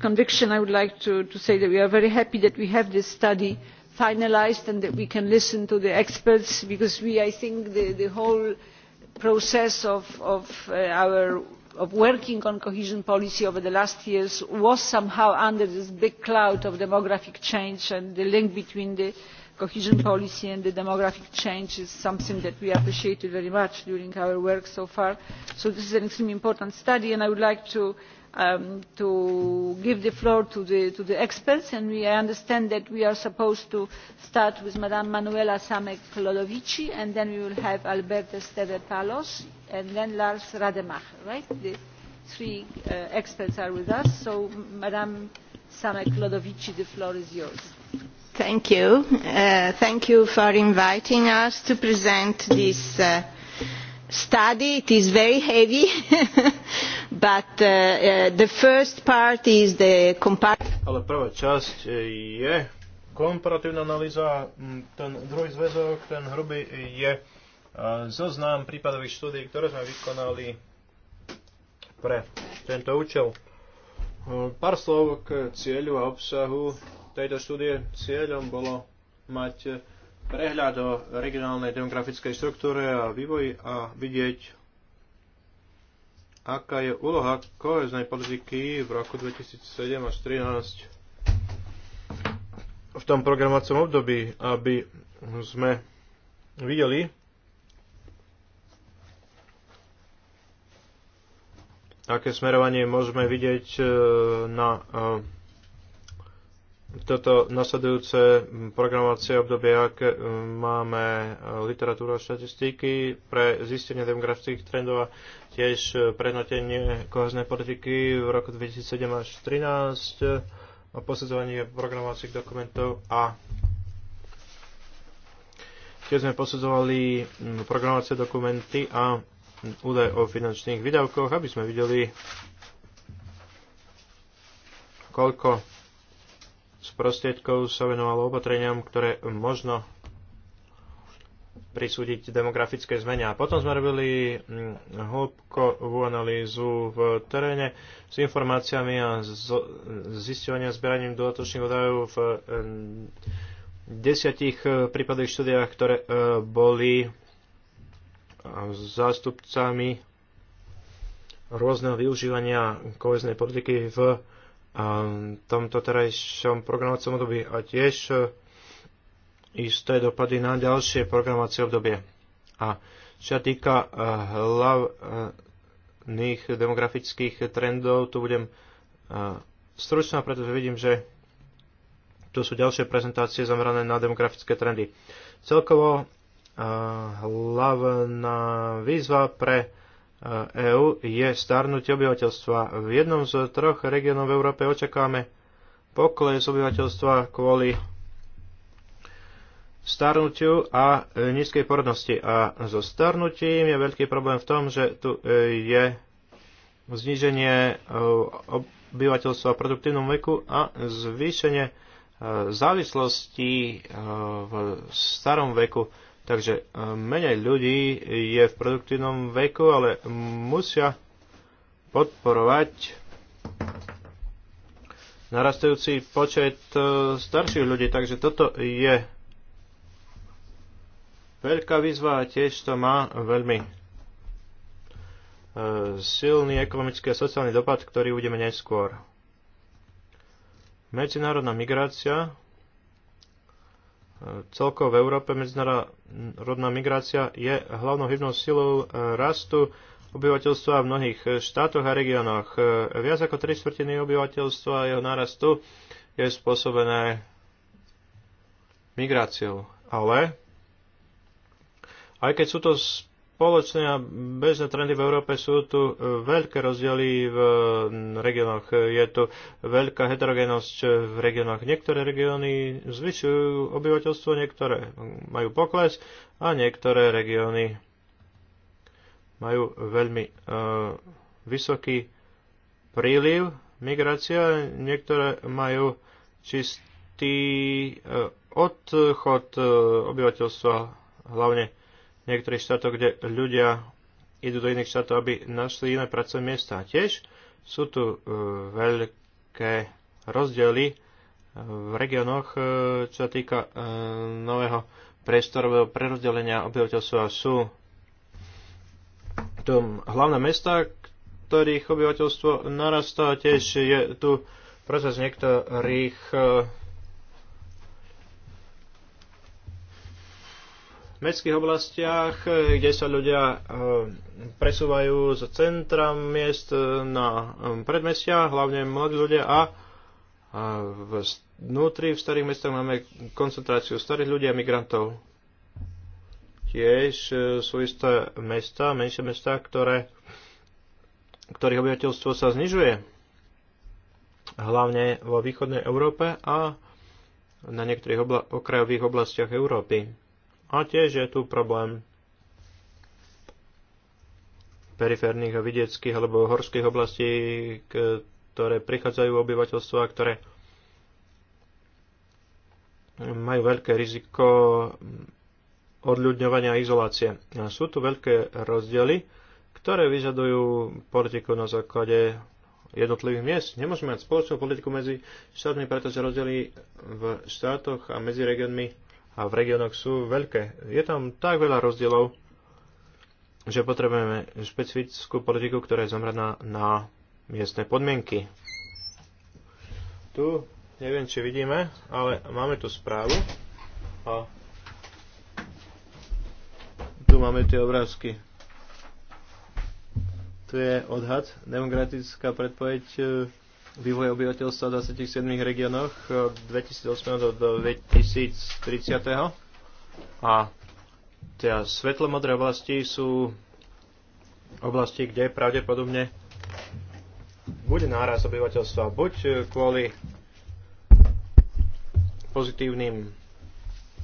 conviction i would like to, say that we are very happy that we have this study finalised and that we can listen to the experts because we, i think the, whole process of, uh, our, of working on cohesion policy over the last years was somehow under this big cloud of demographic change and the link between the cohesion policy and the demographic change is something that we appreciated very much during our work so far so this is an extremely important study and i would like to um, to give the floor to the, to the experts and we, i understand that we are supposed to start with ms manuela samek lodovici and then we will have alberto esteve palos and then lars rademacher. Right? the three uh, experts are with us so ms samek lodovici the floor is yours. thank you. Uh, thank you for inviting us to present this uh, study it is very heavy but uh, uh, the first part is the Ale prvá časť e, je komparatívna analýza, mm, ten druhý zväzok, ten hrubý e, je e, zoznam prípadových štúdí, ktoré sme vykonali pre tento účel. Pár slov k cieľu a obsahu tejto štúdie. Cieľom bolo mať prehľad o regionálnej demografickej štruktúre a vývoji a vidieť, aká je úloha koheznej politiky v roku 2007 až 2013 v tom programovacom období, aby sme videli, aké smerovanie môžeme vidieť e, na e, toto nasledujúce mm, programovacie obdobie, ak e, máme e, literatúru a štatistiky pre zistenie demografických trendov a tiež e, prehnotenie koheznej politiky v roku 2007 až 2013 a posudzovanie programovacích dokumentov a tiež sme posudzovali mm, programovacie dokumenty a mm, údaj o finančných výdavkoch, aby sme videli, koľko z prostriedkov sa venovalo opatreniam, ktoré možno prisúdiť demografické zmeny. A potom sme robili mm, hĺbkovú analýzu v teréne s informáciami a a zbieraním dodatočných údajov v mm, desiatich e, prípadových štúdiách, ktoré e, boli e, zástupcami rôzneho využívania koheznej politiky v tomto terajšom programovacom období a tiež e, isté dopady na ďalšie programovacie obdobie. A čo sa týka e, hlavných demografických trendov, tu budem e, stručná, pretože vidím, že tu sú ďalšie prezentácie zamerané na demografické trendy. Celkovo hlavná výzva pre EÚ e je starnutie obyvateľstva. V jednom z troch regiónov v Európe očakávame pokles obyvateľstva kvôli starnutiu a e, nízkej porodnosti. A so starnutím je veľký problém v tom, že tu e, je zníženie obyvateľstva v produktívnom veku a zvýšenie závislosti v starom veku. Takže e, menej ľudí je v produktívnom veku, ale musia podporovať narastajúci počet e, starších ľudí. Takže toto je veľká výzva a tiež to má veľmi e, silný ekonomický a sociálny dopad, ktorý uvidíme neskôr. Medzinárodná migrácia Celkovo v Európe medzinárodná migrácia je hlavnou hybnou silou e, rastu obyvateľstva v mnohých štátoch a regiónoch. E, viac ako tri štvrtiny obyvateľstva a jeho nárastu je spôsobené migráciou. Ale aj keď sú to spoločné a bežné trendy v Európe sú tu e, veľké rozdiely v regiónoch. Je tu veľká heterogénnosť v regiónoch. Niektoré regióny zvyšujú obyvateľstvo, niektoré majú pokles a niektoré regióny majú veľmi uh, vysoký príliv migrácia, niektoré majú čistý uh, odchod uh, obyvateľstva hlavne niektorých štátov, kde ľudia idú do iných štátov, aby našli iné pracovné miesta. Tiež sú tu e, veľké rozdiely e, v regiónoch, e, čo sa týka nového priestorového prerozdelenia obyvateľstva. Sú tu hlavné mesta, ktorých obyvateľstvo narastá, tiež je tu proces niektorých mestských oblastiach, kde sa ľudia eh, presúvajú z centra miest eh, na eh, predmestia, hlavne mladí ľudia a vnútri v starých mestách máme koncentráciu starých ľudí a migrantov. Tiež sú isté mesta, menšie mesta, ktoré, ktorých obyvateľstvo sa znižuje. Hlavne vo východnej Európe a na niektorých obla- okrajových oblastiach Európy. A tiež je tu problém periférnych a vidieckých alebo horských oblastí, ktoré prichádzajú obyvateľstvo a ktoré majú veľké riziko odľudňovania a izolácie. A sú tu veľké rozdiely, ktoré vyžadujú politiku na základe jednotlivých miest. Nemôžeme mať spoločnú politiku medzi štátmi, pretože rozdiely v štátoch a medzi regiónmi a v regiónoch sú veľké. Je tam tak veľa rozdielov, že potrebujeme špecifickú politiku, ktorá je zamraná na miestne podmienky. Tu neviem, či vidíme, ale máme tu správu a tu máme tie obrázky. Tu je odhad, demokratická predpoveď vývoje obyvateľstva v 27 regiónoch eh, od 2008 do 2030. A tie svetlomodré oblasti sú oblasti, kde pravdepodobne bude náraz obyvateľstva buď kvôli pozitívnym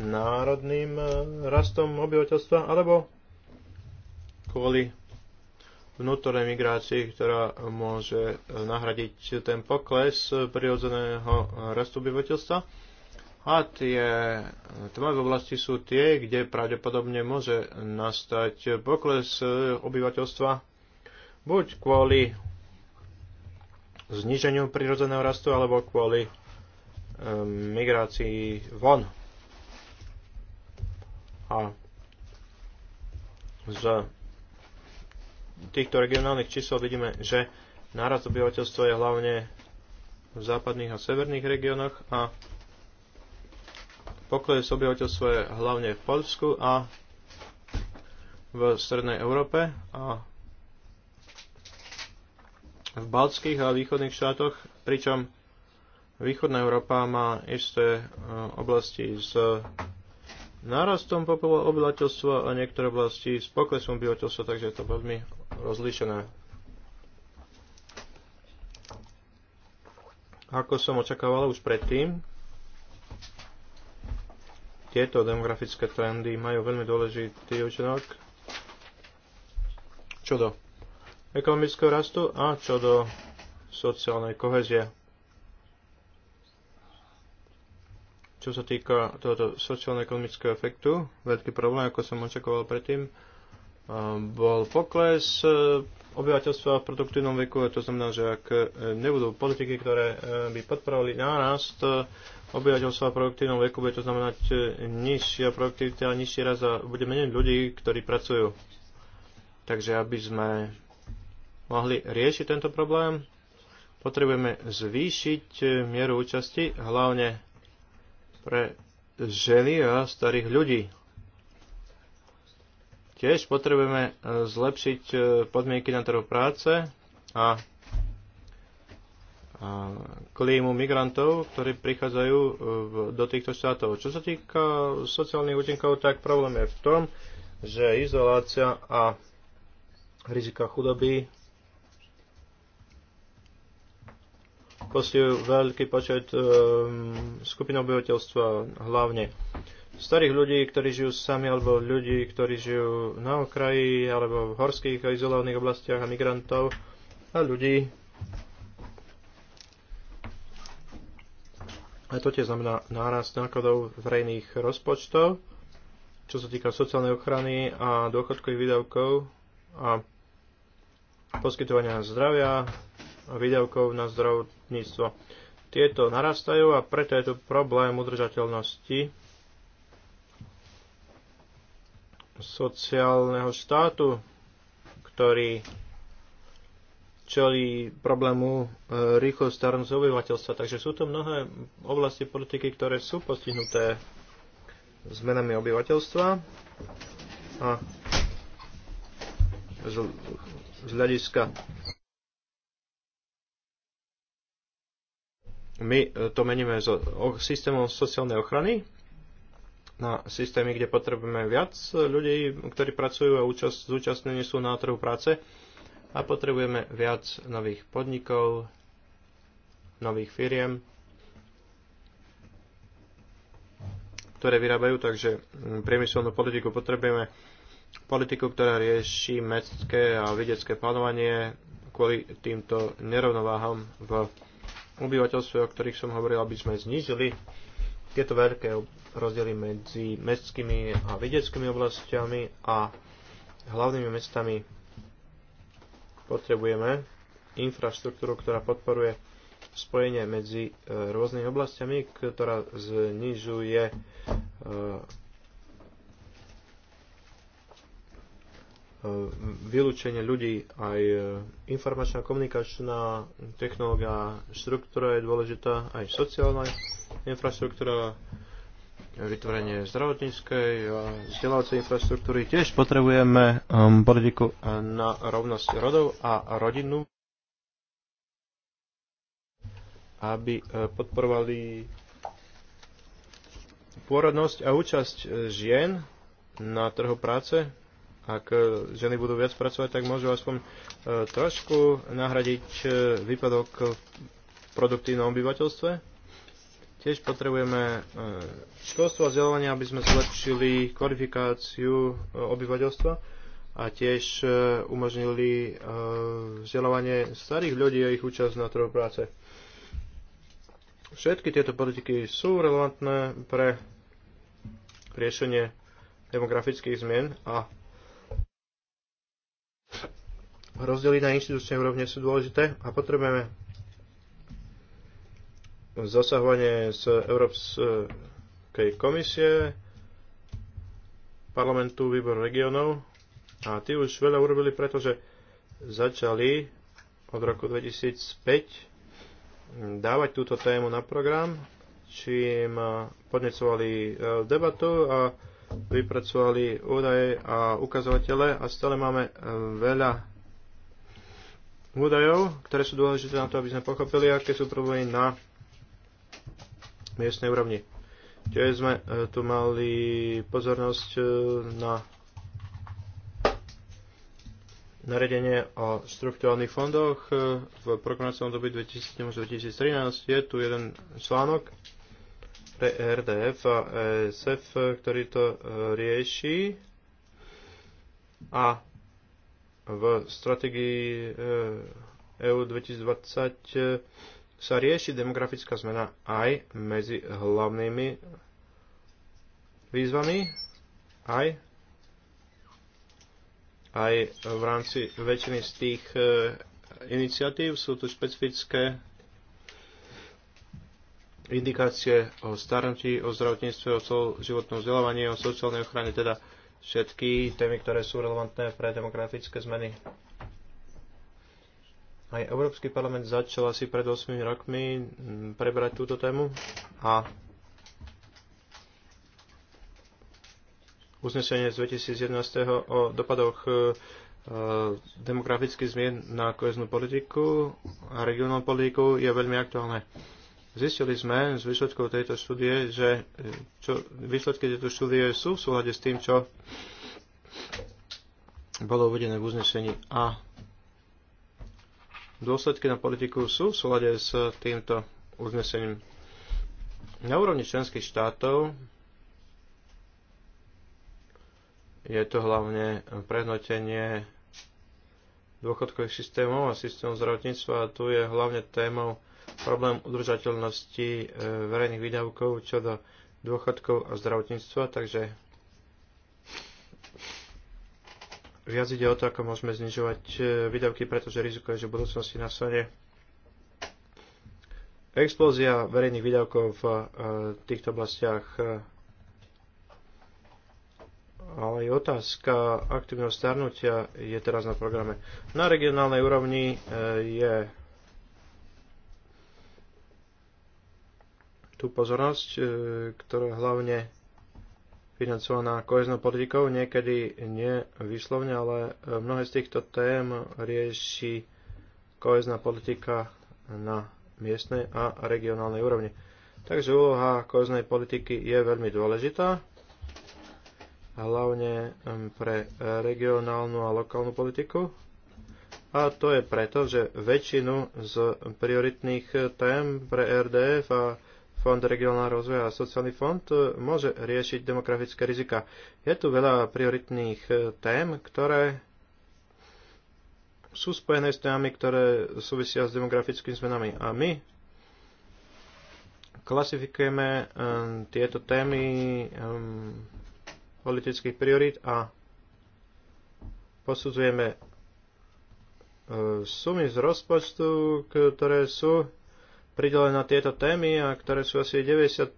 národným eh, rastom obyvateľstva, alebo kvôli vnútornej migrácii, ktorá môže nahradiť ten pokles prirodzeného rastu obyvateľstva. A tie tmavé oblasti sú tie, kde pravdepodobne môže nastať pokles obyvateľstva buď kvôli zniženiu prirodzeného rastu alebo kvôli migrácii von. A z týchto regionálnych čísel vidíme, že náraz obyvateľstva je hlavne v západných a severných regiónoch a pokles obyvateľstva je hlavne v Polsku a v strednej Európe a v baltských a východných štátoch, pričom východná Európa má isté e, oblasti s narastom obyvateľstva a niektoré oblasti s poklesom obyvateľstva, takže je to veľmi rozlíšené. Ako som očakával už predtým, tieto demografické trendy majú veľmi dôležitý účinok čo do ekonomického rastu a čo do sociálnej kohezie. Čo sa týka tohoto sociálno-ekonomického efektu, veľký problém, ako som očakoval predtým, Ehm, bol pokles e, obyvateľstva v produktívnom veku, to znamená, že ak e, nebudú politiky, ktoré e, by podporovali nárast obyvateľstva v produktívnom veku, bude to znamenať nižšia produktivita a nižší raz a bude menej ľudí, ktorí pracujú. Takže aby sme mohli riešiť tento problém, potrebujeme zvýšiť mieru účasti, hlavne pre ženy a starých ľudí. Tiež potrebujeme e, zlepšiť e, podmienky na trhu práce a klímu migrantov, ktorí prichádzajú e, do týchto štátov. Čo sa týka sociálnych účinkov, tak problém je v tom, že izolácia a rizika chudoby postihujú veľký počet um, skupín obyvateľstva hlavne starých ľudí, ktorí žijú sami, alebo ľudí, ktorí žijú na okraji, alebo v horských a izolovaných oblastiach a migrantov a ľudí. A to tiež znamená nárast nákladov verejných rozpočtov, čo sa týka sociálnej ochrany a dôchodkových výdavkov a poskytovania zdravia a výdavkov na zdravotníctvo. Tieto narastajú a preto je tu problém udržateľnosti sociálneho štátu, ktorý čelí problému e, rýchlo starnúceho obyvateľstva. Takže sú to mnohé oblasti politiky, ktoré sú postihnuté zmenami obyvateľstva a z hľadiska my e, to meníme s systémom sociálnej ochrany na systémy, kde potrebujeme viac ľudí, ktorí pracujú a účast, zúčastnení sú na trhu práce a potrebujeme viac nových podnikov, nových firiem, ktoré vyrábajú, takže mm, priemyselnú politiku potrebujeme politiku, ktorá rieši mestské a vedecké plánovanie kvôli týmto nerovnováham v obyvateľstve, o ktorých som hovoril, aby sme znížili tieto veľké rozdiely medzi mestskými a vidieckými oblastiami a hlavnými mestami potrebujeme infraštruktúru, ktorá podporuje spojenie medzi e, rôznymi oblastiami, ktorá znižuje e, vylúčenie ľudí aj e, informačná komunikačná technológia, štruktúra je dôležitá, aj sociálna infraštruktúra, vytvorenie zdravotníckej a vzdelávacej infraštruktúry. Tiež potrebujeme um, politiku na rovnosť rodov a rodinu, aby eh, podporovali pôrodnosť a účasť eh, žien na trhu práce. Ak eh, ženy budú viac pracovať, tak môžu aspoň trošku nahradiť výpadok v produktívnom obyvateľstve Tiež potrebujeme e, školstvo a vzdelávanie, aby sme zlepšili kvalifikáciu e, obyvateľstva a tiež e, umožnili vzdelávanie starých ľudí a ich účasť na trhu práce. Všetky tieto politiky sú relevantné pre riešenie demografických zmien a rozdiely na inštitúčnej úrovne sú dôležité a potrebujeme zasahovanie z Európskej komisie, parlamentu, výbor regionov a tí už veľa urobili, pretože začali od roku 2005 dávať túto tému na program, čím podnecovali e, debatu a vypracovali údaje a ukazovatele a stále máme e, veľa údajov, ktoré sú dôležité na to, aby sme pochopili, aké sú problémy na miestnej úrovni. Tiež sme e, tu mali pozornosť e, na naredenie o štruktúrnych fondoch e, v programovacom období 2007-2013. Je tu jeden článok pre RDF a ESF, ktorý to rieši. A v strategii EU 2020 sa rieši demografická zmena aj medzi hlavnými výzvami, aj, aj v rámci väčšiny z tých e, iniciatív sú tu špecifické indikácie o starnutí, o zdravotníctve, o celoživotnom vzdelávaní, o sociálnej ochrane, teda všetky témy, ktoré sú relevantné pre demografické zmeny. Aj Európsky parlament začal asi pred 8 rokmi prebrať túto tému a uznesenie z 2011 o dopadoch e, e, demografických zmien na koheznú politiku a regionálnu politiku je veľmi aktuálne. Zistili sme z výsledkov tejto štúdie, že e, čo, výsledky tejto štúdie sú v súhľade s tým, čo bolo uvedené v uznesení. A dôsledky na politiku sú v súlade s týmto uznesením. Na úrovni členských štátov je to hlavne prehnotenie dôchodkových systémov a systémov zdravotníctva a tu je hlavne témou problém udržateľnosti e, verejných výdavkov čo do dôchodkov a zdravotníctva, takže viac ide o to, ako môžeme znižovať e, výdavky, pretože riziko je, že v budúcnosti nastane explózia verejných výdavkov v e, týchto oblastiach. E, ale aj otázka aktívneho starnutia je teraz na programe. Na regionálnej úrovni je tú pozornosť, ktorá hlavne financovaná koheznou politikou, niekedy nie vyslovne, ale e, mnohé z týchto tém rieši kohezná politika na miestnej a regionálnej úrovni. Takže úloha koheznej politiky je veľmi dôležitá, hlavne pre regionálnu a lokálnu politiku. A to je preto, že väčšinu z prioritných tém pre RDF a Fond regionálneho rozvoja a sociálny fond e, môže riešiť demografické rizika. Je tu veľa prioritných e, tém, ktoré sú spojené s témami, ktoré súvisia s demografickými zmenami. A my klasifikujeme um, tieto témy um, politických priorit a posudzujeme um, sumy z rozpočtu, ktoré sú pridelené na tieto témy, a ktoré sú asi 95%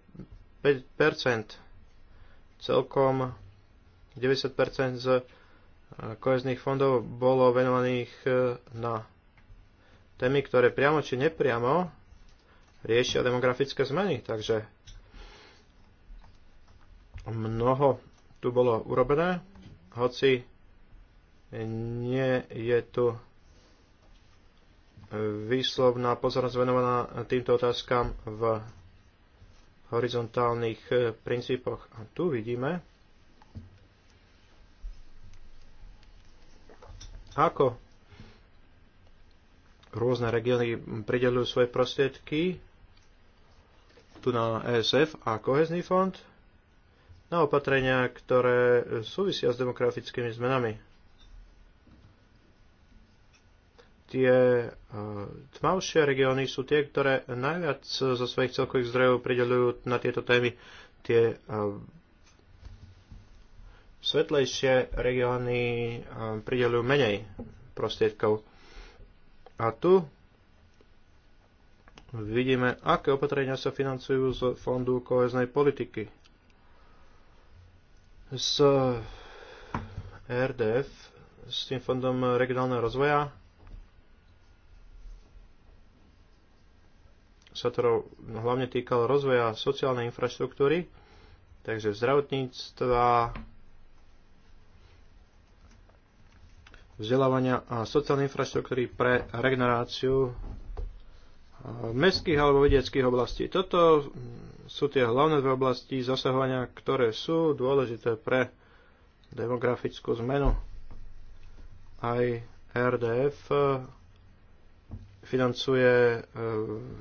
celkom 90% z eh, kohezných fondov bolo venovaných eh, na témy, ktoré priamo či nepriamo riešia demografické zmeny. Takže mnoho tu bolo urobené, hoci nie je tu výslovná pozornosť venovaná týmto otázkam v horizontálnych eh, princípoch. A tu vidíme, ako rôzne regióny pridelujú svoje prostriedky tu na ESF a kohezný fond na opatrenia, ktoré súvisia s demografickými zmenami. tie e, tmavšie regióny sú tie, ktoré najviac zo svojich celkových zdrojov prideľujú na tieto témy. Tie e, svetlejšie regióny e, prideľujú menej prostriedkov. A tu vidíme, aké opatrenia sa financujú z fondu koheznej politiky. Z RDF, s tým fondom regionálneho rozvoja, sa to hlavne týkalo rozvoja sociálnej infraštruktúry, takže zdravotníctva, vzdelávania a sociálnej infraštruktúry pre regeneráciu mestských alebo vedeckých oblastí. Toto sú tie hlavné dve oblasti zasahovania, ktoré sú dôležité pre demografickú zmenu. Aj RDF financuje e,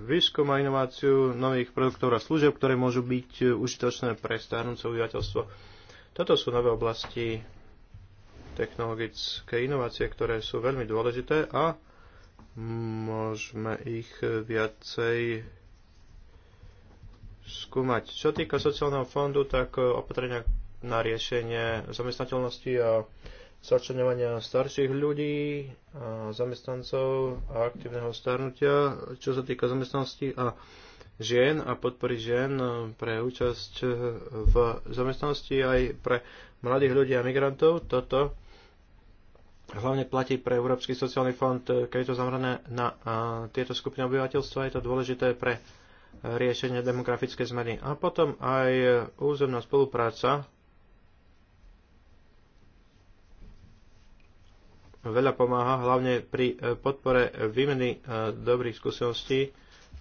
výskum a inováciu nových produktov a služieb, ktoré môžu byť e, užitočné pre starnúce obyvateľstvo. Toto sú nové oblasti technologické inovácie, ktoré sú veľmi dôležité a môžeme ich viacej skúmať. Čo týka sociálneho fondu, tak e, opatrenia na riešenie zamestnateľnosti a začlenovania starších ľudí, a zamestnancov a aktívneho starnutia, čo sa týka zamestnanosti a žien a podpory žien e, pre účasť e, v zamestnanosti aj pre mladých ľudí a migrantov. Toto hlavne platí pre Európsky sociálny fond, e, keď je to zamerané na tieto skupiny obyvateľstva, je to dôležité pre riešenie demografické zmeny. A potom aj územná spolupráca veľa pomáha, hlavne pri e, podpore výmeny e, dobrých skúseností e,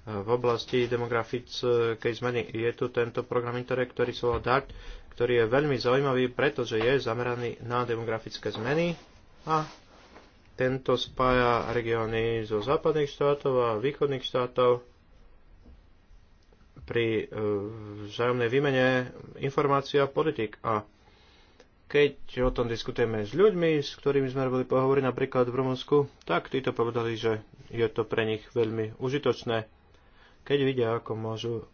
v oblasti demografickej zmeny. Je tu tento program Interreg, ktorý sa volá DART, ktorý je veľmi zaujímavý, pretože je zameraný na demografické zmeny a tento spája regióny zo západných štátov a východných štátov pri vzájomnej výmene informácií a politik. A keď o tom diskutujeme s ľuďmi, s ktorými sme robili pohovory napríklad v Rumunsku, tak títo povedali, že je to pre nich veľmi užitočné, keď vidia, ako môžu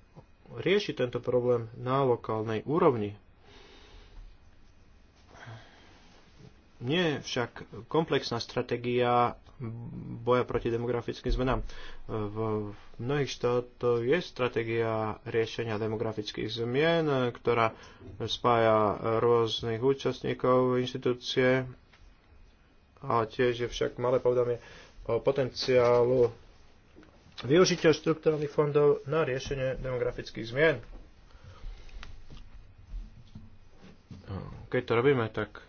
riešiť tento problém na lokálnej úrovni. Nie však komplexná stratégia boja proti demografickým zmenám. V mnohých štátoch je stratégia riešenia demografických zmien, ktorá spája rôznych účastníkov inštitúcie a tiež je však malé povedomie o potenciálu využitia štruktúrnych fondov na riešenie demografických zmien. Keď to robíme, tak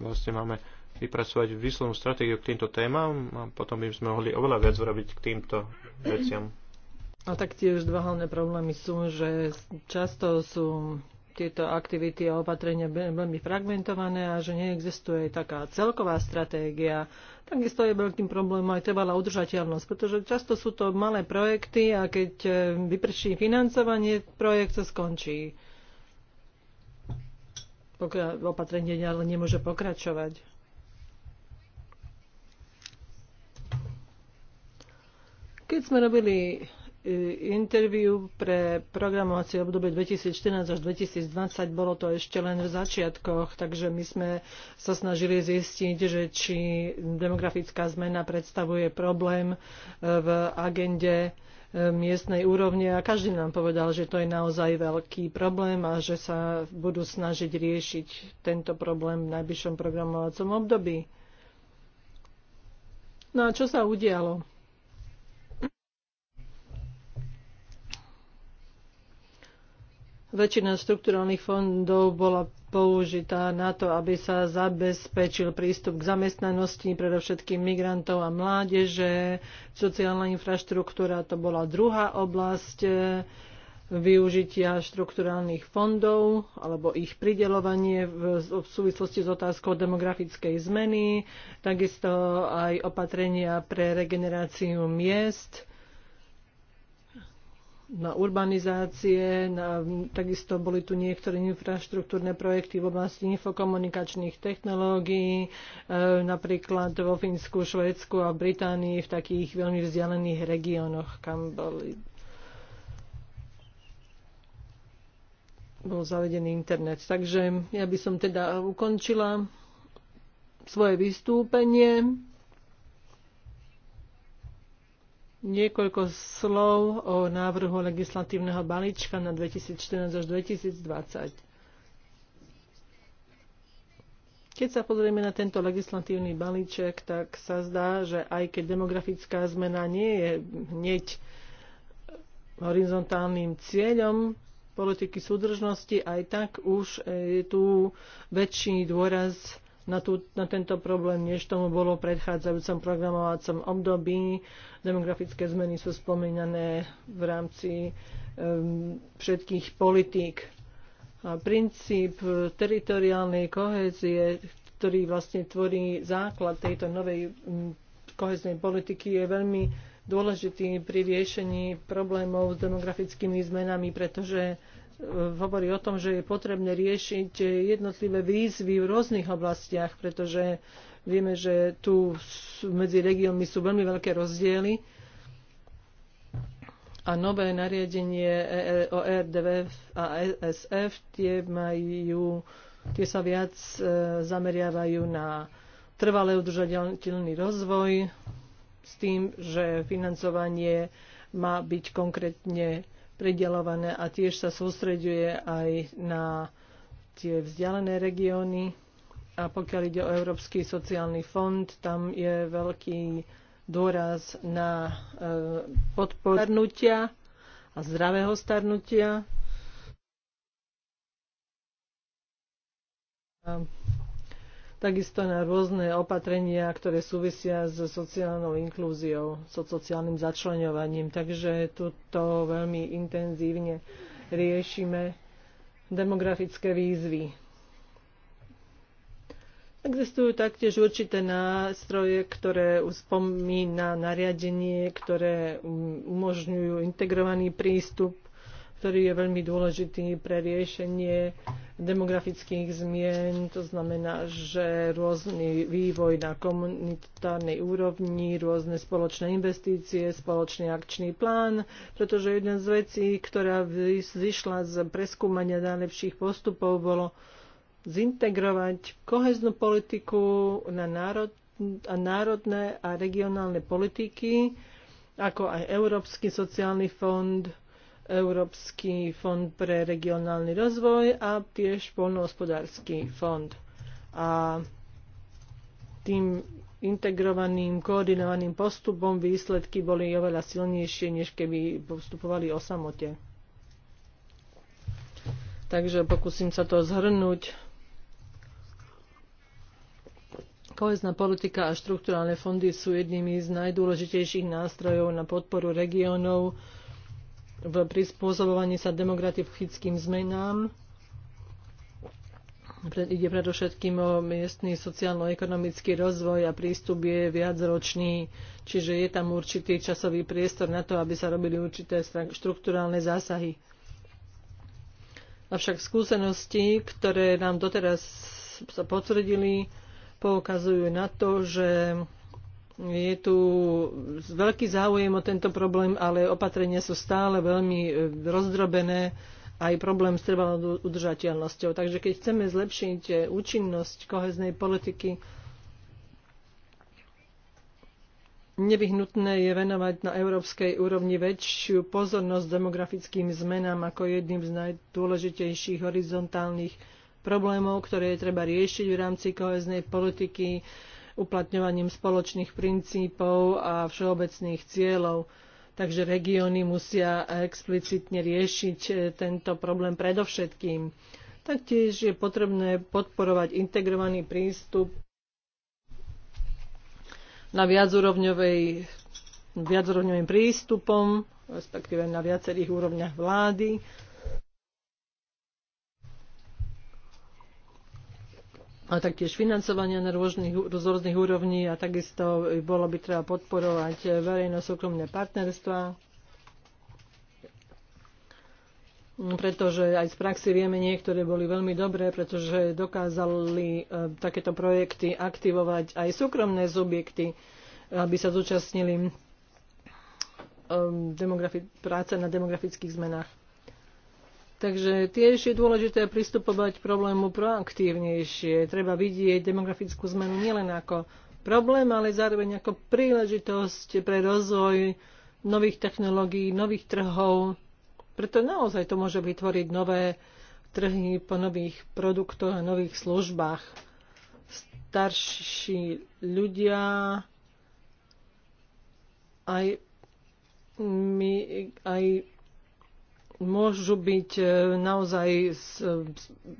vlastne máme vypracovať výslednú stratégiu k týmto témam a potom by sme mohli oveľa viac urobiť k týmto veciam. A taktiež dva hlavné problémy sú, že často sú tieto aktivity a opatrenia veľmi fragmentované a že neexistuje taká celková stratégia. Takisto je veľkým problémom aj trvalá udržateľnosť, pretože často sú to malé projekty a keď e, vyprší financovanie, projekt sa skončí. Pokiaľ opatrenie ale nemôže pokračovať. Keď sme robili e, interviu pre programovacie obdobie 2014 až 2020 bolo to ešte len v začiatkoch, takže my sme sa snažili zistiť, že či demografická zmena predstavuje problém e, v agende e, miestnej úrovne a každý nám povedal, že to je naozaj veľký problém a že sa budú snažiť riešiť tento problém v najbližšom programovacom období. No a čo sa udialo? Väčšina štrukturálnych fondov bola použitá na to, aby sa zabezpečil prístup k zamestnanosti, predovšetkým migrantov a mládeže. Sociálna infraštruktúra to bola druhá oblasť eh, využitia štrukturálnych fondov alebo ich pridelovanie v, súvislosti s otázkou demografickej zmeny, takisto aj opatrenia pre regeneráciu miest na urbanizácie, na, takisto boli tu niektoré infraštruktúrne projekty v oblasti infokomunikačných technológií, e, napríklad vo Fínsku, Švédsku a Británii v takých veľmi vzdialených regiónoch, kam boli, bol zavedený internet. Takže ja by som teda ukončila svoje vystúpenie niekoľko slov o návrhu legislatívneho balíčka na 2014 až 2020. Keď sa pozrieme na tento legislatívny balíček, tak sa zdá, že aj keď demografická zmena nie je hneď horizontálnym cieľom politiky súdržnosti, aj tak už je tu väčší dôraz na, tú, na tento problém, než tomu bolo v predchádzajúcom programovacom období. Demografické zmeny sú spomínané v rámci um, všetkých politík. A princíp teritoriálnej kohézie, ktorý vlastne tvorí základ tejto novej um, koheznej politiky, je veľmi dôležitý pri riešení problémov s demografickými zmenami, pretože hovorí o tom, že je potrebné riešiť jednotlivé výzvy v rôznych oblastiach, pretože vieme, že tu medzi regiónmi sú veľmi veľké rozdiely a nové nariadenie e e- o e RDV a ESF tie majú tie sa viac zameriavajú na trvalé udržateľný rozvoj s tým, že financovanie má byť konkrétne pridelované a tiež sa sústreďuje aj na tie vzdialené regióny. A pokiaľ ide o Európsky sociálny fond, tam je veľký dôraz na e, podpornutia a zdravého starnutia takisto na rôzne opatrenia, ktoré súvisia s sociálnou inklúziou, so sociálnym začlenovaním. Takže tuto veľmi intenzívne riešime demografické výzvy. Existujú taktiež určité nástroje, ktoré spomína nariadenie, ktoré umožňujú integrovaný prístup, ktorý je veľmi dôležitý pre riešenie demografických zmien, to znamená, že rôzny vývoj na komunitárnej úrovni, rôzne spoločné investície, spoločný akčný plán, pretože jedna z vecí, ktorá vyšla z preskúmania najlepších postupov, bolo zintegrovať koheznú politiku na národ, a národné a regionálne politiky, ako aj Európsky sociálny fond, Európsky fond pre regionálny rozvoj a tiež poľnohospodársky fond. A tým integrovaným, koordinovaným postupom výsledky boli oveľa silnejšie, než keby postupovali o samote. Takže pokúsim sa to zhrnúť. Kohezná politika a štruktúrálne fondy sú jednými z najdôležitejších nástrojov na podporu regiónov, v prispôsobovaní sa demografickým zmenám. Ide predovšetkým o miestny sociálno-ekonomický rozvoj a prístup je viacročný, čiže je tam určitý časový priestor na to, aby sa robili určité štruktúrálne zásahy. Avšak skúsenosti, ktoré nám doteraz sa potvrdili, poukazujú na to, že je tu veľký záujem o tento problém, ale opatrenia sú stále veľmi e, rozdrobené aj problém s trvalou udržateľnosťou. Takže keď chceme zlepšiť e, účinnosť koheznej politiky, nevyhnutné je venovať na európskej úrovni väčšiu pozornosť demografickým zmenám ako jedným z najdôležitejších horizontálnych problémov, ktoré je treba riešiť v rámci koheznej politiky uplatňovaním spoločných princípov a všeobecných cieľov. Takže regióny musia explicitne riešiť e, tento problém predovšetkým. Taktiež je potrebné podporovať integrovaný prístup na viacúrovňovej viacúrovňovým prístupom, respektíve na viacerých úrovniach vlády, a taktiež financovania na rôznych, rôznych úrovni a takisto bolo by treba podporovať verejno-súkromné partnerstva, pretože aj z praxi vieme, niektoré boli veľmi dobré, pretože dokázali e, takéto projekty aktivovať aj súkromné subjekty, aby sa zúčastnili e, práce na demografických zmenách. Takže tiež je dôležité pristupovať problému proaktívnejšie. Treba vidieť demografickú zmenu nielen ako problém, ale zároveň ako príležitosť pre rozvoj nových technológií, nových trhov. Preto naozaj to môže vytvoriť nové trhy po nových produktoch a nových službách. Starší ľudia aj my, aj môžu byť e, naozaj s, e,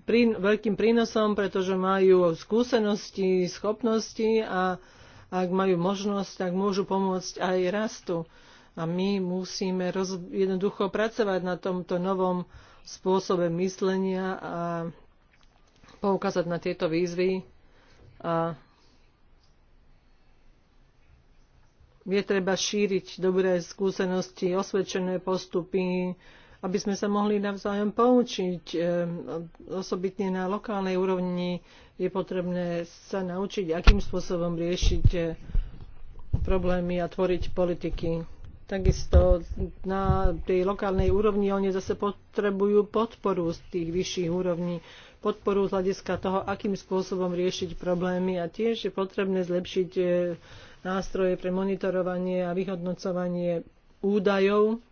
prí, veľkým prínosom, pretože majú skúsenosti, schopnosti a ak majú možnosť, tak môžu pomôcť aj rastu. A my musíme roz, jednoducho pracovať na tomto novom spôsobe myslenia a poukázať na tieto výzvy. A je treba šíriť dobré skúsenosti, osvedčené postupy, aby sme sa mohli navzájom poučiť. Ehm, osobitne na lokálnej úrovni je potrebné sa naučiť, akým spôsobom riešiť eh, problémy a tvoriť politiky. Takisto na tej lokálnej úrovni oni zase potrebujú podporu z tých vyšších úrovní, podporu z hľadiska toho, akým spôsobom riešiť problémy a tiež je potrebné zlepšiť eh, nástroje pre monitorovanie a vyhodnocovanie údajov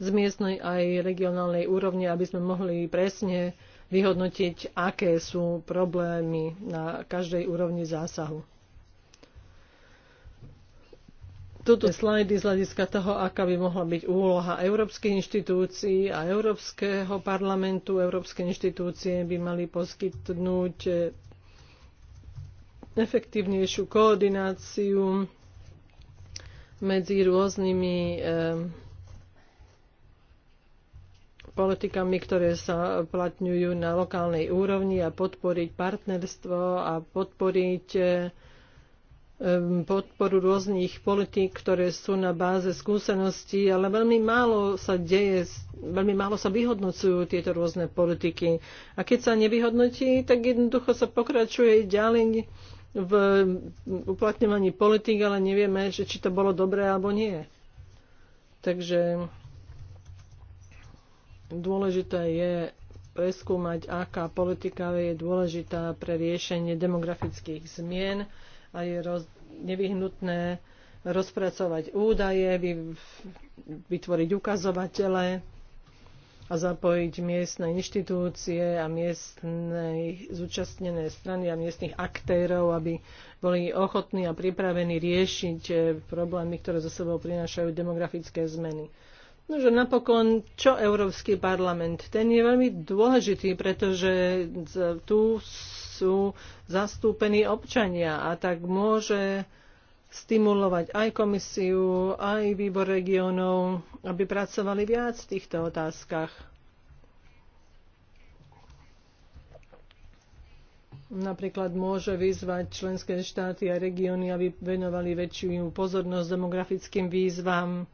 z miestnej aj regionálnej úrovne, aby sme mohli presne vyhodnotiť, aké sú problémy na každej úrovni zásahu. Toto slajdy z hľadiska toho, aká by mohla byť úloha európskych inštitúcií a Európskeho parlamentu. Európske inštitúcie by mali poskytnúť efektívnejšiu koordináciu medzi rôznymi eh, politikami, ktoré sa platňujú na lokálnej úrovni a podporiť partnerstvo a podporiť podporu rôznych politík, ktoré sú na báze skúseností, ale veľmi málo sa deje, veľmi málo sa vyhodnocujú tieto rôzne politiky. A keď sa nevyhodnotí, tak jednoducho sa pokračuje ďalej v uplatňovaní politik, ale nevieme, že či to bolo dobré alebo nie. Takže Dôležité je preskúmať, aká politika je dôležitá pre riešenie demografických zmien a je roz, nevyhnutné rozpracovať údaje, vytvoriť ukazovatele a zapojiť miestne inštitúcie a miestne zúčastnené strany a miestnych aktérov, aby boli ochotní a pripravení riešiť eh, problémy, ktoré zo sebou prinášajú demografické zmeny. No, že napokon, čo Európsky parlament? Ten je veľmi dôležitý, pretože tu sú zastúpení občania a tak môže stimulovať aj komisiu, aj výbor regionov, aby pracovali viac v týchto otázkach. Napríklad môže vyzvať členské štáty a regióny, aby venovali väčšiu pozornosť demografickým výzvam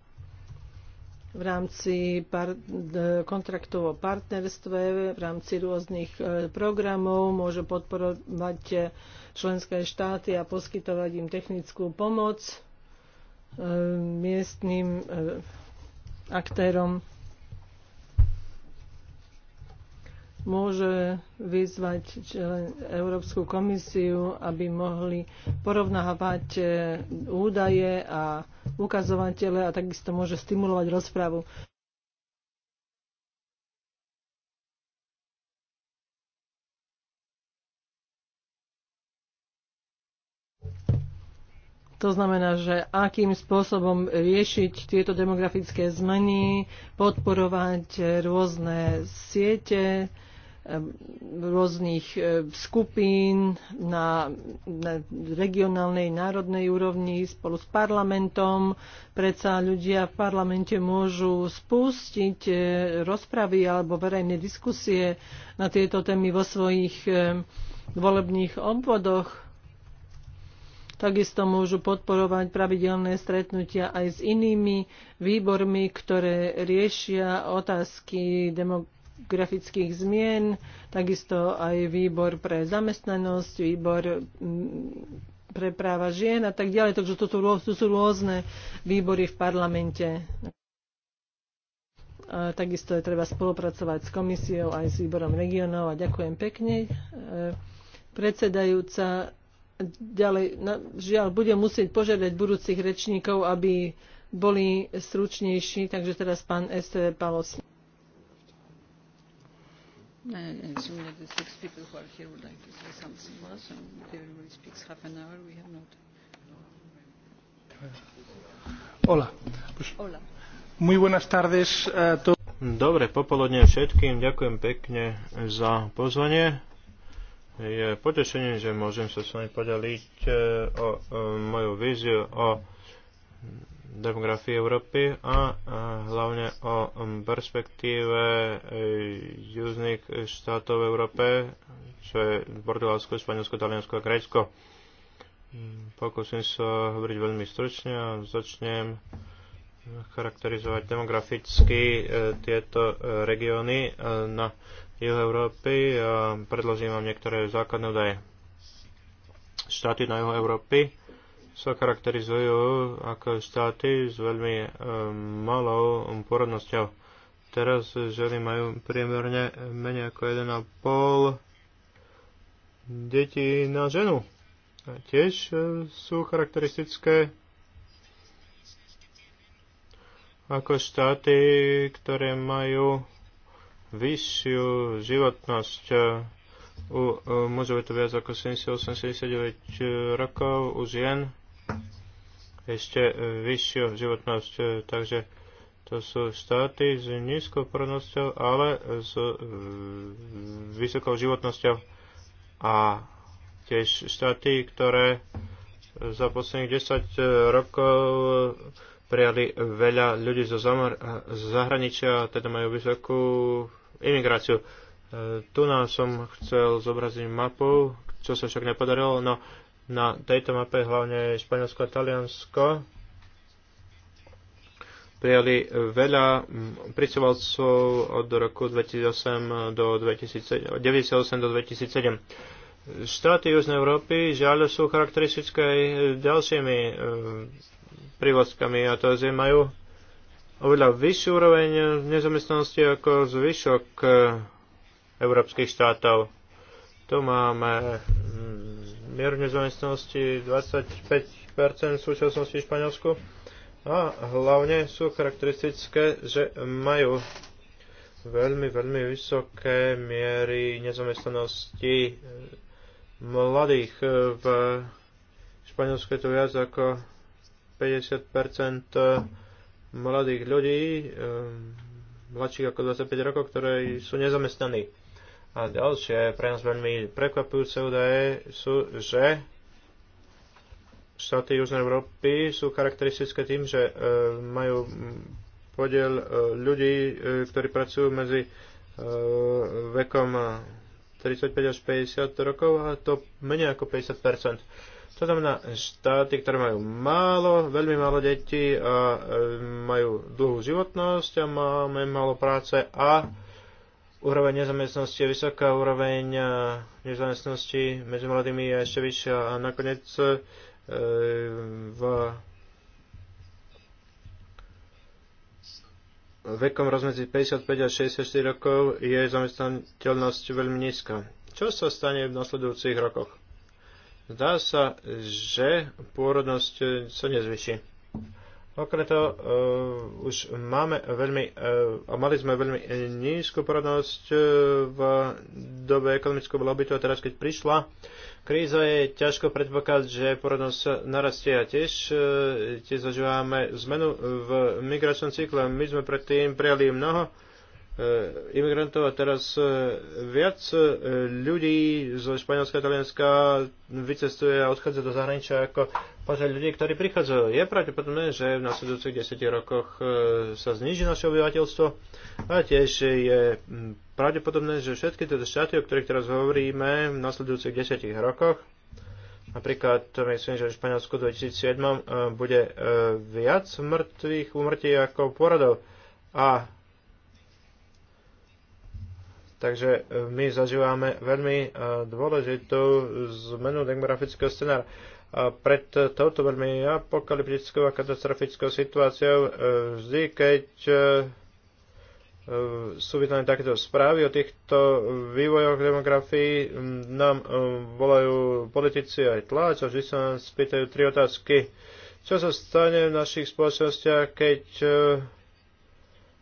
v rámci par- kontraktov o partnerstve, v rámci rôznych e, programov, môže podporovať e, členské štáty a poskytovať im technickú pomoc e, miestnym aktérom môže vyzvať Európsku komisiu, aby mohli porovnávať eh, údaje a ukazovatele a takisto môže stimulovať rozpravu. To znamená, že akým spôsobom riešiť tieto demografické zmeny, podporovať eh, rôzne siete, rôznych e, skupín na, na regionálnej, národnej úrovni spolu s parlamentom. Predsa ľudia v parlamente môžu spustiť e, rozpravy alebo verejné diskusie na tieto témy vo svojich e, volebných obvodoch. Takisto môžu podporovať pravidelné stretnutia aj s inými výbormi, ktoré riešia otázky demokracie grafických zmien, takisto aj výbor pre zamestnanosť, výbor mm, pre práva žien a tak ďalej. Takže toto to sú rôzne výbory v parlamente. A takisto je treba spolupracovať s komisiou aj s výborom regionov a ďakujem pekne. E, predsedajúca ďalej, žiaľ, budem musieť požiadať budúcich rečníkov, aby boli stručnejší, takže teraz pán S. Palosný. Dobre popoludne všetkým, ďakujem pekne za pozvanie. Je potešením, že môžem sa s vami podeliť eh, o, o moju víziu o demografii Európy a hlavne o perspektíve e, južných štátov v Európe, čo je Portugalsko, Španielsko, Taliansko a Grécko. Mm, pokúsim sa hovoriť veľmi stručne a začnem charakterizovať demograficky e, tieto e, regióny na juhu Európy a predložím vám niektoré základné údaje. Štáty na juhu Európy sa charakterizujú ako štáty s veľmi e, malou porodnosťou. Teraz ženy majú priemerne menej ako 1,5 detí na ženu. A tiež e, sú charakteristické ako štáty, ktoré majú vyššiu životnosť. E, u mužov je to viac ako 78-79 rokov, u žien ešte e, vyššiu životnosť. E, takže to sú štáty s nízkou porodnosťou, ale s e, vysokou životnosťou a tiež štáty, ktoré za posledných 10 rokov prijali veľa ľudí zo zahraničia, teda majú vysokú imigráciu. Tu nám som chcel zobraziť mapu, čo sa však nepodarilo, no na tejto mape hlavne Španielsko a Taliansko prijali veľa mm, pricovalcov od roku 2008 do 2007, 98 do 2007. Štáty Južnej Európy žiaľ sú charakteristické aj ďalšími e, prívozkami a to, je majú oveľa vyššiu úroveň nezamestnanosti ako zvyšok e, európskych štátov. Tu máme mieru nezamestnanosti 25% v súčasnosti v Španielsku a hlavne sú charakteristické, že majú veľmi, veľmi vysoké miery nezamestnanosti eh, mladých. Eh, v Španielsku je to viac ako 50% eh, mladých ľudí mladších ako 25 rokov, ktorí sú nezamestnaní. A ďalšie pre nás veľmi prekvapujúce údaje sú, že štáty Južnej Európy sú charakteristické tým, že e, majú podiel e, ľudí, e, ktorí pracujú medzi e, vekom 35 až 50 rokov a to menej ako 50 To znamená štáty, ktoré majú málo, veľmi málo detí a e, majú dlhú životnosť a máme málo práce a e, úroveň nezamestnosti je vysoká, úroveň eh, nezamestnosti medzi mladými je ešte vyššia a nakoniec eh, v vekom rozmedzi 55 a 64 rokov je zamestnateľnosť veľmi nízka. Čo sa stane v nasledujúcich rokoch? Zdá sa, že pôrodnosť eh, sa nezvyší. Okrem toho, uh, už máme veľmi, uh, a mali sme veľmi nízku porodnosť uh, v dobe ekonomického blahobytu a teraz, keď prišla kríza, je ťažko predpokladať, že porodnosť narastie a tiež, uh, tiež zažívame zmenu v migračnom cykle. My sme predtým prijali mnoho uh, E, imigrantov a teraz e, viac e, ľudí zo Španielska a Talianska vycestuje a odchádza do zahraničia ako počet ľudí, ktorí prichádzajú. Je pravdepodobné, že v nasledujúcich 10 rokoch sa zniží naše obyvateľstvo a tiež je pravdepodobné, že všetky tieto štáty, o ktorých teraz hovoríme v nasledujúcich desetich rokoch, Napríklad myslím, že v Španielsku v 2007 bude viac mŕtvych umrtí ako porodov. A Takže e, my zažívame veľmi e, dôležitú zmenu demografického scenára. A e, pred touto veľmi apokalyptickou a katastrofickou situáciou vždy, keď sú vytvorené takéto správy o týchto vývojoch demografii, nám volajú politici aj tlač a vždy sa nás spýtajú tri otázky. Čo sa stane v našich spoločnostiach, keď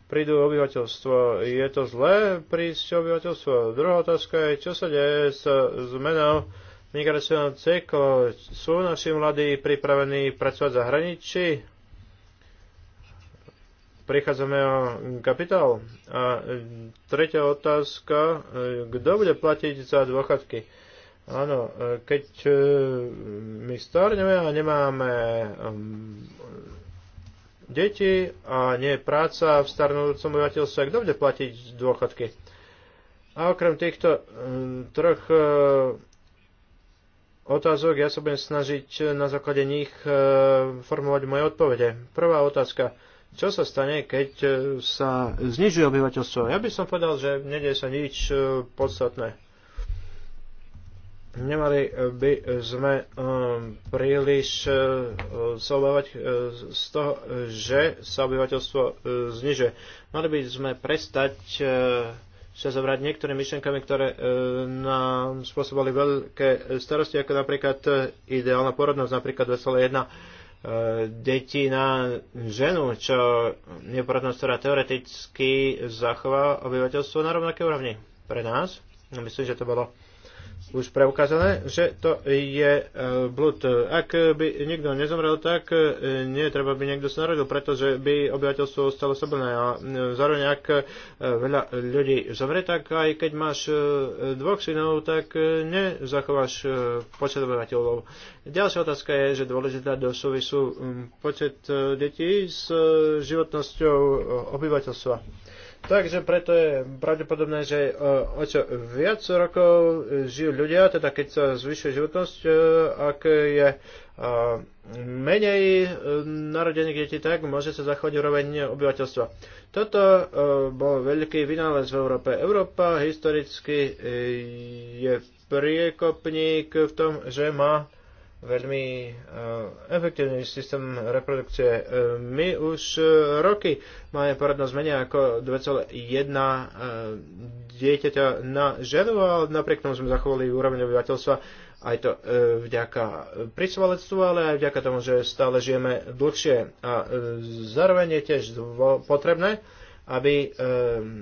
prídu obyvateľstvo. Je to zlé prísť obyvateľstvo? Druhá otázka je, čo sa deje s zmenou migračného cyklu. Sú naši mladí pripravení pracovať v zahraničí? Prichádzame o kapitál. A tretia otázka, kto bude platiť za dôchodky? Áno, keď e, my starneme a nemáme deti a nie práca v starnúcom obyvateľstve, kto bude platiť dôchodky? A okrem týchto hm, troch e, otázok ja sa budem snažiť na základe nich e, formovať moje odpovede. Prvá otázka. Čo sa stane, keď e, sa znižuje obyvateľstvo? Ja by som povedal, že nedie sa nič podstatné Nemali by sme um, príliš uh, sa obávať uh, z toho, že sa obyvateľstvo uh, zniže. Mali by sme prestať sa zobrať niektorými myšlenkami, ktoré nám spôsobali veľké starosti, ako napríklad ideálna porodnosť, napríklad 2,1 deti na ženu, čo neporodnosť, ktorá teoreticky zachová obyvateľstvo na rovnaké úrovni. Pre nás, myslím, že to bolo už preukázané, že to je e, blúd. Ak by nikto nezomrel, tak e, nie treba by niekto sa narodil, pretože by obyvateľstvo ostalo sobrné. A e, zároveň, ak veľa ľudí zomre, tak aj keď máš dvoch synov, tak nezachováš počet obyvateľov. Ďalšia otázka je, že dôležitá do súvisu počet detí s životnosťou obyvateľstva. Takže preto je pravdepodobné, že e, o čo viac rokov žijú ľudia, teda keď sa zvyšuje životnosť, e, ak je e, menej narodených detí, tak môže sa zachovať úroveň obyvateľstva. Toto bol veľký vynález v Európe. Európa historicky je priekopník v tom, že má veľmi eh, efektívny systém reprodukcie. Eh, my už eh, roky máme poradnosť menej ako 2,1 dieťaťa na ženu, ale napriek tomu sme zachovali úroveň obyvateľstva aj to vďaka prísvalectvu, ale aj vďaka tomu, že stále žijeme dlhšie. A zároveň je tiež potrebné, aby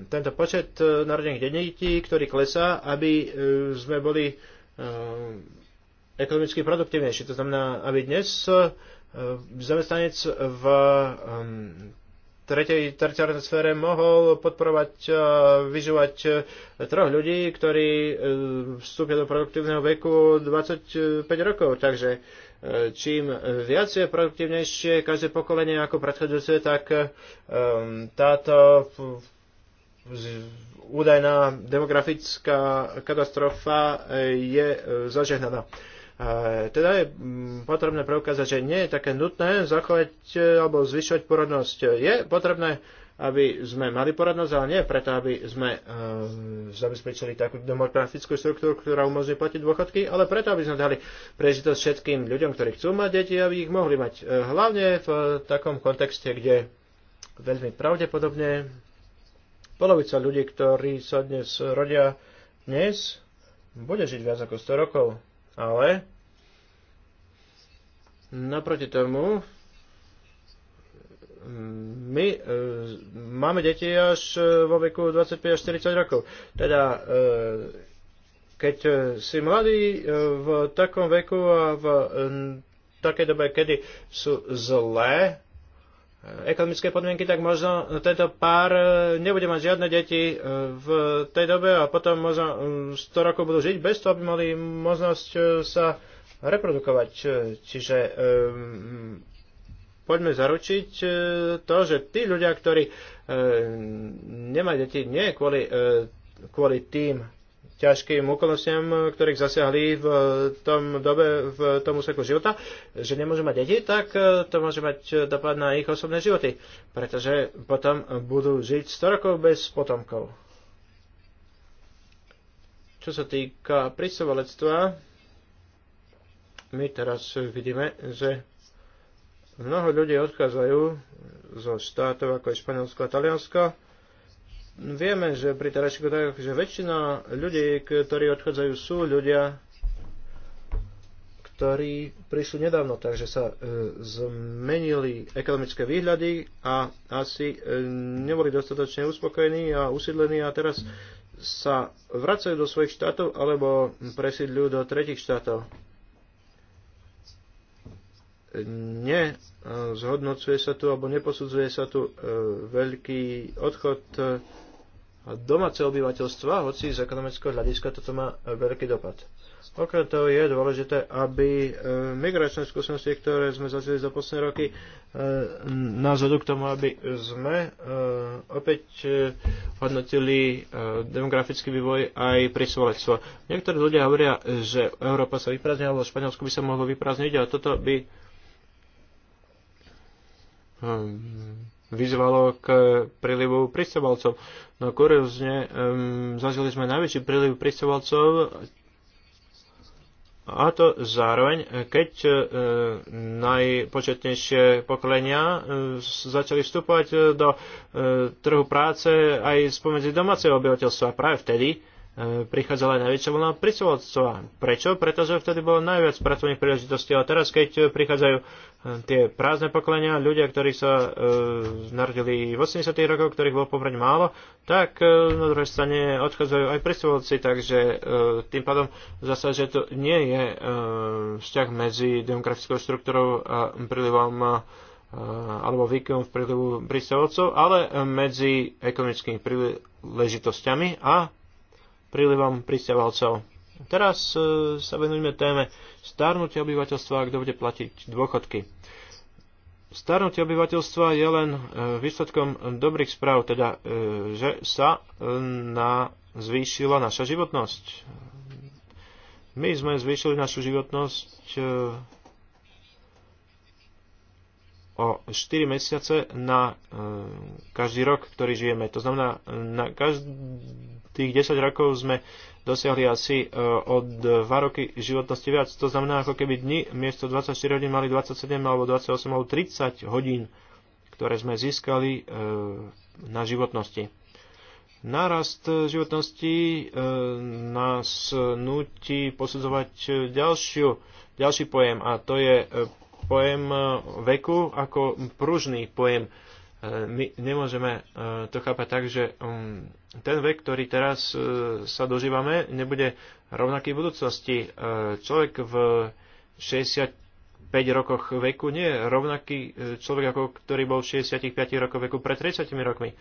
tento počet narodených detí, ktorý klesá, aby sme boli ekonomicky produktívnejší. To znamená, aby dnes eh, zamestnanec v ehm, tretej terciárnej sfére mohol podporovať eh, a eh, troch ľudí, ktorí vstúpia do produktívneho veku 25 rokov. Takže čím viac je produktívnejšie každé pokolenie ako predchádzajúce, tak ehm, táto údajná demografická katastrofa je zažehnaná. Teda je mm, potrebné preukázať, že nie je také nutné zachovať e, alebo zvyšovať porodnosť. Je potrebné aby sme mali poradnosť, ale nie preto, aby sme e, zabezpečili takú demografickú štruktúru, ktorá umožní platiť dôchodky, ale preto, aby sme dali prežitosť všetkým ľuďom, ktorí chcú mať deti, aby ich mohli mať. E, hlavne v e, takom kontexte, kde veľmi pravdepodobne polovica ľudí, ktorí sa dnes rodia dnes, bude žiť viac ako 100 rokov ale naproti tomu my e, máme deti až e, vo veku 25 až 40 rokov. Teda e, keď e, si mladý e, v takom veku a v takej dobe, kedy sú zlé E, ekonomické podmienky, tak možno tento pár e, nebude mať žiadne deti e, v tej dobe a potom možno 100 rokov budú žiť bez toho, aby mali možnosť sa reprodukovať. Čiže um, poďme zaručiť to, že tí ľudia, ktorí um, nemajú deti, nie kvôli, um, kvôli tým ťažkým okolnostiam, eh, ktorých zasiahli v eh, tom dobe, v tom úseku života, že nemôžu mať deti, tak eh, to môže mať dopad na ich osobné životy, pretože potom budú žiť 100 rokov bez potomkov. Čo sa týka pristovalectva, my teraz vidíme, že mnoho ľudí odchádzajú zo štátov ako je Španielsko a Taliansko, vieme, že pri terajších údajoch, že väčšina ľudí, ktorí odchádzajú, sú ľudia, ktorí prišli nedávno, takže sa e, zmenili ekonomické výhľady a asi e, neboli dostatočne uspokojení a usídlení a teraz sa vracajú do svojich štátov alebo presídľujú do tretich štátov. Ne e, zhodnocuje sa tu alebo neposudzuje sa tu e, veľký odchod e, domáce obyvateľstva, hoci z ekonomického hľadiska toto má veľký dopad. Okrem toho je dôležité, aby e, migračné skúsenosti, ktoré sme zažili za posledné roky, e, nás vedú k tomu, aby sme e, opäť hodnotili demografický vývoj aj prisvolectvo. Niektorí ľudia hovoria, že Európa sa vyprázdnila, alebo Španielsko by sa mohlo vyprázdniť a toto by vyzvalo k prílivu pristavalcov. No kuriózne, um, zažili sme najväčší príliv pristavalcov a to zároveň, keď uh, najpočetnejšie pokolenia uh, začali vstupovať uh, do uh, trhu práce aj spomedzi domáceho obyvateľstva. Práve vtedy prichádzala aj najväčšia vlna prisovodstva. Prečo? Pretože vtedy bolo najviac pracovných príležitostí. A teraz, keď prichádzajú tie prázdne pokolenia, ľudia, ktorí sa e, narodili v 80. rokoch, ktorých bolo pomerne málo, tak e, na druhej strane odchádzajú aj pristovalci, takže e, tým pádom zase, že to nie je e, vzťah medzi demografickou štruktúrou a prílivom e, alebo výkon v prílivu pristovalcov, ale medzi ekonomickými príležitosťami a prílivom pristovalcov. Teraz e, sa venujeme téme starnutie obyvateľstva, kto bude platiť dôchodky. Starnutie obyvateľstva je len e, výsledkom dobrých správ, teda e, že sa na, zvýšila naša životnosť. My sme zvýšili našu životnosť o 4 mesiace na e, každý rok, ktorý žijeme. To znamená, na každých 10 rokov sme dosiahli asi e, od 2 roky životnosti viac. To znamená, ako keby dni miesto 24 hodín mali 27 alebo 28 alebo 30 hodín, ktoré sme získali e, na životnosti. Nárast životnosti nás nutí posudzovať ďalšiu, ďalší pojem a to je pojem e, veku ako pružný pojem. E, my nemôžeme e, to chápať tak, že um, ten vek, ktorý teraz sa dožívame, nebude rovnaký v budúcnosti. Človek v 60 5 rokoch veku nie je rovnaký človek, ako ktorý bol v 65 rokoch veku pred 30 rokmi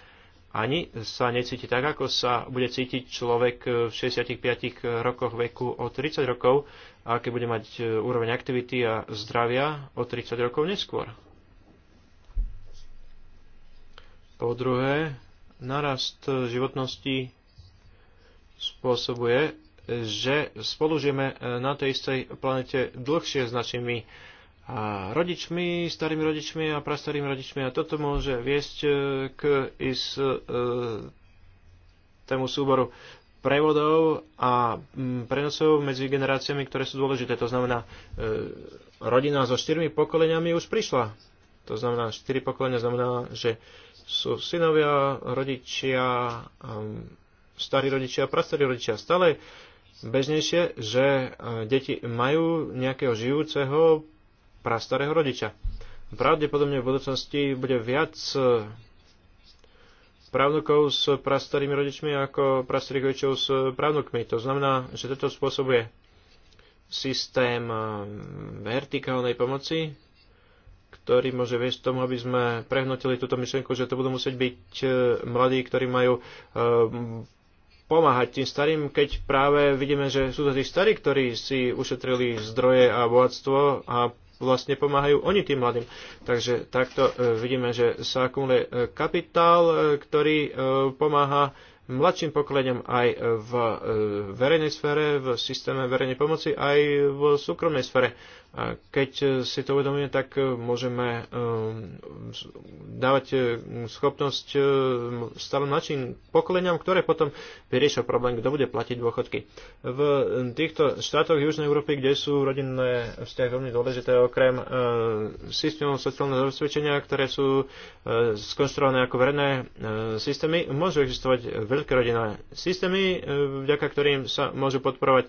ani sa necíti tak, ako sa bude cítiť človek v 65 rokoch veku o 30 rokov, a aké bude mať e, úroveň aktivity a zdravia o 30 rokov neskôr. Po druhé, narast životnosti spôsobuje, že spolužijeme e, na tej istej planete dlhšie s našimi a rodičmi, starými rodičmi a prastarými rodičmi. A toto môže viesť e, k is, e, tému súboru prevodov a mm, prenosov medzi generáciami, ktoré sú dôležité. To znamená, e, rodina so štyrmi pokoleniami už prišla. To znamená, štyri pokolenia znamená, že sú synovia, rodičia, starí rodičia, prastarí rodičia. Stále bežnejšie, že deti majú nejakého žijúceho prastarého rodiča. Pravdepodobne v budúcnosti bude viac e, právnukov s prastarými rodičmi ako prastarých rodičov s právnukmi. To znamená, že toto spôsobuje systém e, vertikálnej pomoci, ktorý môže viesť tomu, aby sme prehnotili túto myšlenku, že to budú musieť byť e, mladí, ktorí majú pomáhať tým starým, keď práve vidíme, že sú to tí starí, ktorí si ušetrili zdroje a bohatstvo a vlastne pomáhajú oni tým mladým. Takže takto e, vidíme, že sa akumuluje e, kapitál, e, ktorý pomáha mladším pokoleniam aj v verejnej sfére, v systéme verejnej pomoci, aj v súkromnej sfere. Keď e, si to uvedomíme, tak e, môžeme e, dávať schopnosť stále mladším pokoleniam, ktoré potom vyriešia problém, kto bude platiť dôchodky. V týchto štátoch Južnej Európy, kde sú rodinné vzťahy veľmi dôležité, okrem systémov sociálneho zabezpečenia, ktoré sú skonštruované ako verejné systémy, môžu existovať veľké rodinné systémy, vďaka ktorým sa môžu podporovať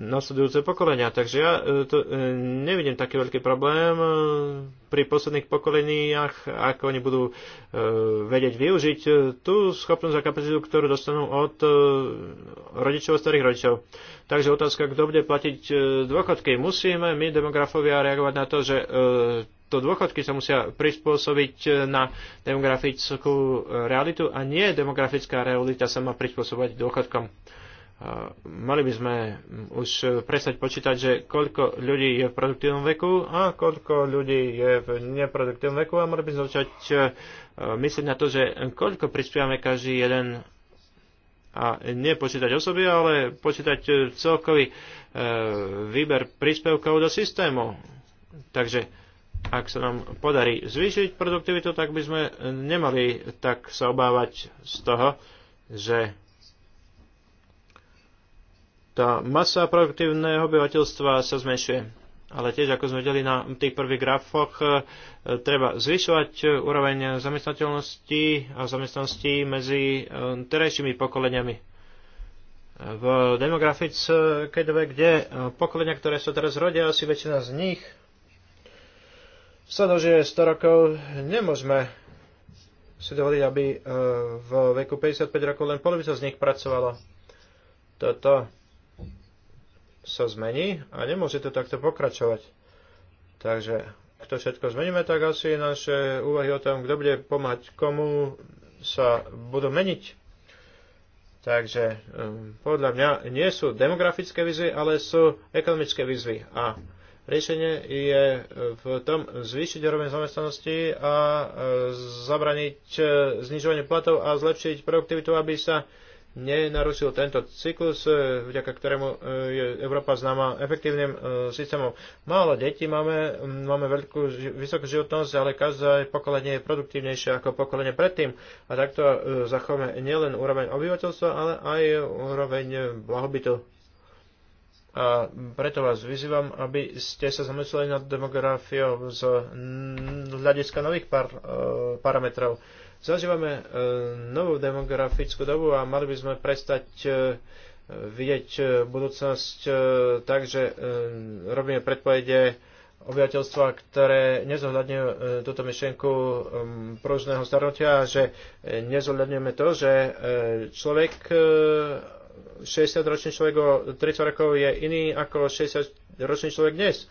nasledujúce pokolenia. Takže ja e, to, e, nevidím taký veľký problém e, pri posledných pokoleniach, ako oni budú vedieť využiť tú schopnosť a kapacitu, ktorú dostanú od rodičov a starých rodičov. Takže otázka, kto bude platiť dôchodky. Musíme my, demografovia, reagovať na to, že to dôchodky sa musia prispôsobiť na demografickú realitu a nie demografická realita sa má prispôsobiť dôchodkom mali by sme už prestať počítať, že koľko ľudí je v produktívnom veku a koľko ľudí je v neproduktívnom veku a mali by sme začať e, myslieť na to, že koľko prispievame každý jeden a nie počítať osoby, ale počítať celkový e, výber príspevkov do systému. Takže ak sa nám podarí zvýšiť produktivitu, tak by sme nemali tak sa obávať z toho, že tá masa produktívneho obyvateľstva sa zmenšuje. Ale tiež, ako sme videli na tých prvých grafoch, e, treba zvyšovať úroveň zamestnateľnosti a zamestnanosti medzi e, terajšími pokoleniami. V demografickej dobe, kde pokolenia, ktoré sa teraz rodia, asi väčšina z nich sa dožije 100 rokov, nemôžeme si dovoliť, aby e, v veku 55 rokov len polovica z nich pracovala. Toto sa zmení a nemôže to takto pokračovať. Takže to všetko zmeníme, tak asi naše úvahy o tom, kto bude pomáhať komu, sa budú meniť. Takže um, podľa mňa nie sú demografické výzvy, ale sú ekonomické výzvy. A riešenie je uh, v tom zvýšiť úroveň zamestnanosti a uh, zabraniť uh, znižovanie platov a zlepšiť produktivitu, aby sa nenarušil tento cyklus, e, vďaka ktorému e, je Európa známa efektívnym e, systémom. Málo detí máme, máme veľkú, vysokú životnosť, ale každé pokolenie je produktívnejšie ako pokolenie predtým. A takto zachováme nielen úroveň obyvateľstva, ale aj úroveň blahobytu. A preto vás vyzývam, aby ste sa zamysleli nad demografiou z hľadiska nových par, parametrov Zažívame e, novú demografickú dobu a mali by sme prestať e, vidieť e, budúcnosť tak, že robíme predpovede obyvateľstva, ktoré nezohľadňujú túto myšlienku pružného starnutia a že nezohľadňujeme to, že človek 60-ročný človek o 30 rokov je iný ako 60-ročný človek dnes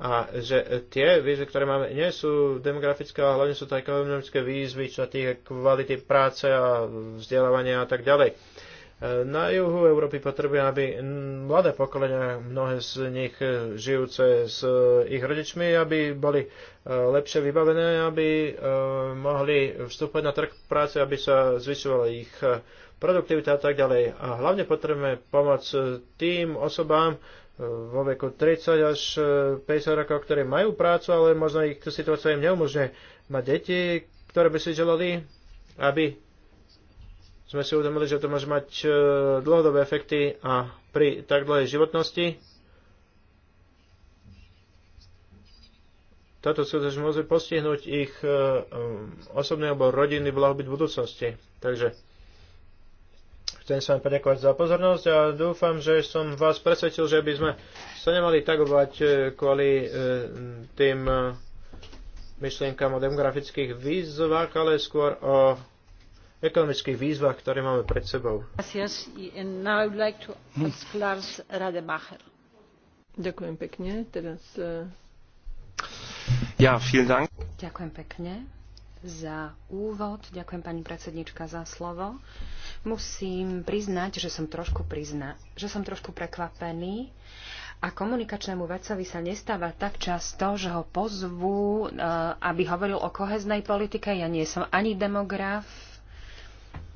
a že tie výzvy, ktoré máme, nie sú demografické, ale hlavne sú to ekonomické výzvy, čo týka kvality práce a vzdelávania a tak ďalej. E, na juhu Európy potrebujeme, aby mladé pokolenia, mnohé z nich žijúce s e, ich rodičmi, aby boli e, lepšie vybavené, aby mohli vstúpať na trh práce, aby sa zvyšovala ich produktivita a tak ďalej. A hlavne potrebujeme pomoc tým osobám, vo veku 30 až 50 e, rokov, ktoré majú prácu, ale možno ich tá situácia im neumožňuje mať deti, ktoré by si želali, aby sme si uvedomili, že to môže mať e, dlhodobé efekty a pri tak dlhej životnosti táto skutočnosť môže postihnúť ich e, osobný alebo rodinný blahobyt v budúcnosti. Takže Chcem sa vám poďakovať za pozornosť a dúfam, že som vás presvedčil, že by sme sa nemali tagovať e, kvôli e, tým e, myšlienkam o demografických výzvach, ale skôr o ekonomických výzvach, ktoré máme pred sebou. Ďakujem pekne. Teraz... Ja, vielen Dank. Ďakujem pekne za úvod. Ďakujem pani predsednička za slovo. Musím priznať, že som trošku, prizna, že som trošku prekvapený a komunikačnému vedcovi sa nestáva tak často, že ho pozvú, eh, aby hovoril o koheznej politike. Ja nie som ani demograf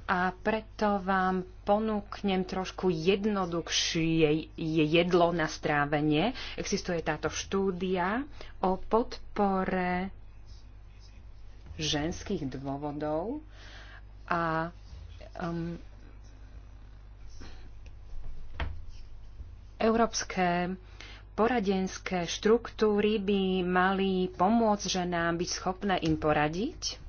a preto vám ponúknem trošku jednoduchšie jedlo na strávenie. Existuje táto štúdia o podpore ženských dôvodov a Um, európske poradenské štruktúry by mali pomôcť ženám byť schopné im poradiť?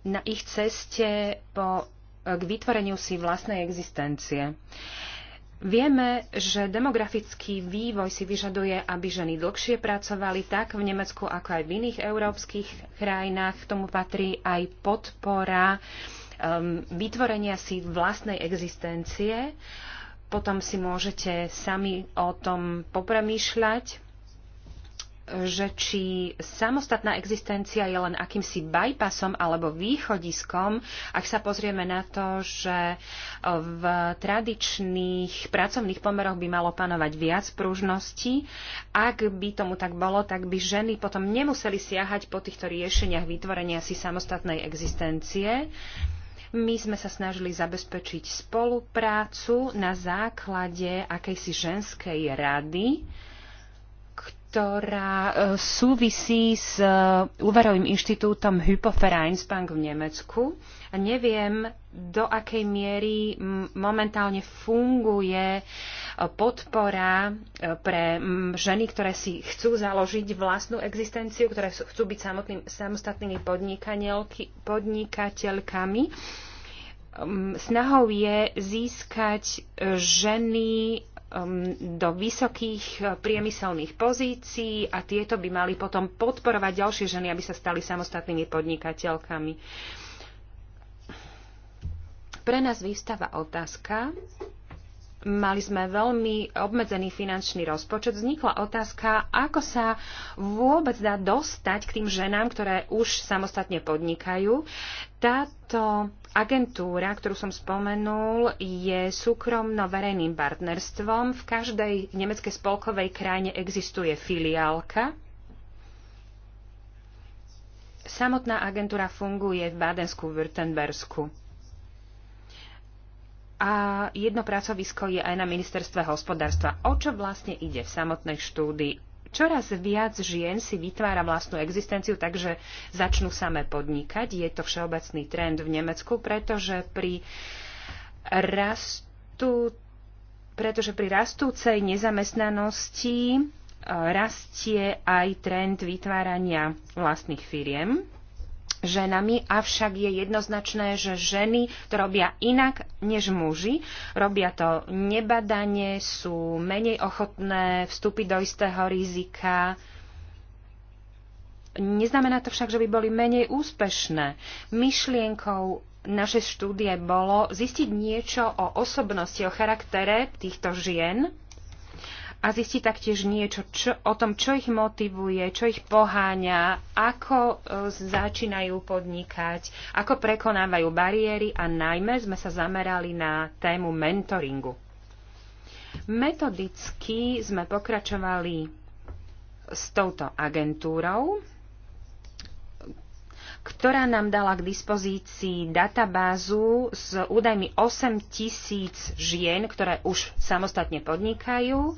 na ich ceste po, k vytvoreniu si vlastnej existencie. Vieme, že demografický vývoj si vyžaduje, aby ženy dlhšie pracovali tak v Nemecku, ako aj v iných európskych krajinách. K tomu patrí aj podpora um, vytvorenia si vlastnej existencie. Potom si môžete sami o tom popremýšľať že či samostatná existencia je len akýmsi bypassom alebo východiskom, ak sa pozrieme na to, že v tradičných pracovných pomeroch by malo panovať viac pružnosti. Ak by tomu tak bolo, tak by ženy potom nemuseli siahať po týchto riešeniach vytvorenia si samostatnej existencie. My sme sa snažili zabezpečiť spoluprácu na základe akejsi ženskej rady, ktorá e, súvisí s e, úverovým inštitútom Hypovereinsbank v Nemecku. A neviem, do akej miery momentálne funguje e, podpora pre ženy, ktoré si chcú založiť vlastnú existenciu, ktoré chcú byť samotným, samostatnými podnikateľkami. Ehm, snahou je získať ženy Um, do vysokých uh, priemyselných pozícií a tieto by mali potom podporovať ďalšie ženy, aby sa stali samostatnými podnikateľkami. Pre nás vystáva otázka, mali sme veľmi obmedzený finančný rozpočet, vznikla otázka, ako sa vôbec dá dostať k tým ženám, ktoré už samostatne podnikajú. Táto agentúra, ktorú som spomenul, je súkromno-verejným partnerstvom. V každej nemeckej spolkovej krajine existuje filiálka. Samotná agentúra funguje v Bádensku-Württembersku a jedno pracovisko je aj na ministerstve hospodárstva. O čo vlastne ide v samotnej štúdii? Čoraz viac žien si vytvára vlastnú existenciu, takže začnú same podnikať. Je to všeobecný trend v Nemecku, pretože pri rastu pretože pri rastúcej nezamestnanosti eh, rastie aj trend vytvárania vlastných firiem ženami, avšak je jednoznačné, že ženy to robia inak než muži. Robia to nebadane, sú menej ochotné vstúpiť do istého rizika. Neznamená to však, že by boli menej úspešné. Myšlienkou naše štúdie bolo zistiť niečo o osobnosti, o charaktere týchto žien, a zistí taktiež niečo čo, o tom, čo ich motivuje, čo ich poháňa, ako e, začínajú podnikať, ako prekonávajú bariéry a najmä sme sa zamerali na tému mentoringu. Metodicky sme pokračovali s touto agentúrou, ktorá nám dala k dispozícii databázu s údajmi 8 tisíc žien, ktoré už samostatne podnikajú.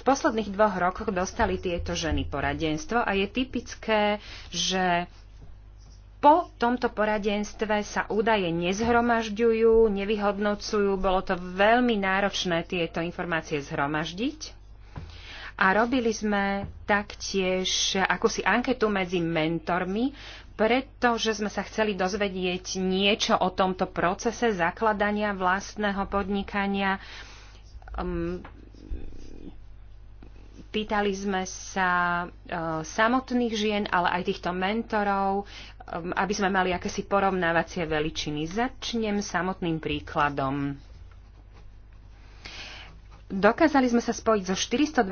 V posledných dvoch rokoch dostali tieto ženy poradenstvo a je typické, že po tomto poradenstve sa údaje nezhromažďujú, nevyhodnocujú. Bolo to veľmi náročné tieto informácie zhromaždiť. A robili sme taktiež akúsi anketu medzi mentormi, pretože sme sa chceli dozvedieť niečo o tomto procese zakladania vlastného podnikania. Um, pýtali sme sa uh, samotných žien, ale aj týchto mentorov, um, aby sme mali akési porovnávacie veličiny. Začnem samotným príkladom Dokázali sme sa spojiť so 424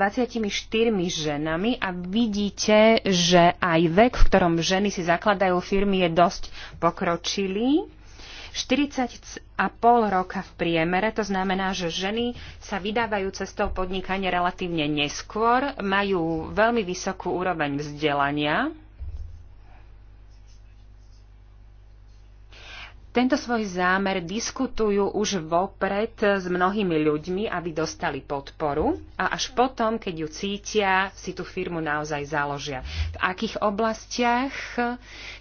ženami a vidíte, že aj vek, v ktorom ženy si zakladajú firmy, je dosť pokročilý. 40,5 roka v priemere, to znamená, že ženy sa vydávajú cestou podnikania relatívne neskôr, majú veľmi vysokú úroveň vzdelania, tento svoj zámer diskutujú už vopred s mnohými ľuďmi, aby dostali podporu a až potom, keď ju cítia, si tú firmu naozaj založia. V akých oblastiach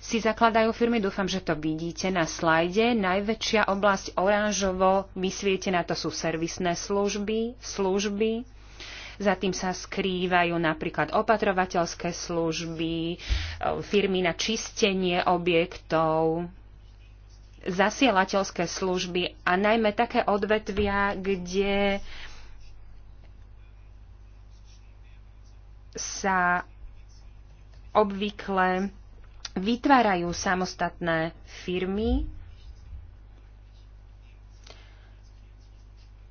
si zakladajú firmy, dúfam, že to vidíte na slajde. Najväčšia oblasť oranžovo vysvietená to sú servisné služby, služby, za tým sa skrývajú napríklad opatrovateľské služby, firmy na čistenie objektov, zasielateľské služby a najmä také odvetvia, kde sa obvykle vytvárajú samostatné firmy,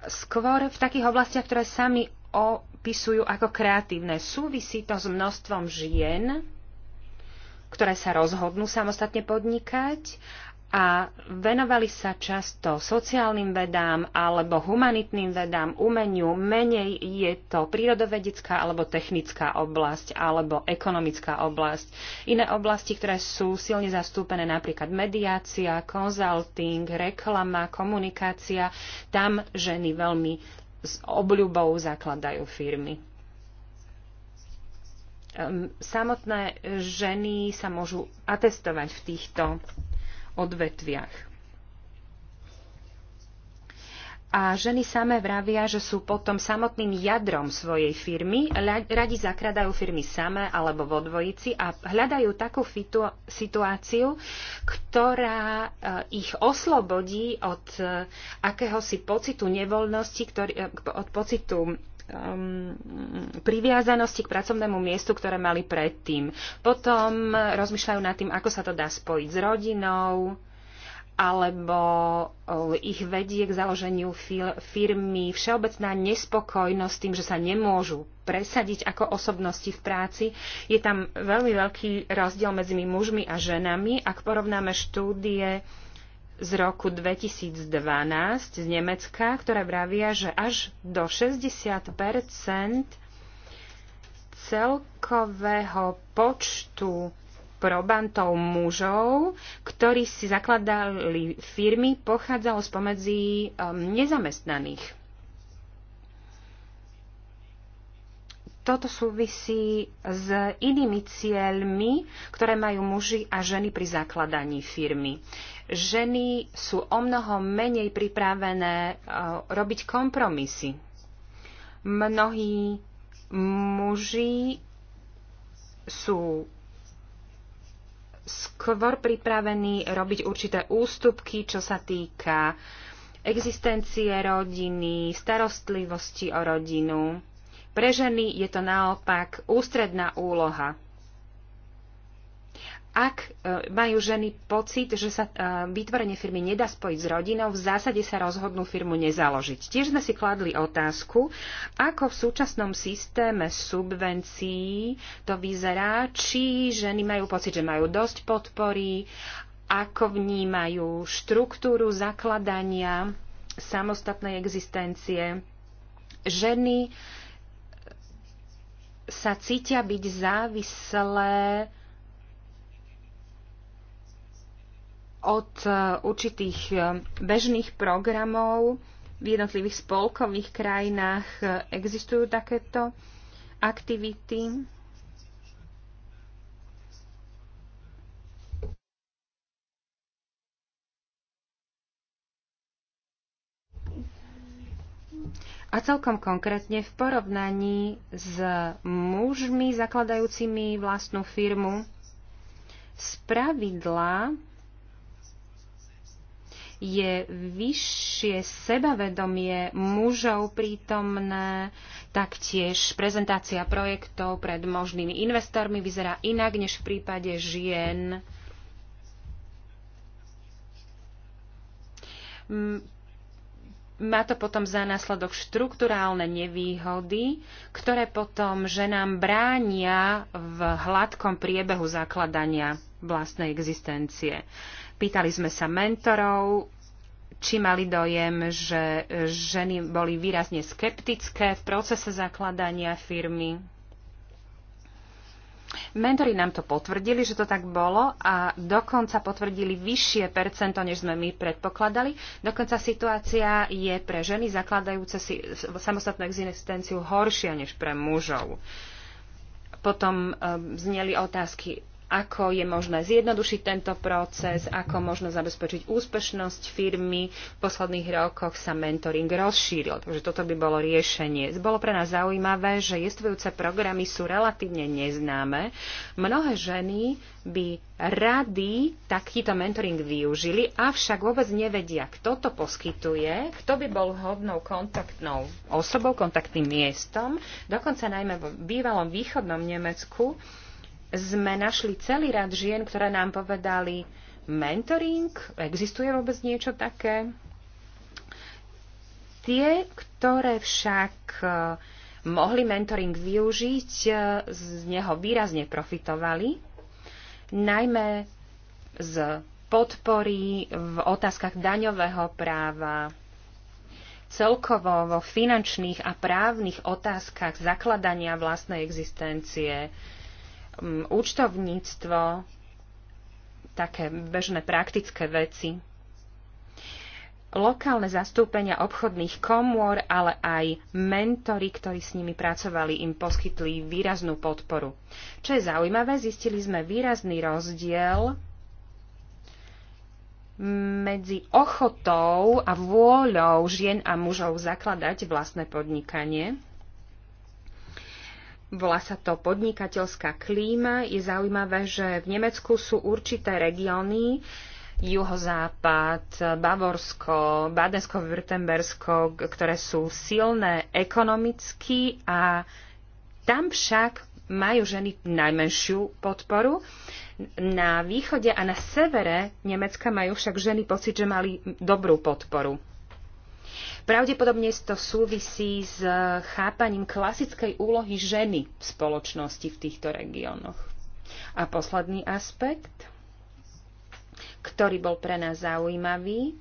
skôr v takých oblastiach, ktoré sami opisujú ako kreatívne. Súvisí to s množstvom žien, ktoré sa rozhodnú samostatne podnikať a venovali sa často sociálnym vedám alebo humanitným vedám, umeniu, menej je to prírodovedická alebo technická oblasť alebo ekonomická oblasť. Iné oblasti, ktoré sú silne zastúpené, napríklad mediácia, konzulting, reklama, komunikácia, tam ženy veľmi s obľubou zakladajú firmy ehm, samotné ženy sa môžu atestovať v týchto odvetviach. A ženy samé vravia, že sú potom samotným jadrom svojej firmy, radi zakradajú firmy samé alebo vo dvojici a hľadajú takú situáciu, ktorá e, ich oslobodí od e, akéhosi pocitu nevoľnosti, ktorý, e, od pocitu um, priviazanosti k pracovnému miestu, ktoré mali predtým. Potom rozmýšľajú nad tým, ako sa to dá spojiť s rodinou, alebo uh, ich vedie k založeniu firmy všeobecná nespokojnosť tým, že sa nemôžu presadiť ako osobnosti v práci. Je tam veľmi veľký rozdiel medzi mužmi a ženami. Ak porovnáme štúdie z roku 2012 z Nemecka, ktoré vravia, že až do 60 celkového počtu probantov mužov, ktorí si zakladali firmy, pochádzalo spomedzi um, nezamestnaných. Toto súvisí s inými cieľmi, ktoré majú muži a ženy pri zakladaní firmy ženy sú o mnoho menej pripravené e, robiť kompromisy. Mnohí muži sú skôr pripravení robiť určité ústupky, čo sa týka existencie rodiny, starostlivosti o rodinu. Pre ženy je to naopak ústredná úloha ak e, majú ženy pocit, že sa e, vytvorenie firmy nedá spojiť s rodinou, v zásade sa rozhodnú firmu nezaložiť. Tiež sme si kladli otázku, ako v súčasnom systéme subvencií to vyzerá, či ženy majú pocit, že majú dosť podpory, ako vnímajú štruktúru zakladania samostatnej existencie. Ženy e, sa cítia byť závislé od e, určitých e, bežných programov v jednotlivých spolkových krajinách e, existujú takéto aktivity. A celkom konkrétne v porovnaní s mužmi zakladajúcimi vlastnú firmu z pravidla je vyššie sebavedomie mužov prítomné, taktiež prezentácia projektov pred možnými investormi vyzerá inak než v prípade žien. Má to potom za následok štruktúrálne nevýhody, ktoré potom ženám bránia v hladkom priebehu zakladania vlastnej existencie. Pýtali sme sa mentorov, či mali dojem, že ženy boli výrazne skeptické v procese zakladania firmy. Mentori nám to potvrdili, že to tak bolo a dokonca potvrdili vyššie percento, než sme my predpokladali. Dokonca situácia je pre ženy zakladajúce si samostatnú existenciu horšia než pre mužov. Potom um, zneli otázky ako je možné zjednodušiť tento proces, ako možno zabezpečiť úspešnosť firmy. V posledných rokoch sa mentoring rozšíril, takže toto by bolo riešenie. Bolo pre nás zaujímavé, že jestvujúce programy sú relatívne neznáme. Mnohé ženy by rady takýto mentoring využili, avšak vôbec nevedia, kto to poskytuje, kto by bol hodnou kontaktnou osobou, kontaktným miestom, dokonca najmä v bývalom východnom Nemecku sme našli celý rad žien, ktoré nám povedali, mentoring, existuje vôbec niečo také? Tie, ktoré však eh, mohli mentoring využiť, eh, z neho výrazne profitovali, najmä z podpory v otázkach daňového práva, celkovo vo finančných a právnych otázkach zakladania vlastnej existencie, Mm, účtovníctvo, také bežné praktické veci. Lokálne zastúpenia obchodných komôr, ale aj mentory, ktorí s nimi pracovali, im poskytli výraznú podporu. Čo je zaujímavé, zistili sme výrazný rozdiel medzi ochotou a vôľou žien a mužov zakladať vlastné podnikanie Volá sa to podnikateľská klíma. Je zaujímavé, že v Nemecku sú určité regióny, juhozápad, Bavorsko, Bádensko-Württembersko, ktoré sú silné ekonomicky a tam však majú ženy najmenšiu podporu. Na východe a na severe Nemecka majú však ženy pocit, že mali dobrú podporu. Pravdepodobne to súvisí s eh, chápaním klasickej úlohy ženy v spoločnosti v týchto regiónoch. A posledný aspekt, ktorý bol pre nás zaujímavý,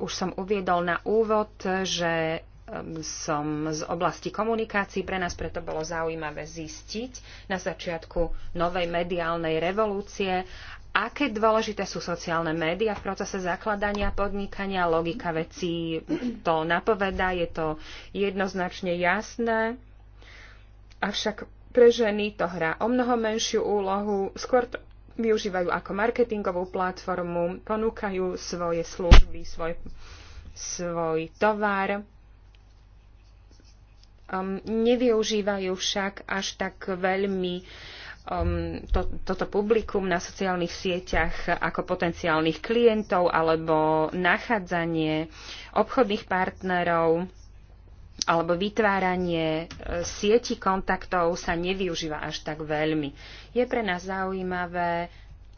už som uviedol na úvod, že som z oblasti komunikácií. Pre nás preto bolo zaujímavé zistiť na začiatku novej mediálnej revolúcie, aké dôležité sú sociálne médiá v procese zakladania podnikania. Logika vecí to napovedá, je to jednoznačne jasné. Avšak pre ženy to hrá o mnoho menšiu úlohu, skôr to využívajú ako marketingovú platformu, ponúkajú svoje služby, svoj, svoj tovar. Um, nevyužívajú však až tak veľmi uh, um, to, toto publikum na sociálnych sieťach ako potenciálnych klientov alebo nachádzanie obchodných partnerov alebo vytváranie e, sieti kontaktov sa nevyužíva až tak veľmi. Je pre nás zaujímavé,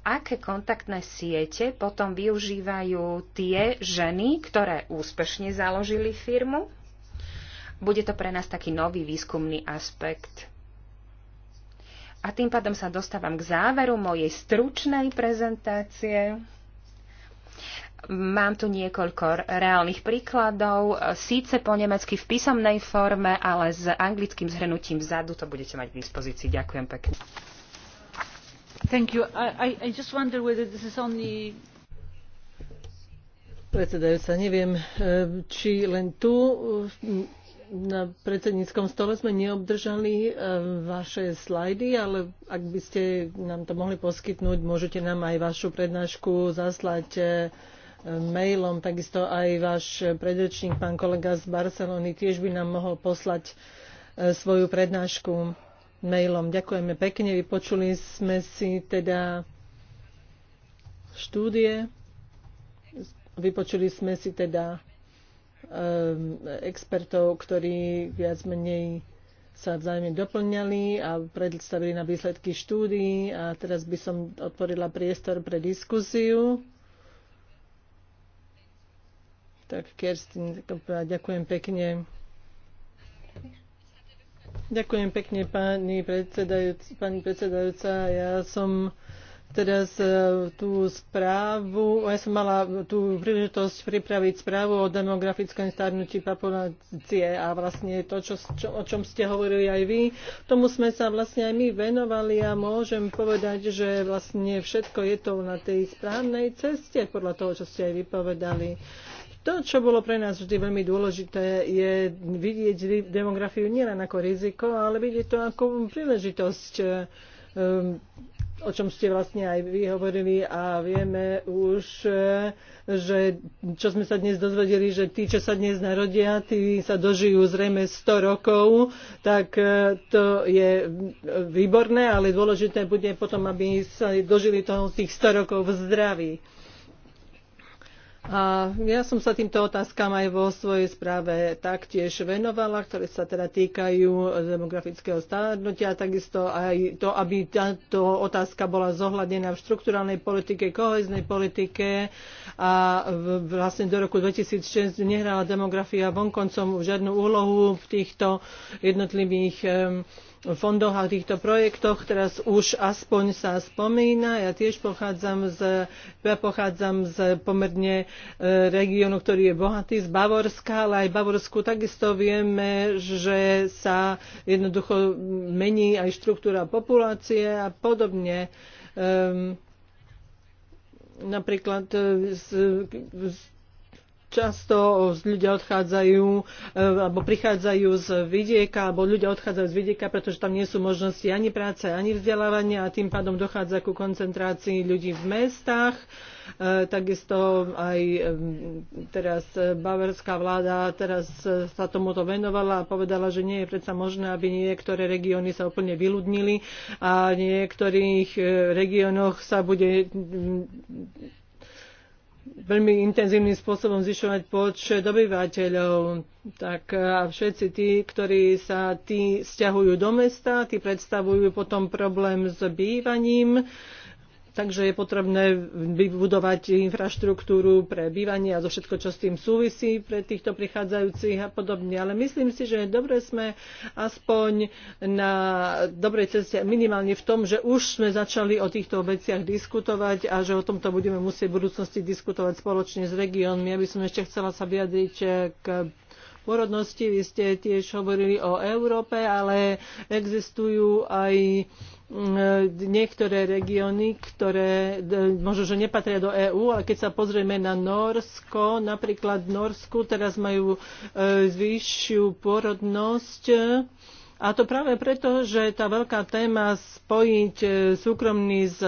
aké kontaktné siete potom využívajú tie ženy, ktoré úspešne založili firmu. Bude to pre nás taký nový výskumný aspekt a tým pádom sa dostávam k záveru mojej stručnej prezentácie. Mám tu niekoľko reálnych príkladov, e, síce po nemecky v písomnej forme, ale s anglickým zhrnutím vzadu to budete mať k dispozícii. Ďakujem pekne. Thank you. I, I just wonder whether this is only predsedajúca, neviem, e, či len tu e, na predsedníckom stole sme neobdržali e, vaše slajdy, ale ak by ste nám to mohli poskytnúť, môžete nám aj vašu prednášku zaslať e, mailom. Takisto aj váš predrečník, pán kolega z Barcelony, tiež by nám mohol poslať e, svoju prednášku mailom. Ďakujeme pekne. Vypočuli sme si teda štúdie. Vypočuli sme si teda Um, expertov, ktorí viac menej sa vzájomne doplňali a predstavili na výsledky štúdií a teraz by som otvorila priestor pre diskusiu. Tak Kerstin, ďakujem pekne. Ďakujem pekne, pani, predsedajúca. pani predsedajúca. Ja som teraz e, tú správu, ja som mala tú príležitosť pripraviť správu o demografickom starnutí populácie a vlastne to, čo, čo, o čom ste hovorili aj vy, tomu sme sa vlastne aj my venovali a môžem povedať, že vlastne všetko je to na tej správnej ceste podľa toho, čo ste aj vypovedali. To, čo bolo pre nás vždy veľmi dôležité, je vidieť demografiu nielen ako riziko, ale vidieť to ako príležitosť e, o čom ste vlastne aj vy hovorili a vieme už, že čo sme sa dnes dozvedeli, že tí, čo sa dnes narodia, tí sa dožijú zrejme 100 rokov, tak e, to je výborné, ale dôležité bude potom, aby sa dožili toho tých 100 rokov v zdraví. A ja som sa týmto otázkam aj vo svojej správe taktiež venovala, ktoré sa teda týkajú demografického stárnutia, takisto aj to, aby táto otázka bola zohľadnená v štruktúralnej politike, koheznej politike a vlastne do roku 2006 nehrala demografia vonkoncom žiadnu úlohu v týchto jednotlivých um, fondoch a týchto projektoch teraz už aspoň sa spomína. Ja tiež pochádzam z, ja pochádzam z pomerne e, regiónu, ktorý je bohatý, z Bavorska, ale aj v Bavorsku takisto vieme, že sa jednoducho mení aj štruktúra populácie a podobne. Um, napríklad e, z, z, často ľudia odchádzajú e, alebo prichádzajú z vidieka alebo ľudia odchádzajú z vidieka, pretože tam nie sú možnosti ani práce, ani vzdelávania a tým pádom dochádza ku koncentrácii ľudí v mestách. E, takisto aj e, teraz bavarská vláda teraz sa tomuto venovala a povedala, že nie je predsa možné, aby niektoré regióny sa úplne vyľudnili a v niektorých regiónoch sa bude veľmi intenzívnym spôsobom zvyšovať počet obyvateľov. Tak e, a všetci tí, ktorí sa tí stiahujú do mesta, tí predstavujú potom problém s bývaním Takže je potrebné vybudovať infraštruktúru pre bývanie a zo všetko, čo s tým súvisí pre týchto prichádzajúcich a podobne. Ale myslím si, že dobre sme aspoň na dobrej ceste minimálne v tom, že už sme začali o týchto veciach diskutovať a že o tomto budeme musieť v budúcnosti diskutovať spoločne s regiónmi. Ja by som ešte chcela sa vyjadriť k porodnosti. Vy ste tiež hovorili o Európe, ale existujú aj E, niektoré regióny, ktoré e, možno, že nepatria do EÚ, ale keď sa pozrieme na Norsko, napríklad v Norsku teraz majú e, vyššiu porodnosť, a to práve preto, že tá veľká téma spojiť súkromný s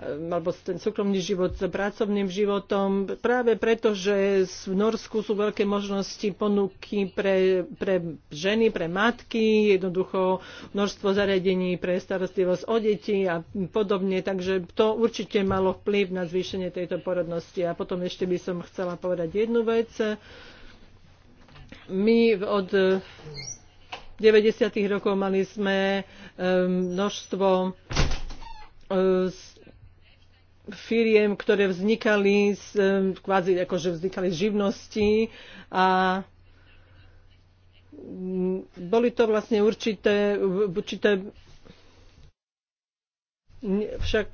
Eh, alebo ten súkromný život s pracovným životom, práve preto, že v Norsku sú veľké možnosti ponuky pre, pre ženy, pre matky, jednoducho množstvo zariadení pre starostlivosť o deti a podobne, takže to určite malo vplyv na zvýšenie tejto porodnosti. A potom ešte by som chcela povedať jednu vec. My od 90. rokov mali sme eh, množstvo eh, firiem, ktoré vznikali z, kvázi akože vznikali z živnosti a boli to vlastne určité, určité však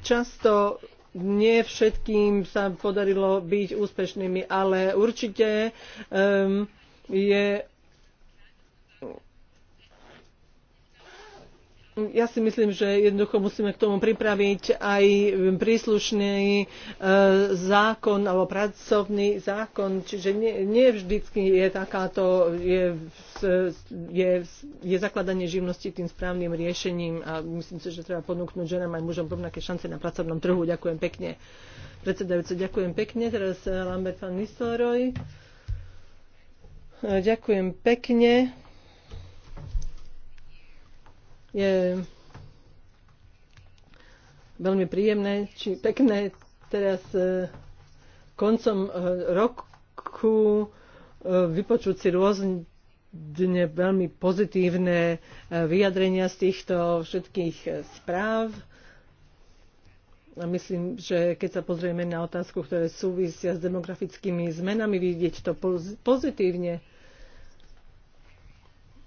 často nie všetkým sa podarilo byť úspešnými, ale určite um, je ja si myslím, že jednoducho musíme k tomu pripraviť aj príslušný e, zákon alebo pracovný zákon, čiže nie, nie vždycky je takáto, je, je, je zakladanie živnosti tým správnym riešením a myslím si, že treba ponúknuť ženám aj mužom rovnaké šance na pracovnom trhu. Ďakujem pekne. Predsedajúce, ďakujem pekne. Teraz Lambert van Nistelrooy. Ďakujem pekne je veľmi príjemné či pekné teraz e, koncom e, roku e, vypočuť si rôzne veľmi pozitívne vyjadrenia z týchto všetkých správ. A myslím, že keď sa pozrieme na otázku, ktoré súvisia s demografickými zmenami, vidieť to pozitívne.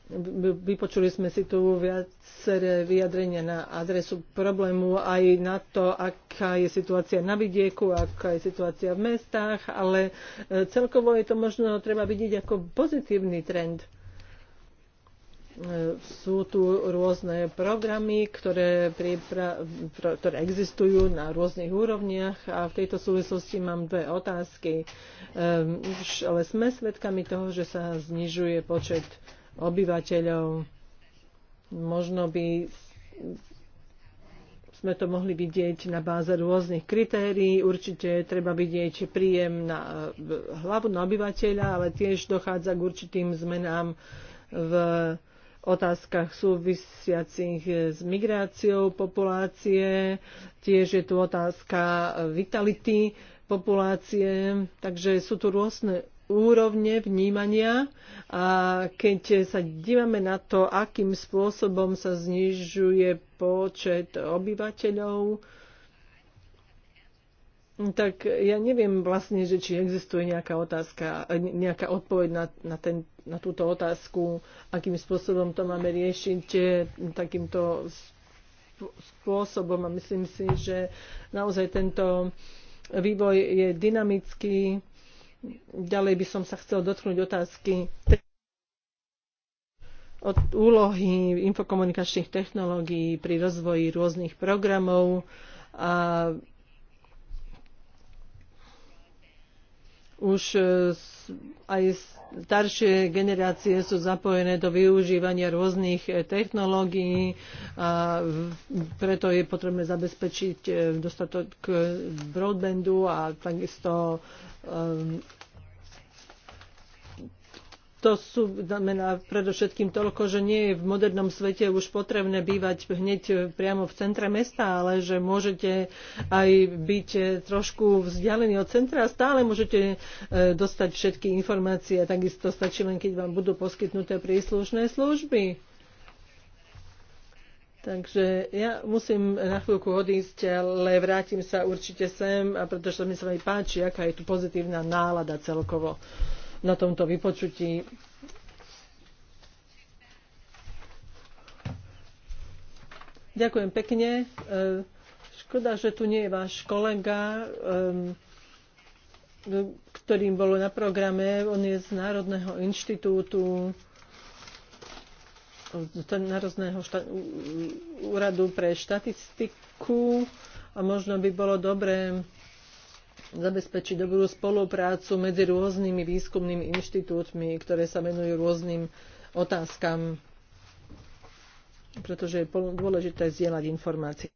Vypočuli sme si tu viaceré vyjadrenia na adresu problému aj na to, aká je situácia na vidieku, aká je situácia v mestách, ale e, celkovo je to možno treba vidieť ako pozitívny trend. E, sú tu rôzne programy, ktoré, ktoré existujú na rôznych úrovniach a v tejto súvislosti mám dve otázky. E, už ale sme svedkami toho, že sa znižuje počet obyvateľov. Možno by sme to mohli vidieť na báze rôznych kritérií. Určite treba vidieť príjem na hlavu na obyvateľa, ale tiež dochádza k určitým zmenám v otázkach súvisiacich s migráciou populácie. Tiež je tu otázka vitality populácie. Takže sú tu rôzne úrovne vnímania a keď sa dívame na to, akým spôsobom sa znižuje počet obyvateľov, tak ja neviem vlastne, že či existuje nejaká otázka, nejaká odpoveď na, na, ten, na túto otázku, akým spôsobom to máme riešiť takýmto spôsobom. A myslím si, že naozaj tento vývoj je dynamický Ďalej by som sa chcel dotknúť otázky od úlohy infokomunikačných technológií pri rozvoji rôznych programov a už e, aj staršie generácie sú zapojené do využívania rôznych e, technológií a preto je potrebné zabezpečiť e, dostatok broadbandu a takisto to sú, znamená predovšetkým toľko, že nie je v modernom svete už potrebné bývať hneď priamo v centre mesta, ale že môžete aj byť trošku vzdialení od centra a stále môžete e, dostať všetky informácie. Takisto stačí len, keď vám budú poskytnuté príslušné služby. Takže ja musím na chvíľku odísť, ale vrátim sa určite sem, a pretože mi sa mi páči, aká je tu pozitívna nálada celkovo na tomto vypočutí. Ďakujem pekne. E, škoda, že tu nie je váš kolega, ktorým bolo na programe. On je z Národného inštitútu Národného úradu pre štatistiku a možno by bolo dobré zabezpečiť dobrú spoluprácu medzi rôznymi výskumnými inštitútmi, ktoré sa venujú rôznym otázkam, pretože je dôležité zdieľať informácie.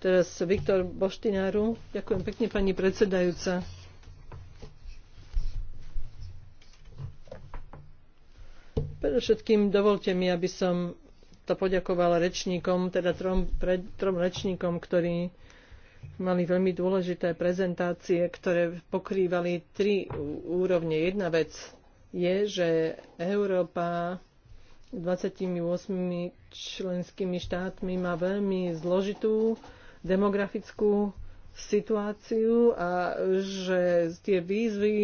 Teraz Viktor Boštináru. Ďakujem pekne, pani predsedajúca. Predovšetkým dovolte mi, aby som to poďakovala rečníkom, teda trom, pre, trom rečníkom, ktorí mali veľmi dôležité prezentácie, ktoré pokrývali tri úrovne. Jedna vec je, že Európa 28 členskými štátmi má veľmi zložitú demografickú situáciu a že tie výzvy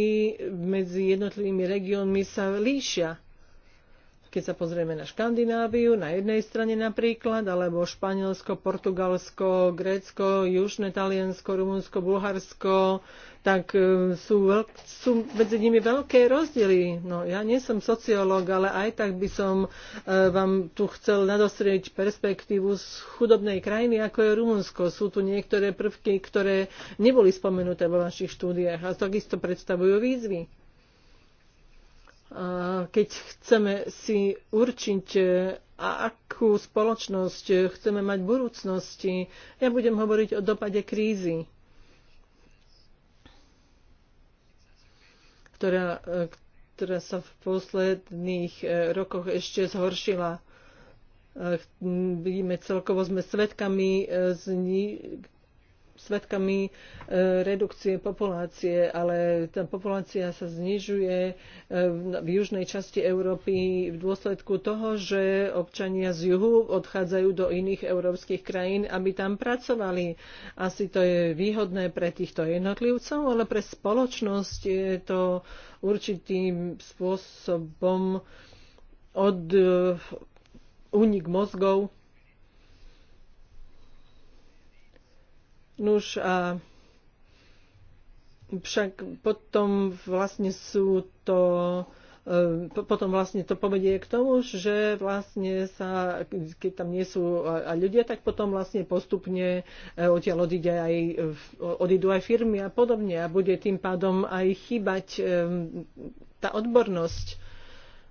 medzi jednotlivými regiónmi sa líšia keď sa pozrieme na Škandináviu, na jednej strane napríklad, alebo Španielsko, Portugalsko, Grécko, Južné Taliansko, Rumunsko, Bulharsko, tak e, sú, veľk, sú medzi nimi veľké rozdiely. No, ja nie som sociológ, ale aj tak by som e, vám tu chcel nadostrieť perspektívu z chudobnej krajiny, ako je Rumunsko. Sú tu niektoré prvky, ktoré neboli spomenuté vo vašich štúdiách a takisto predstavujú výzvy keď chceme si určiť, e, akú spoločnosť e, chceme mať v budúcnosti. Ja budem hovoriť o dopade krízy, ktorá, e, ktorá sa v posledných rokoch ešte zhoršila. Vidíme, celkovo sme svedkami svetkami e, redukcie populácie, ale tá populácia sa znižuje e, v južnej časti Európy v dôsledku toho, že občania z juhu odchádzajú do iných európskych krajín, aby tam pracovali. Asi to je výhodné pre týchto jednotlivcov, ale pre spoločnosť je to určitým spôsobom od e, únik mozgov Nuž a však potom vlastne sú to e, potom vlastne to povedie k tomu, že vlastne sa, keď tam nie sú a ľudia, tak potom vlastne postupne e, odtiaľ odíde aj, odídu aj firmy a podobne a bude tým pádom aj chýbať e, tá odbornosť.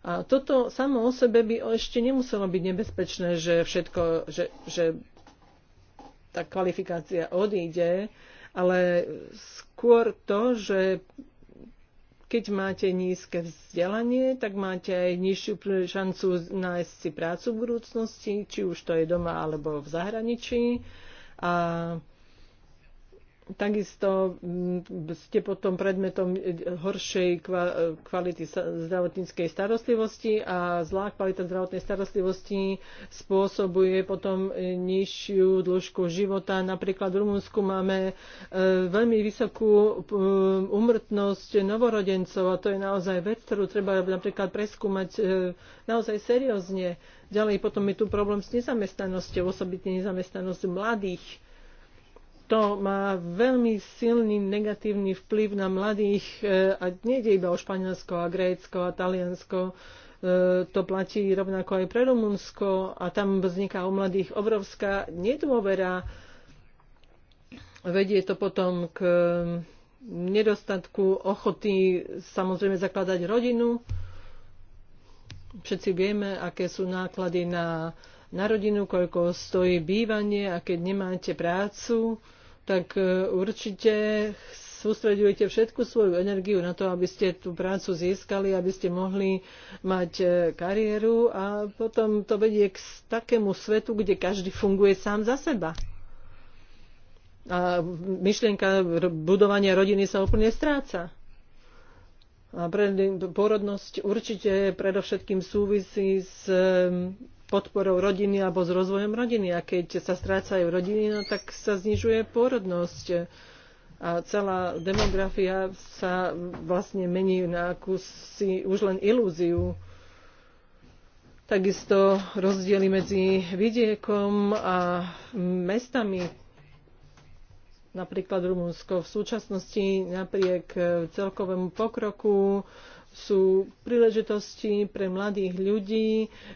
A toto samo o sebe by ešte nemuselo byť nebezpečné, že všetko, že, že tá kvalifikácia odíde, ale skôr to, že keď máte nízke vzdelanie, tak máte aj nižšiu šancu nájsť si prácu v budúcnosti, či už to je doma alebo v zahraničí. A Takisto mm, ste potom predmetom e, horšej e, kvality zdravotníckej starostlivosti a zlá kvalita zdravotnej starostlivosti spôsobuje potom e, nižšiu dĺžku života. Napríklad v Rumunsku máme veľmi vysokú umrtnosť novorodencov a to je naozaj vec, ktorú treba napríklad preskúmať naozaj seriózne. Ďalej potom je tu problém s nezamestnanosťou, osobitne nezamestnanosť mladých to má veľmi silný negatívny vplyv na mladých e, a nejde iba o Španielsko a Grécko a Taliansko. E, to platí rovnako aj pre Rumunsko a tam vzniká u mladých obrovská nedôvera. Vedie to potom k e, nedostatku ochoty samozrejme zakladať rodinu. Všetci vieme, aké sú náklady na na rodinu, koľko stojí bývanie a keď nemáte prácu, tak e, určite sústredujete všetku svoju energiu na to, aby ste tú prácu získali, aby ste mohli mať e, kariéru a potom to vedie k takému svetu, kde každý funguje sám za seba. A myšlienka budovania rodiny sa úplne stráca. A porodnosť určite predovšetkým súvisí s e, podporou rodiny alebo s rozvojom rodiny. A keď sa strácajú rodiny, no, tak sa znižuje pôrodnosť. A celá demografia sa vlastne mení na akúsi už len ilúziu. Takisto rozdiely medzi vidiekom a mestami. Napríklad Rumunsko v súčasnosti napriek celkovému pokroku sú príležitosti pre mladých ľudí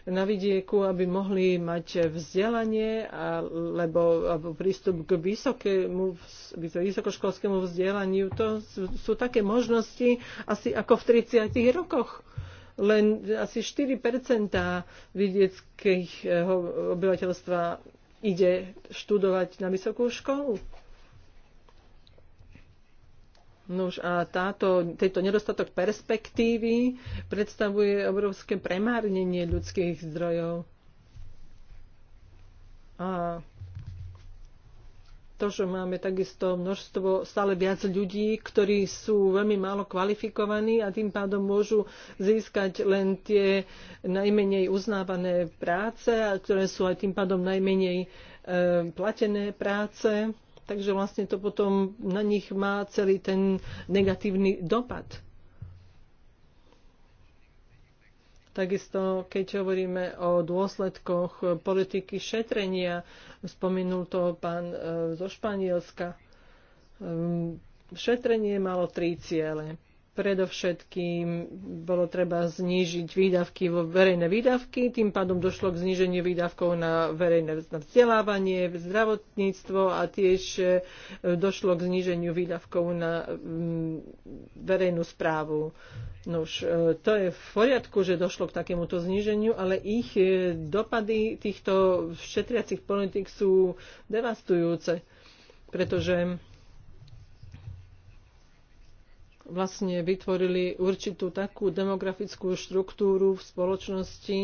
na vidieku, aby mohli mať vzdelanie alebo, prístup k vysokému, vysokoškolskému vzdelaniu. To sú, sú také možnosti asi ako v 30 rokoch. Len asi 4 vidieckého eh, obyvateľstva ide študovať na vysokú školu. Nuž a táto, tento nedostatok perspektívy predstavuje obrovské premárnenie ľudských zdrojov. A to, že máme takisto množstvo, stále viac ľudí, ktorí sú veľmi málo kvalifikovaní a tým pádom môžu získať len tie najmenej uznávané práce, a ktoré sú aj tým pádom najmenej e, platené práce takže vlastne to potom na nich má celý ten negatívny dopad. Takisto, keď hovoríme o dôsledkoch politiky šetrenia, spomenul to pán eh, zo Španielska, ehm, šetrenie malo tri ciele Predovšetkým bolo treba znížiť výdavky vo verejné výdavky, tým pádom došlo k zníženiu výdavkov na verejné na vzdelávanie, zdravotníctvo a tiež e, došlo k zníženiu výdavkov na mm, verejnú správu. No už e, to je v poriadku, že došlo k takémuto zníženiu, ale ich e, dopady týchto šetriacich politik sú devastujúce, pretože vlastne vytvorili určitú takú demografickú štruktúru v spoločnosti,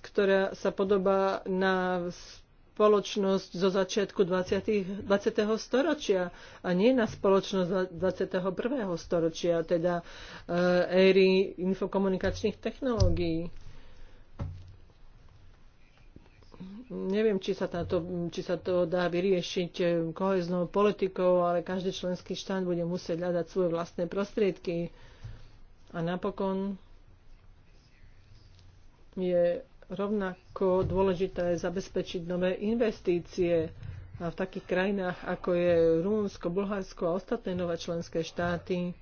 ktorá sa podobá na spoločnosť zo začiatku 20. 20. storočia a nie na spoločnosť 21. storočia, teda eh, éry infokomunikačných technológií neviem, či sa, táto, či sa to dá vyriešiť eh, koheznou politikou, ale každý členský štát bude musieť hľadať svoje vlastné prostriedky. A napokon je rovnako dôležité zabezpečiť nové investície a v takých krajinách, ako je Rumunsko, Bulharsko a ostatné nové členské štáty.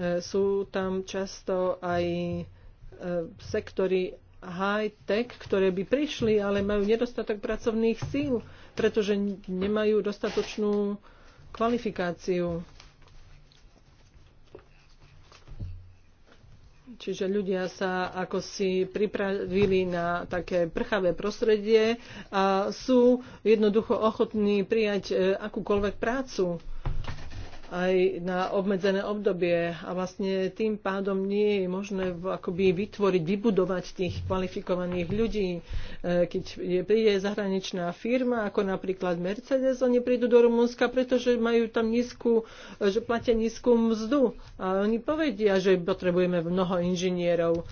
Eh, sú tam často aj eh, sektory high-tech, ktoré by prišli, ale majú nedostatok pracovných síl, pretože nemajú dostatočnú kvalifikáciu. Čiže ľudia sa ako si pripravili na také prchavé prostredie a sú jednoducho ochotní prijať eh, akúkoľvek prácu aj na obmedzené obdobie a vlastne tým pádom nie je možné akoby vytvoriť, vybudovať tých kvalifikovaných ľudí. E, keď príde zahraničná firma, ako napríklad Mercedes, oni prídu do Rumunska, pretože majú tam nízku, e, že platia nízku mzdu. A oni povedia, že potrebujeme mnoho inžinierov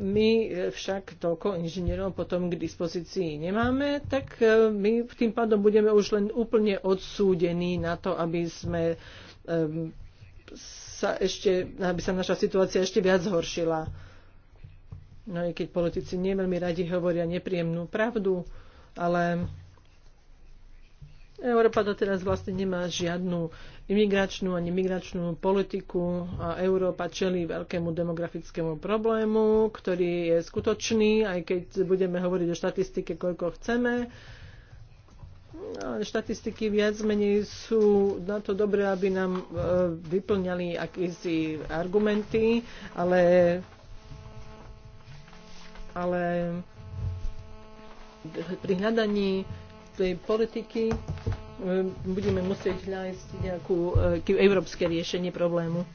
my však toľko inžinierov potom k dispozícii nemáme, tak e, my tým pádom budeme už len úplne odsúdení na to, aby sme sa ešte, aby sa naša situácia ešte viac zhoršila. No i keď politici nie veľmi radi hovoria nepríjemnú pravdu, ale Európa doteraz vlastne nemá žiadnu imigračnú ani migračnú politiku a Európa čelí veľkému demografickému problému, ktorý je skutočný, aj keď budeme hovoriť o štatistike, koľko chceme. No, štatistiky viac menej sú na to dobré, aby nám e, vyplňali akýsi argumenty, ale, ale pri hľadaní tej politiky Ehm, budeme musieť nájsť nejaké eh, európske riešenie problému.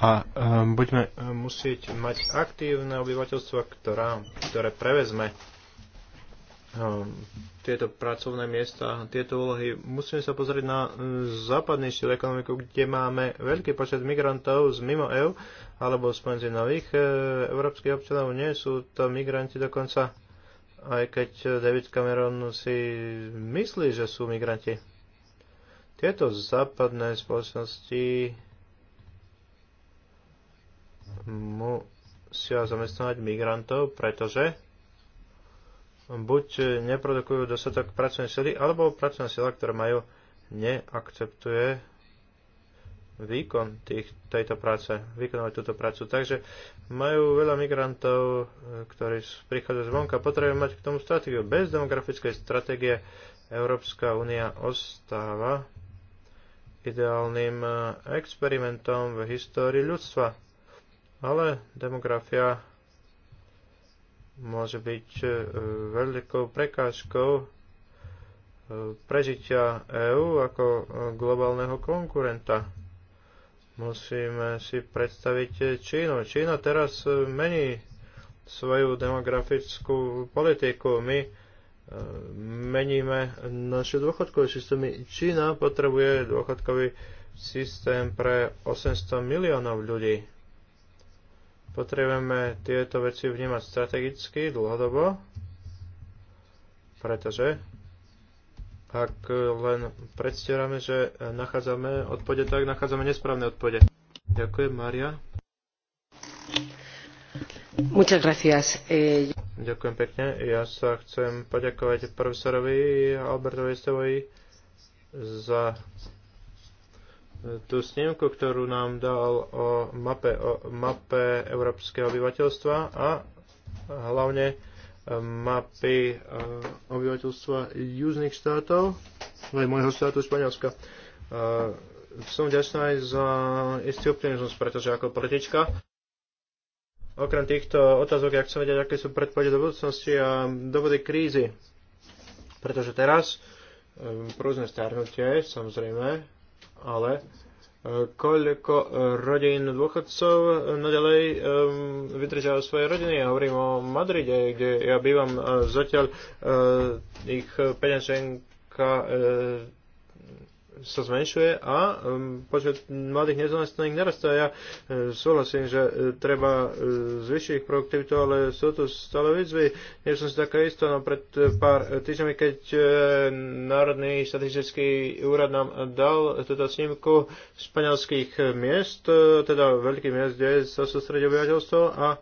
A um, budeme eh, musieť mať aktívne obyvateľstvo, ktorá, ktoré prevezme um, tieto pracovné miesta, tieto úlohy. Musíme sa pozrieť na eh, západný štýl ekonomiku, kde máme veľký počet migrantov z mimo EU alebo z nových e, európskych občanov. Nie sú to migranti dokonca aj keď David Cameron si myslí, že sú migranti. Tieto západné spoločnosti musia zamestnávať migrantov, pretože buď neprodukujú dostatok pracovnej sily, alebo pracovná sila, ktorá majú, neakceptuje výkon tých, tejto práce, vykonovať túto prácu. Takže majú veľa migrantov, e, ktorí prichádzajú zvonka, potrebujú mať k tomu stratégiu. Bez demografickej stratégie Európska únia ostáva ideálnym e, experimentom v histórii ľudstva. Ale demografia môže byť e, veľkou prekážkou prežitia EÚ ako globálneho konkurenta Musíme si predstaviť Čínu. Čína teraz mení svoju demografickú politiku. My e, meníme naše dôchodkové systémy. Čína potrebuje dôchodkový systém pre 800 miliónov ľudí. Potrebujeme tieto veci vnímať strategicky, dlhodobo, pretože ak eh, len predstierame, že eh, nachádzame odpovede, tak nachádzame nesprávne odpovede. Ďakujem, Maria. Muchas gracias. Eh, Ďakujem pekne. Ja sa chcem poďakovať profesorovi Albertovi Stevovi za tú snímku, ktorú nám dal o mape, o mape európskeho obyvateľstva a hlavne mapy e, obyvateľstva južných štátov, aj môjho štátu Španielska. E, som vďačná aj za istý optimizmus, pretože ako politička Okrem týchto otázok, ja chcem vedieť, aké sú predpovede do budúcnosti a dovody krízy. Pretože teraz e, prúzne starnutie, samozrejme, ale koľko rodín dôchodcov naďalej ehm, vydržalo svoje rodiny. Ja hovorím o Madride, kde ja bývam e, zatiaľ e, ich peňaženka e, sa zmenšuje a um, počet mladých nezamestnaných narastá. Ja um, súhlasím, že uh, treba uh, zvyšiť ich produktivitu, ale sú to stále výzvy. Nie som si taká istá, no pred uh, pár týždňami, keď Národný štatistický úrad nám dal túto snímku španielských miest, teda veľkých miest, kde sa sústredí obyvateľstvo a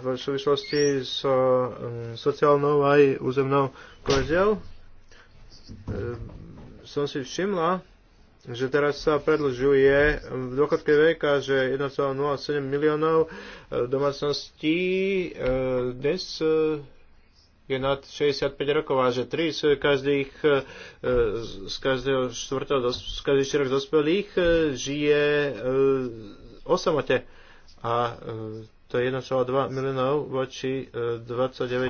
v súvislosti s so um, sociálnou aj územnou koheziou som si všimla, že teraz sa predlžuje v dôchodke veka, že 1,07 miliónov e, domácností e, dnes e, je nad 65 rokov a že 3 z každých z každého štvrtého, z každých štyroch dospelých žije o samote. A to je 1,2 miliónov voči 29 e, e,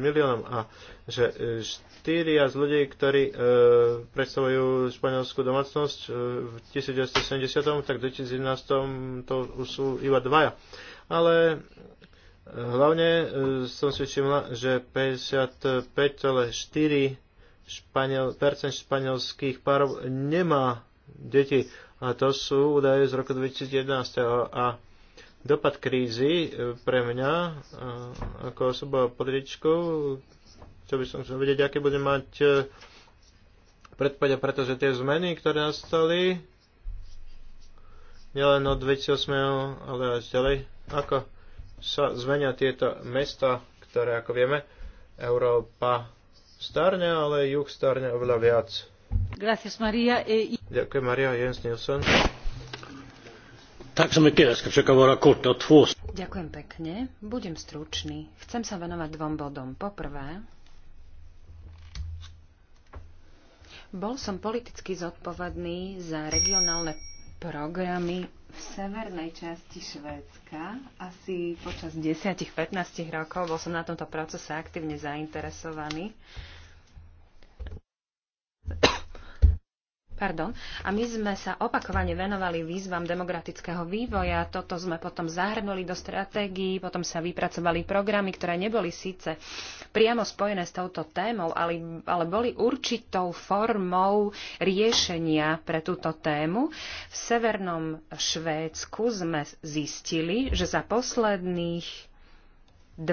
miliónom a že 4 e, z ľudí, ktorí predstavujú španielskú domácnosť v 1970, tak v 2011 to už sú iba dvaja. Ale hlavne som si všimla, že 55,4 španiel, percent španielských párov nemá deti. A to sú údaje z roku 2011. A dopad krízy e, pre mňa e, ako osoba političkou, čo by som chcel vedieť, aké bude mať e, predpade, pretože tie zmeny, ktoré nastali, nielen od 2008, ale aj ďalej, ako sa zmenia tieto mesta, ktoré, ako vieme, Európa starne, ale juh starne oveľa viac. Gracias, Maria. E... Ďakujem, Maria Jens Nilsson. Ďakujem pekne. Budem stručný. Chcem sa venovať dvom bodom. Poprvé, bol som politicky zodpovedný za regionálne programy v severnej časti Švédska. Asi počas 10-15 rokov bol som na tomto procese aktívne zainteresovaný. Uh, Pardon. A my sme sa opakovane venovali výzvam demokratického vývoja. Toto sme potom zahrnuli do stratégií, potom sa vypracovali programy, ktoré neboli síce priamo spojené s touto témou, ale, ale boli určitou formou riešenia pre túto tému. V severnom Švédsku sme zistili, že za posledných 20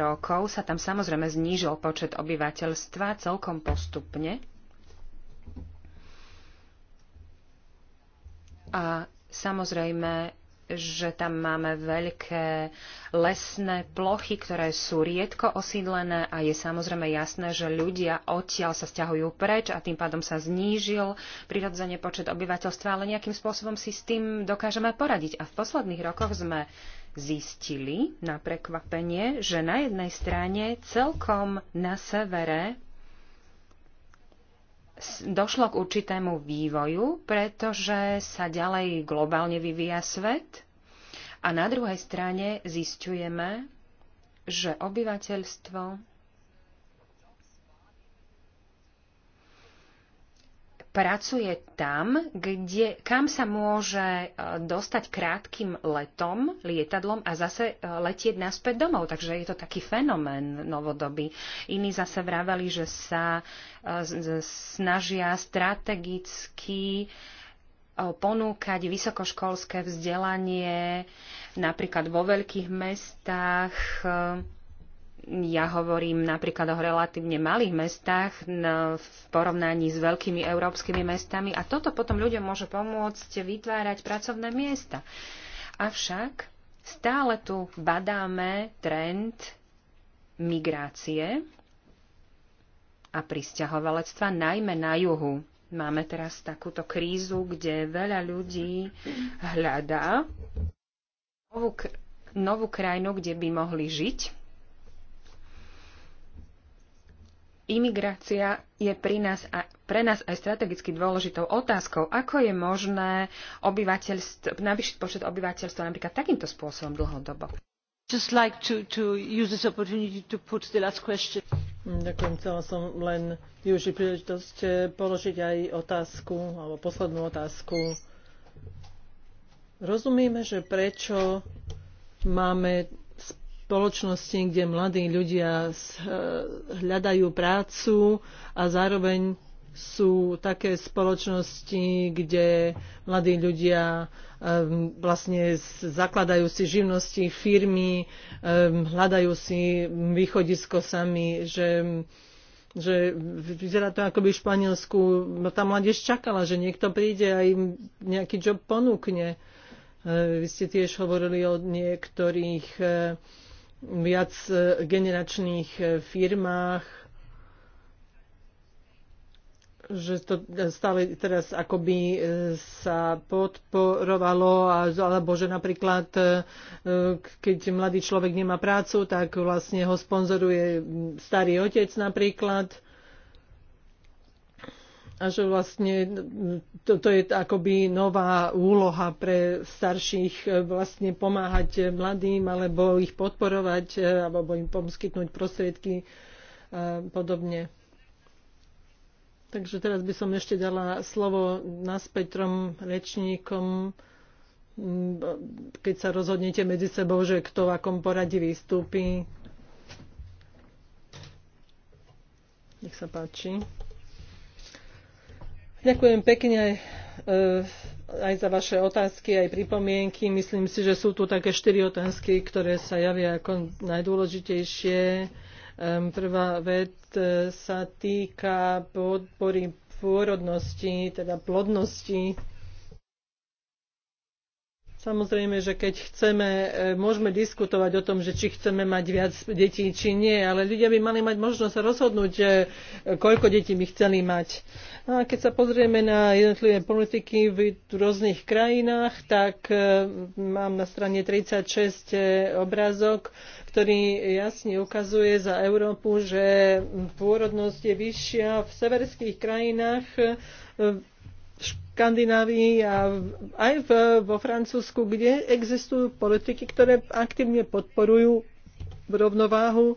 rokov sa tam samozrejme znížil počet obyvateľstva celkom postupne, A samozrejme, že tam máme veľké lesné plochy, ktoré sú riedko osídlené a je samozrejme jasné, že ľudia odtiaľ sa stiahujú preč a tým pádom sa znížil prirodzene počet obyvateľstva, ale nejakým spôsobom si s tým dokážeme poradiť. A v posledných rokoch sme zistili na prekvapenie, že na jednej strane celkom na severe došlo k určitému vývoju, pretože sa ďalej globálne vyvíja svet a na druhej strane zistujeme, že obyvateľstvo pracuje tam, kde, kam sa môže e, dostať krátkým letom, lietadlom a zase e, letieť naspäť domov. Takže je to taký fenomén novodoby. Iní zase vraveli, že sa e, snažia strategicky ponúkať vysokoškolské vzdelanie napríklad vo veľkých mestách ja hovorím napríklad o relatívne malých mestách no, v porovnaní s veľkými európskymi mestami a toto potom ľuďom môže pomôcť vytvárať pracovné miesta. Avšak stále tu badáme trend migrácie a pristahovalectva najmä na juhu. Máme teraz takúto krízu, kde veľa ľudí hľadá novú, novú krajinu, kde by mohli žiť Imigrácia je pri nás a pre nás aj strategicky dôležitou otázkou, ako je možné navýšiť počet obyvateľstva napríklad takýmto spôsobom dlhodobo. Like to, to Ďakujem, chcela som len využiť príležitosť eh, položiť aj otázku, alebo poslednú otázku. Rozumieme, že prečo máme spoločnosti, kde mladí ľudia e, hľadajú prácu a zároveň sú také spoločnosti, kde mladí ľudia vlastne zakladajú si živnosti, firmy, hľadajú si východisko sami, že že vyzerá to ako by v Španielsku no tá mladiež čakala, že niekto príde a im nejaký job ponúkne. E, vy ste tiež hovorili o niektorých e, viac e, generačných e, firmách, že to e, stále teraz akoby sa podporovalo, alebo že napríklad keď mladý človek nemá prácu, tak vlastne ho sponzoruje starý otec napríklad a že vlastne toto je akoby nová úloha pre starších e, vlastne pomáhať mladým alebo ich podporovať e, alebo im poskytnúť prostriedky a e, podobne. Takže teraz by som ešte dala slovo naspäť trom rečníkom, mm, keď sa rozhodnete medzi sebou, že kto v akom poradí vystúpi. Nech sa páči. Ďakujem pekne eh, aj za vaše otázky, aj pripomienky. Myslím si, že sú tu také štyri otázky, ktoré sa javia ako najdôležitejšie. Prvá vec eh, sa týka podpory pôrodnosti, teda plodnosti Samozrejme, že keď chceme, e, môžeme diskutovať o tom, že či chceme mať viac detí, či nie, ale ľudia by mali mať možnosť rozhodnúť, e, koľko detí by chceli mať. No a keď sa pozrieme na jednotlivé politiky v rôznych krajinách, tak e, mám na strane 36 obrázok, ktorý jasne ukazuje za Európu, že pôrodnosť je vyššia v severských krajinách Škandinávii a aj v, vo Francúzsku, kde existujú politiky, ktoré aktívne podporujú rovnováhu e,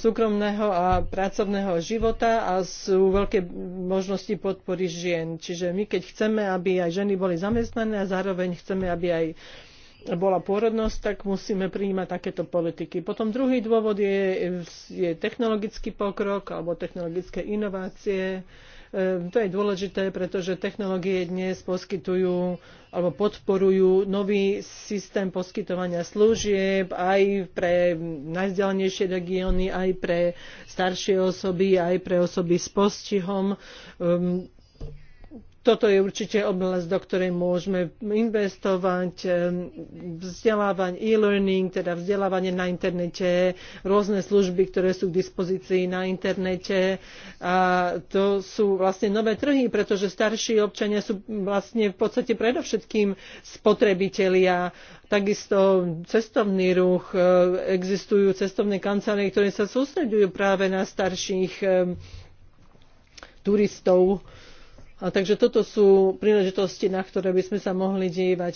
súkromného a pracovného života a sú veľké možnosti podpory žien. Čiže my, keď chceme, aby aj ženy boli zamestnané a zároveň chceme, aby aj bola pôrodnosť, tak musíme prijímať takéto politiky. Potom druhý dôvod je, je technologický pokrok alebo technologické inovácie Ehm, to je dôležité, pretože technológie dnes poskytujú alebo podporujú nový systém poskytovania služieb aj pre najvzdialenejšie regióny, aj pre staršie osoby, aj pre osoby s postihom. Um, toto je určite oblasť, do ktorej môžeme investovať, eh, vzdelávanie e-learning, teda vzdelávanie na internete, rôzne služby, ktoré sú k dispozícii na internete. A to sú vlastne nové trhy, pretože starší občania sú vlastne v podstate predovšetkým spotrebitelia takisto cestovný ruch, eh, existujú cestovné kancelárie, ktoré sa sústredujú práve na starších eh, turistov a takže toto sú príležitosti, na ktoré by sme sa mohli dívať.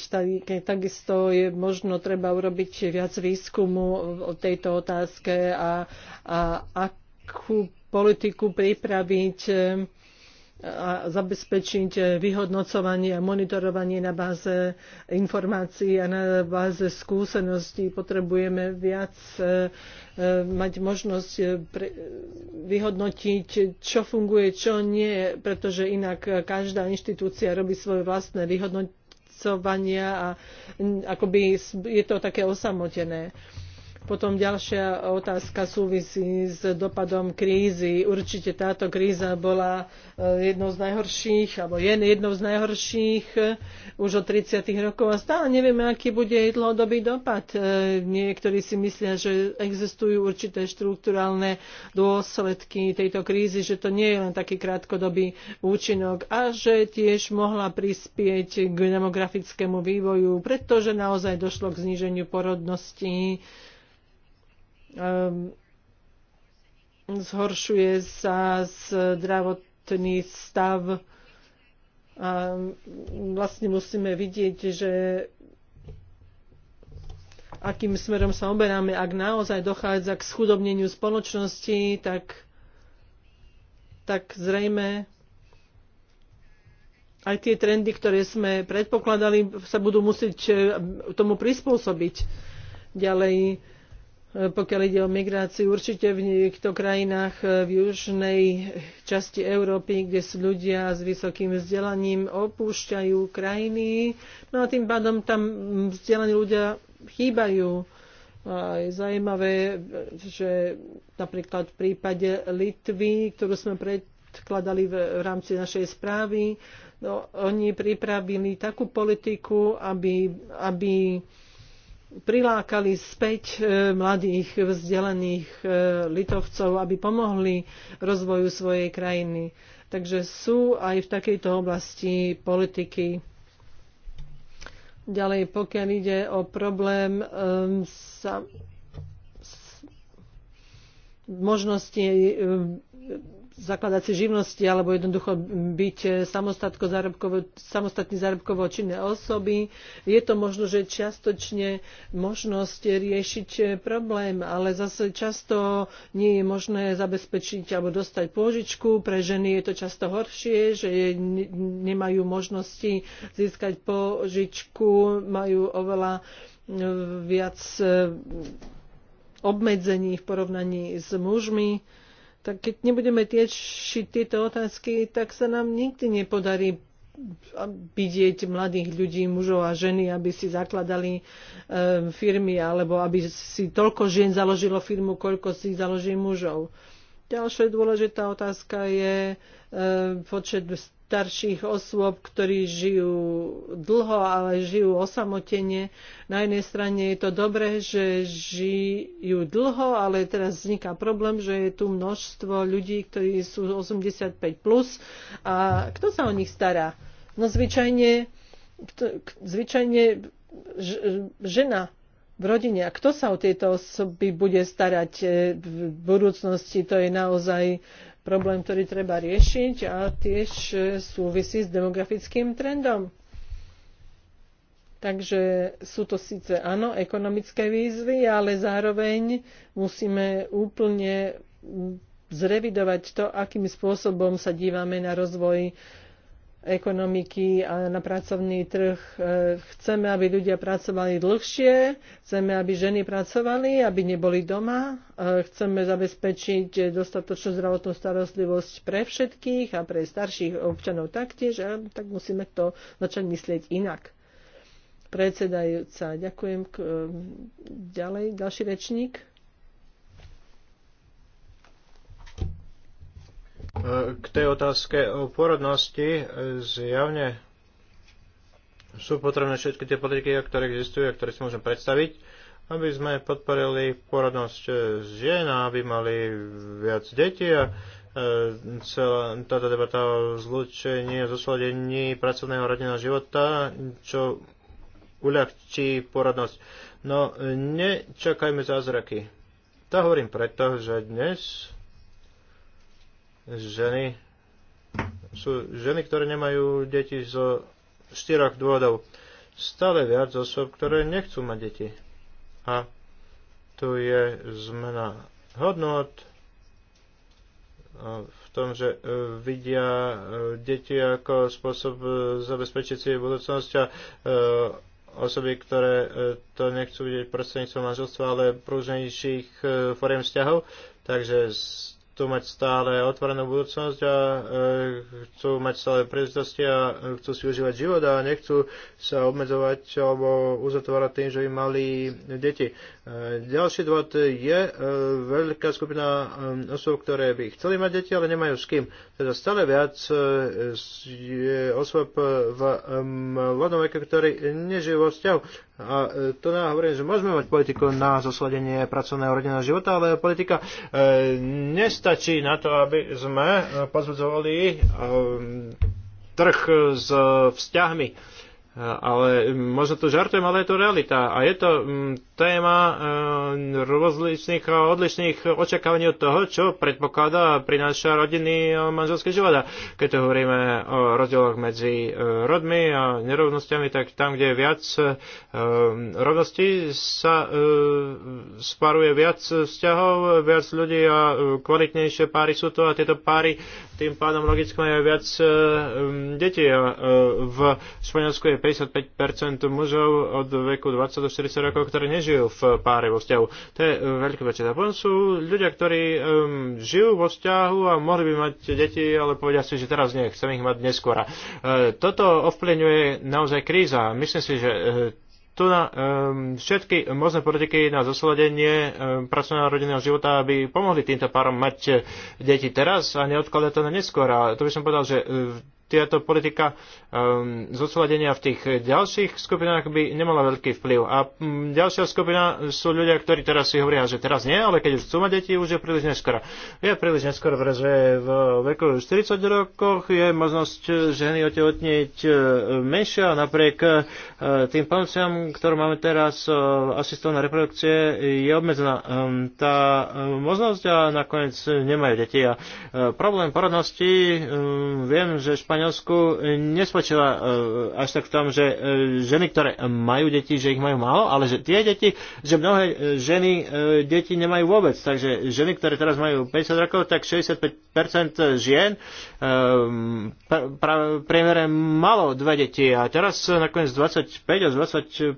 Takisto je možno treba urobiť viac výskumu o tejto otázke a, a akú politiku pripraviť a zabezpečiť vyhodnocovanie a monitorovanie na báze informácií a na báze skúseností. Potrebujeme viac e, e, mať možnosť e, vyhodnotiť, čo funguje, čo nie, pretože inak každá inštitúcia robí svoje vlastné vyhodnocovania a akoby je to také osamotené. Potom ďalšia otázka súvisí s dopadom krízy. Určite táto kríza bola eh, jednou z najhorších, alebo je jednou z najhorších eh, už od 30. rokov a stále nevieme, aký bude dlhodobý dopad. Eh, niektorí si myslia, že existujú určité štruktúrálne dôsledky tejto krízy, že to nie je len taký krátkodobý účinok a že tiež mohla prispieť k demografickému vývoju, pretože naozaj došlo k zníženiu porodnosti Ehm, zhoršuje sa zdravotný stav. A ehm, vlastne musíme vidieť, že akým smerom sa oberáme. Ak naozaj dochádza k schudobneniu spoločnosti, tak, tak zrejme aj tie trendy, ktoré sme predpokladali, sa budú musieť eh, tomu prispôsobiť. Ďalej, E, pokiaľ ide o migráciu. Určite v týchto krajinách e, v južnej časti Európy, kde sú ľudia s vysokým vzdelaním, opúšťajú krajiny, no a tým pádom tam vzdelaní ľudia chýbajú. A je zaujímavé, že napríklad v prípade Litvy, ktorú sme predkladali v rámci našej správy, no, oni pripravili takú politiku, aby, aby prilákali späť e, mladých vzdelených e, litovcov, aby pomohli rozvoju svojej krajiny. Takže sú aj v takejto oblasti politiky. Ďalej, pokiaľ ide o problém um, sa, s, možnosti um, zakladať si živnosti alebo jednoducho byť eh, samostatne zárobkovo činné osoby. Je to možno, že čiastočne možnosť riešiť eh, problém, ale zase často nie je možné zabezpečiť alebo dostať pôžičku. Pre ženy je to často horšie, že nemajú možnosti získať pôžičku, majú oveľa eh, viac obmedzení v porovnaní s mužmi tak keď nebudeme tiešiť tieto otázky, tak sa nám nikdy nepodarí vidieť mladých ľudí, mužov a ženy, aby si zakladali e, firmy, alebo aby si toľko žien založilo firmu, koľko si založí mužov. Ďalšia dôležitá otázka je e, počet starších osôb, ktorí žijú dlho, ale žijú osamotene. Na jednej strane je to dobré, že žijú dlho, ale teraz vzniká problém, že je tu množstvo ľudí, ktorí sú 85 plus a kto sa o nich stará? No zvyčajne, zvyčajne žena v rodine. A kto sa o tieto osoby bude starať e, v budúcnosti? To je naozaj problém, ktorý treba riešiť a tiež e, súvisí s demografickým trendom. Takže sú to síce áno, ekonomické výzvy, ale zároveň musíme úplne zrevidovať to, akým spôsobom sa dívame na rozvoj ekonomiky a na pracovný trh. E, chceme, aby ľudia pracovali dlhšie, chceme, aby ženy pracovali, aby neboli doma, e, chceme zabezpečiť dostatočnú zdravotnú starostlivosť pre všetkých a pre starších občanov taktiež, tak musíme to začať myslieť inak. Predsedajúca, ďakujem. E, ďalej, ďalší rečník. K tej otázke o porodnosti e, zjavne sú potrebné všetky tie podriky, ktoré existujú a ktoré si môžem predstaviť, aby sme podporili porodnosť e, žien a aby mali viac detí a e, celá táto debata o zlučení a zosladení pracovného rodinného života, čo uľahčí porodnosť. No, nečakajme zázraky. To hovorím preto, že dnes ženy sú ženy, ktoré nemajú deti zo štyroch dôvodov. Stále viac osob, ktoré nechcú mať deti. A tu je zmena hodnot e, v tom, že e, vidia e, deti ako spôsob zabezpečiť si budúcnosť a osoby, ktoré to nechcú vidieť prostredníctvom manželstva, ale prúžnejších foriem vzťahov. Takže chcú mať stále otvorenú budúcnosť a e, chcú mať stále príležitosti a chcú si užívať život a nechcú sa obmedzovať alebo uzatvárať tým, že by mali deti. E, ďalší dôvod je e, veľká skupina osôb, ktoré by chceli mať deti, ale nemajú s kým. Teda stále viac je osôb v mladom veku, ktorí nežijú vo vzťahu a e, to nám hovorím, že môžeme mať politiku na zosladenie pracovného rodinného života, ale politika e, nestačí na to, aby sme e, pozbudzovali e, trh s vzťahmi. E, ale možno to žartujem, ale je to realita. A je to mm, téma e, rozličných a odlišných očakávaní od toho, čo predpokladá prináša rodiny a manželské života. keď to hovoríme o rozdieloch medzi e, rodmi a nerovnosťami, tak tam, kde je viac e, rovnosti, sa sparuje viac vzťahov, viac ľudí a kvalitnejšie páry sú to a tieto páry tým pádom logicky majú viac detí. A v Španielsku je 55% mužov od veku 20 do 40 rokov, ktoré nežijú nežijú v páre vo vzťahu. To je e, veľká väčšina. Potom sú ľudia, ktorí um, žijú vo vzťahu a mohli by mať deti, ale povedia si, že teraz nie, chcem ich mať neskôr. Uh, e, toto ovplyvňuje naozaj kríza. Myslím si, že uh, tu na, um, všetky možné politiky na zosledenie um, pracovného rodinného života, aby pomohli týmto párom mať deti teraz a neodkladať to na neskôr. A to by som povedal, že tieto politika um, ehm, zosladenia v tých ďalších skupinách by nemala veľký vplyv. A um, ďalšia skupina sú ľudia, ktorí teraz si hovoria, že teraz nie, ale keď už chcú mať deti, už je príliš neskoro. Je príliš neskoro, pretože v veku 40 rokoch je možnosť ženy otehotnieť e, menšia a napriek e, tým pomociam, ktorú máme teraz, e, asistovaná reprodukcie je obmedzená. Ehm, tá možnosť a nakoniec nemajú deti. A problém porodnosti, viem, že Španiel Španielsku e, nespočíva e, až tak v tom, že e, ženy, ktoré majú deti, že ich majú málo, ale že tie deti, že mnohé ženy deti nemajú vôbec. Takže ženy, ktoré teraz majú 50 rokov, tak 65% žien priemere malo dve deti a teraz nakoniec 25 až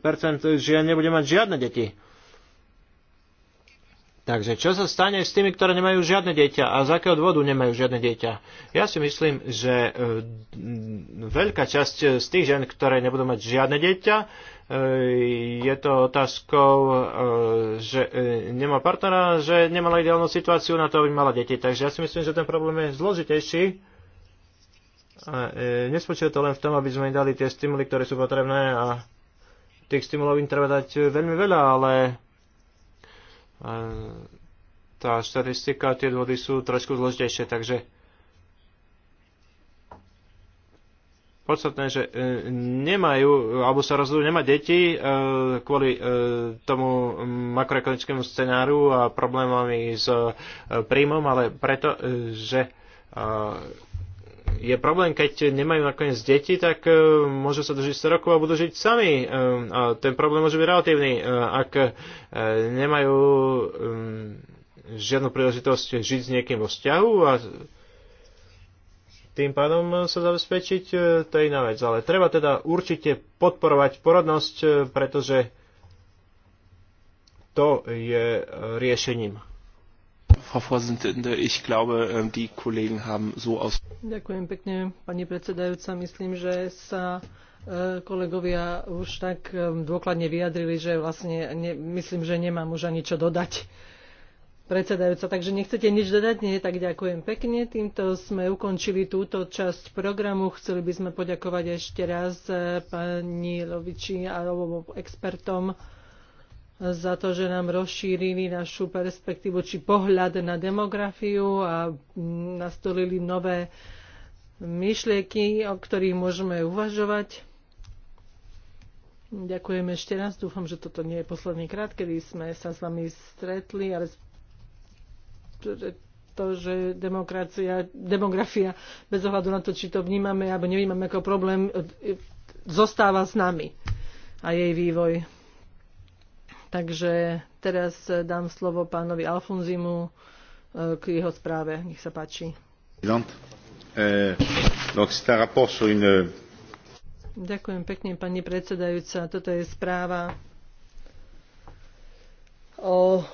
20% žien nebude mať žiadne deti. Takže čo sa stane s tými, ktoré nemajú žiadne dieťa a z akého dôvodu nemajú žiadne dieťa? Ja si myslím, že e, veľká časť z tých žen, ktoré nebudú mať žiadne dieťa, e, je to otázkou, e, že nemá partnera, že nemala ideálnu situáciu na to, aby mala deti. Takže ja si myslím, že ten problém je zložitejší. A nespočíva to len v tom, aby sme im dali tie stimuly, ktoré sú potrebné a tých stimulov im treba dať veľmi veľa, ale tá štatistika, tie dôvody sú trošku zložitejšie, takže podstatné, že e, nemajú, alebo sa rozhodujú nemať deti e, kvôli e, tomu makroekonomickému scenáru a problémami s príjmom, ale preto, že je problém, keď nemajú nakoniec deti, tak e, môžu sa dožiť 100 rokov a budú žiť sami. E, a ten problém môže byť relatívny. E, ak nemajú žiadnu príležitosť žiť s niekým vo vzťahu a tým pádom sa zabezpečiť, to je iná vec. Ale treba teda určite podporovať porodnosť, pretože to je riešením. Frau Vorsitzende, ich glaube, ähm, die Kollegen haben so aus. Ďakujem pekne, pani predsedajúca. Myslím, že sa e, kolegovia už tak e, dôkladne vyjadrili, že vlastne ne, myslím, že nemám už ani čo dodať predsedajúca. Takže nechcete nič dodať? Nie, tak ďakujem pekne. Týmto sme ukončili túto časť programu. Chceli by sme poďakovať ešte raz e, pani Loviči a expertom za to, že nám rozšírili našu perspektívu či pohľad na demografiu a nastolili nové myšlienky, o ktorých môžeme uvažovať. Ďakujem ešte raz. Dúfam, že toto nie je posledný krát, kedy sme sa s vami stretli, ale to, že demokracia, demografia, bez ohľadu na to, či to vnímame alebo nevnímame ako problém, zostáva s nami a jej vývoj. Takže teraz dám slovo pánovi Alfonzimu e, k jeho správe. Nech sa páči. E, Ďakujem pekne, pani predsedajúca. Toto je správa o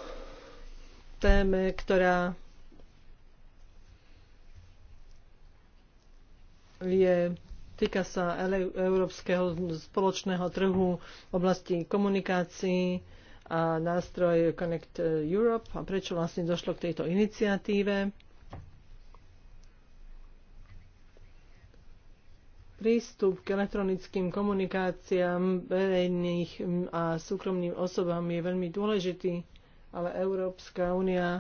téme, ktorá je, týka sa európskeho spoločného trhu v oblasti komunikácií a nástroj Connect Europe a prečo vlastne došlo k tejto iniciatíve. Prístup k elektronickým komunikáciám verejných a súkromným osobám je veľmi dôležitý, ale Európska únia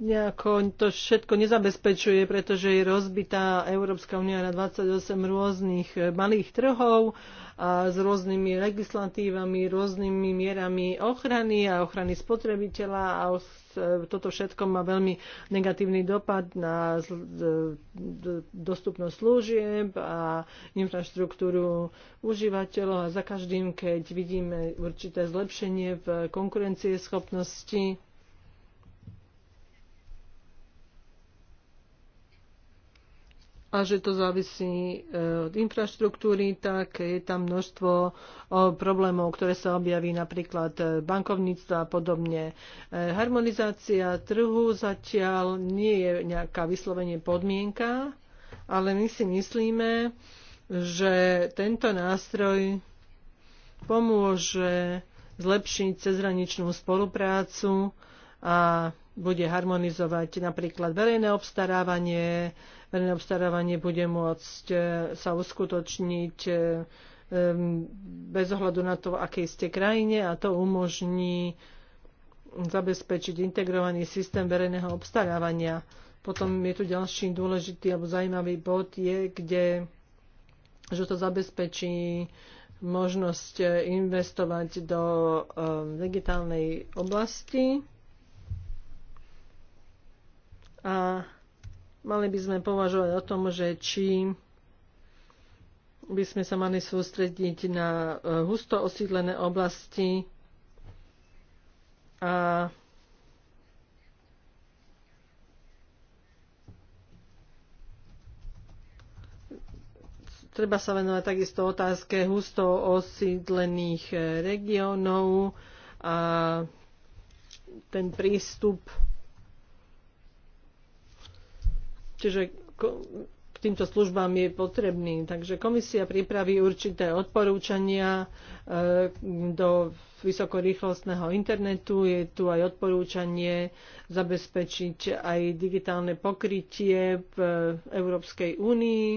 nejako to všetko nezabezpečuje, pretože je rozbitá Európska únia na 28 rôznych malých trhov a s rôznymi legislatívami, rôznymi mierami ochrany a ochrany spotrebiteľa a toto všetko má veľmi negatívny dopad na dostupnosť služieb a infraštruktúru užívateľov a za každým, keď vidíme určité zlepšenie v konkurencieschopnosti a že to závisí e, od infraštruktúry, tak je tam množstvo problémov, ktoré sa objaví napríklad e, bankovníctva a podobne. E, harmonizácia trhu zatiaľ nie je nejaká vyslovene podmienka, ale my si myslíme, že tento nástroj pomôže zlepšiť cezhraničnú spoluprácu a bude harmonizovať napríklad verejné obstarávanie. Verejné obstarávanie bude môcť e, sa uskutočniť e, bez ohľadu na to, aké ste krajine a to umožní zabezpečiť integrovaný systém verejného obstarávania. Potom je tu ďalší dôležitý alebo zaujímavý bod, je, kde, že to zabezpečí možnosť investovať do digitálnej oblasti a mali by sme považovať o tom, že či by sme sa mali sústrediť na e, husto osídlené oblasti a treba sa venovať takisto otázke husto osídlených e, regiónov a ten prístup Čiže k týmto službám je potrebný. Takže komisia pripraví určité odporúčania e, do vysokorýchlostného internetu. Je tu aj odporúčanie zabezpečiť aj digitálne pokrytie v Európskej únii,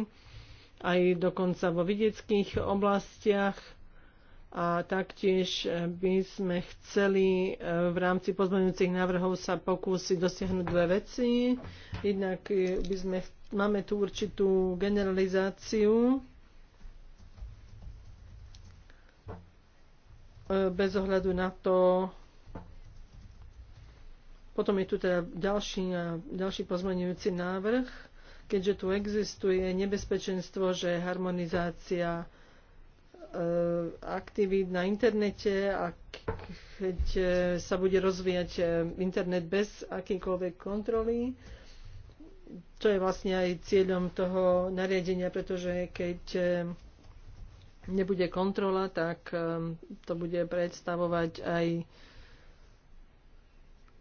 aj dokonca vo vidieckých oblastiach a taktiež eh, by sme chceli eh, v rámci pozmeňujúcich návrhov sa pokúsiť dosiahnuť dve veci. Jednak eh, by sme, máme tu určitú generalizáciu bez ohľadu na to, potom je tu teda ďalší, ďalší pozmeňujúci návrh, keďže tu existuje nebezpečenstvo, že harmonizácia Eh, aktivít na internete a keď eh, sa bude rozvíjať eh, internet bez akýkoľvek kontroly. To je vlastne aj cieľom toho nariadenia, pretože keď nebude kontrola, tak to bude predstavovať aj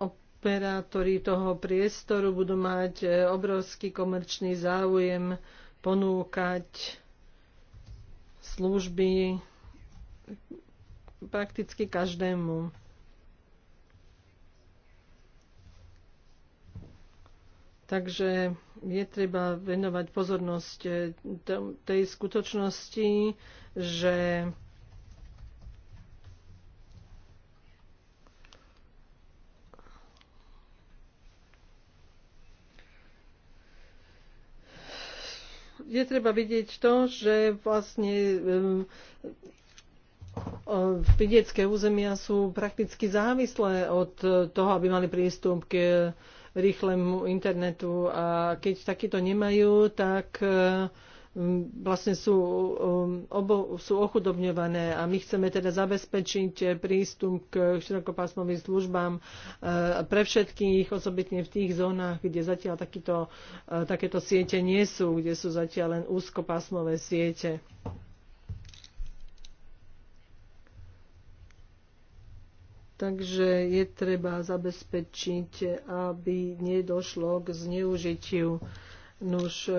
operátori toho priestoru budú mať obrovský komerčný záujem ponúkať služby prakticky každému. Takže je treba venovať pozornosť tej skutočnosti, že je treba vidieť to, že vlastne vidiecké územia sú prakticky závislé od toho, aby mali prístup k rýchlemu internetu a keď takýto nemajú, tak uh, Um, vlastne sú, um, obo, sú ochudobňované a my chceme teda zabezpečiť eh, prístup k širokopásmovým službám eh, pre všetkých, osobitne v tých zónach, kde zatiaľ takýto, eh, takéto siete nie sú, kde sú zatiaľ len úzkopásmové siete. Takže je treba zabezpečiť, aby nedošlo k zneužitiu. Nuž,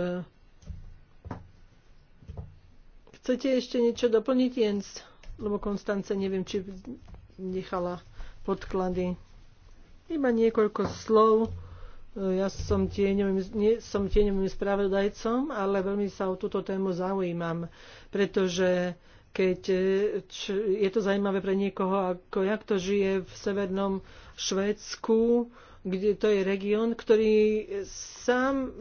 Chcete ešte niečo doplniť, Jens? Lebo Konstance neviem, či nechala podklady. Iba niekoľko slov. Ja som tieňovým, nie som tieňovým spravodajcom, ale veľmi sa o túto tému zaujímam, pretože keď e, je to zaujímavé pre niekoho, ako jak to žije v severnom Švédsku, kde to je región, ktorý sám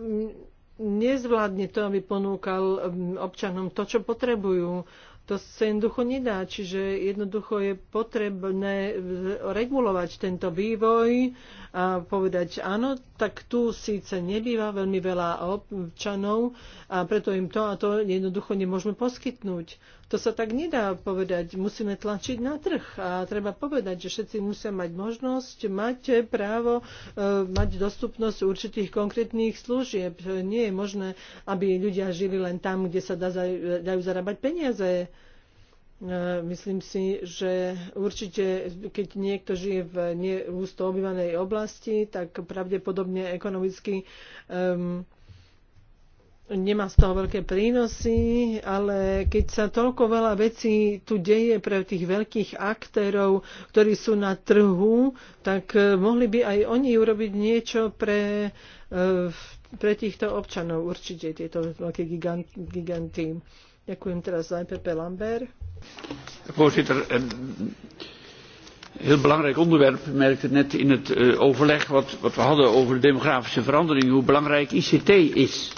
nezvládne to, aby ponúkal um, občanom to, čo potrebujú. To sa jednoducho nedá, čiže jednoducho je potrebné e, regulovať tento vývoj a povedať áno, tak tu síce nebýva veľmi veľa občanov a preto im to a to jednoducho nemôžeme poskytnúť. To sa tak nedá povedať. Musíme tlačiť na trh a treba povedať, že všetci musia mať možnosť, mať právo, e, mať dostupnosť určitých konkrétnych služieb. Nie je možné, aby ľudia žili len tam, kde sa dá, dajú zarábať peniaze. E, myslím si, že určite, keď niekto žije v neústo obývanej oblasti, tak pravdepodobne ekonomicky um, nemá z toho veľké prínosy, ale keď sa toľko veľa vecí tu deje pre tých veľkých aktérov, ktorí sú na trhu, tak e, mohli by aj oni urobiť niečo pre, e, pre týchto občanov, určite tieto veľké giganty. Ďakujem teraz za EPP Lambert. Voorzitter, een heel belangrijk onderwerp. merkte net in het eh, overleg wat, wat we hadden over de demografische verandering, hoe belangrijk ICT is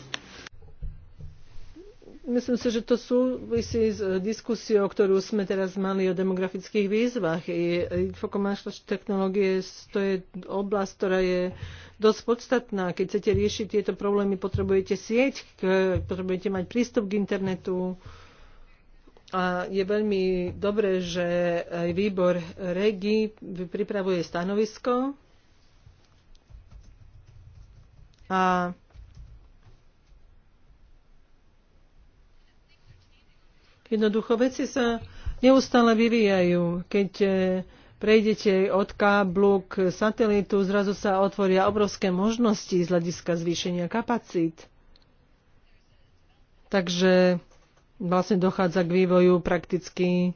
Myslím si, že to súvisí s eh, diskusiou, ktorú sme teraz mali o demografických výzvach. Infokomačnosť technológie to je oblasť, ktorá je dosť podstatná. Keď chcete riešiť tieto problémy, potrebujete sieť, potrebujete mať prístup k internetu. A je veľmi dobré, že aj výbor REGI pripravuje stanovisko. A Jednoducho veci sa neustále vyvíjajú. Keď e, prejdete od káblu k satelitu, zrazu sa otvoria obrovské možnosti z hľadiska zvýšenia kapacít. Takže vlastne dochádza k vývoju prakticky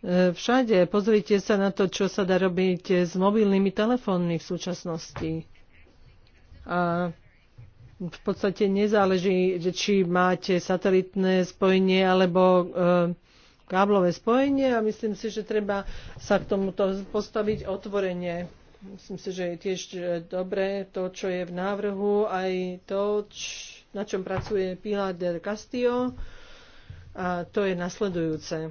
e, všade. Pozrite sa na to, čo sa dá robiť s mobilnými telefónmi v súčasnosti. A v podstate nezáleží, či máte satelitné spojenie alebo e, káblové spojenie a myslím si, že treba sa k tomuto postaviť otvorene. Myslím si, že je tiež e, dobré to, čo je v návrhu, aj to, č, na čom pracuje Pilar del Castillo. A to je nasledujúce.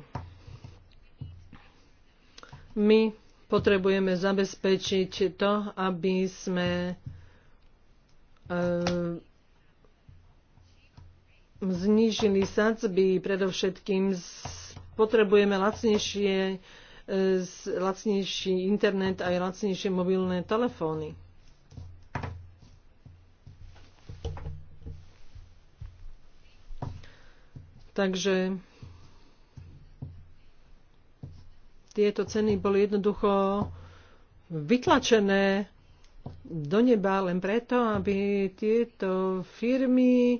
My potrebujeme zabezpečiť to, aby sme Ehm, znížili sadzby, predovšetkým potrebujeme lacnejšie, e, lacnejší internet aj lacnejšie mobilné telefóny. Takže tieto ceny boli jednoducho vytlačené do neba len preto, aby tieto firmy e,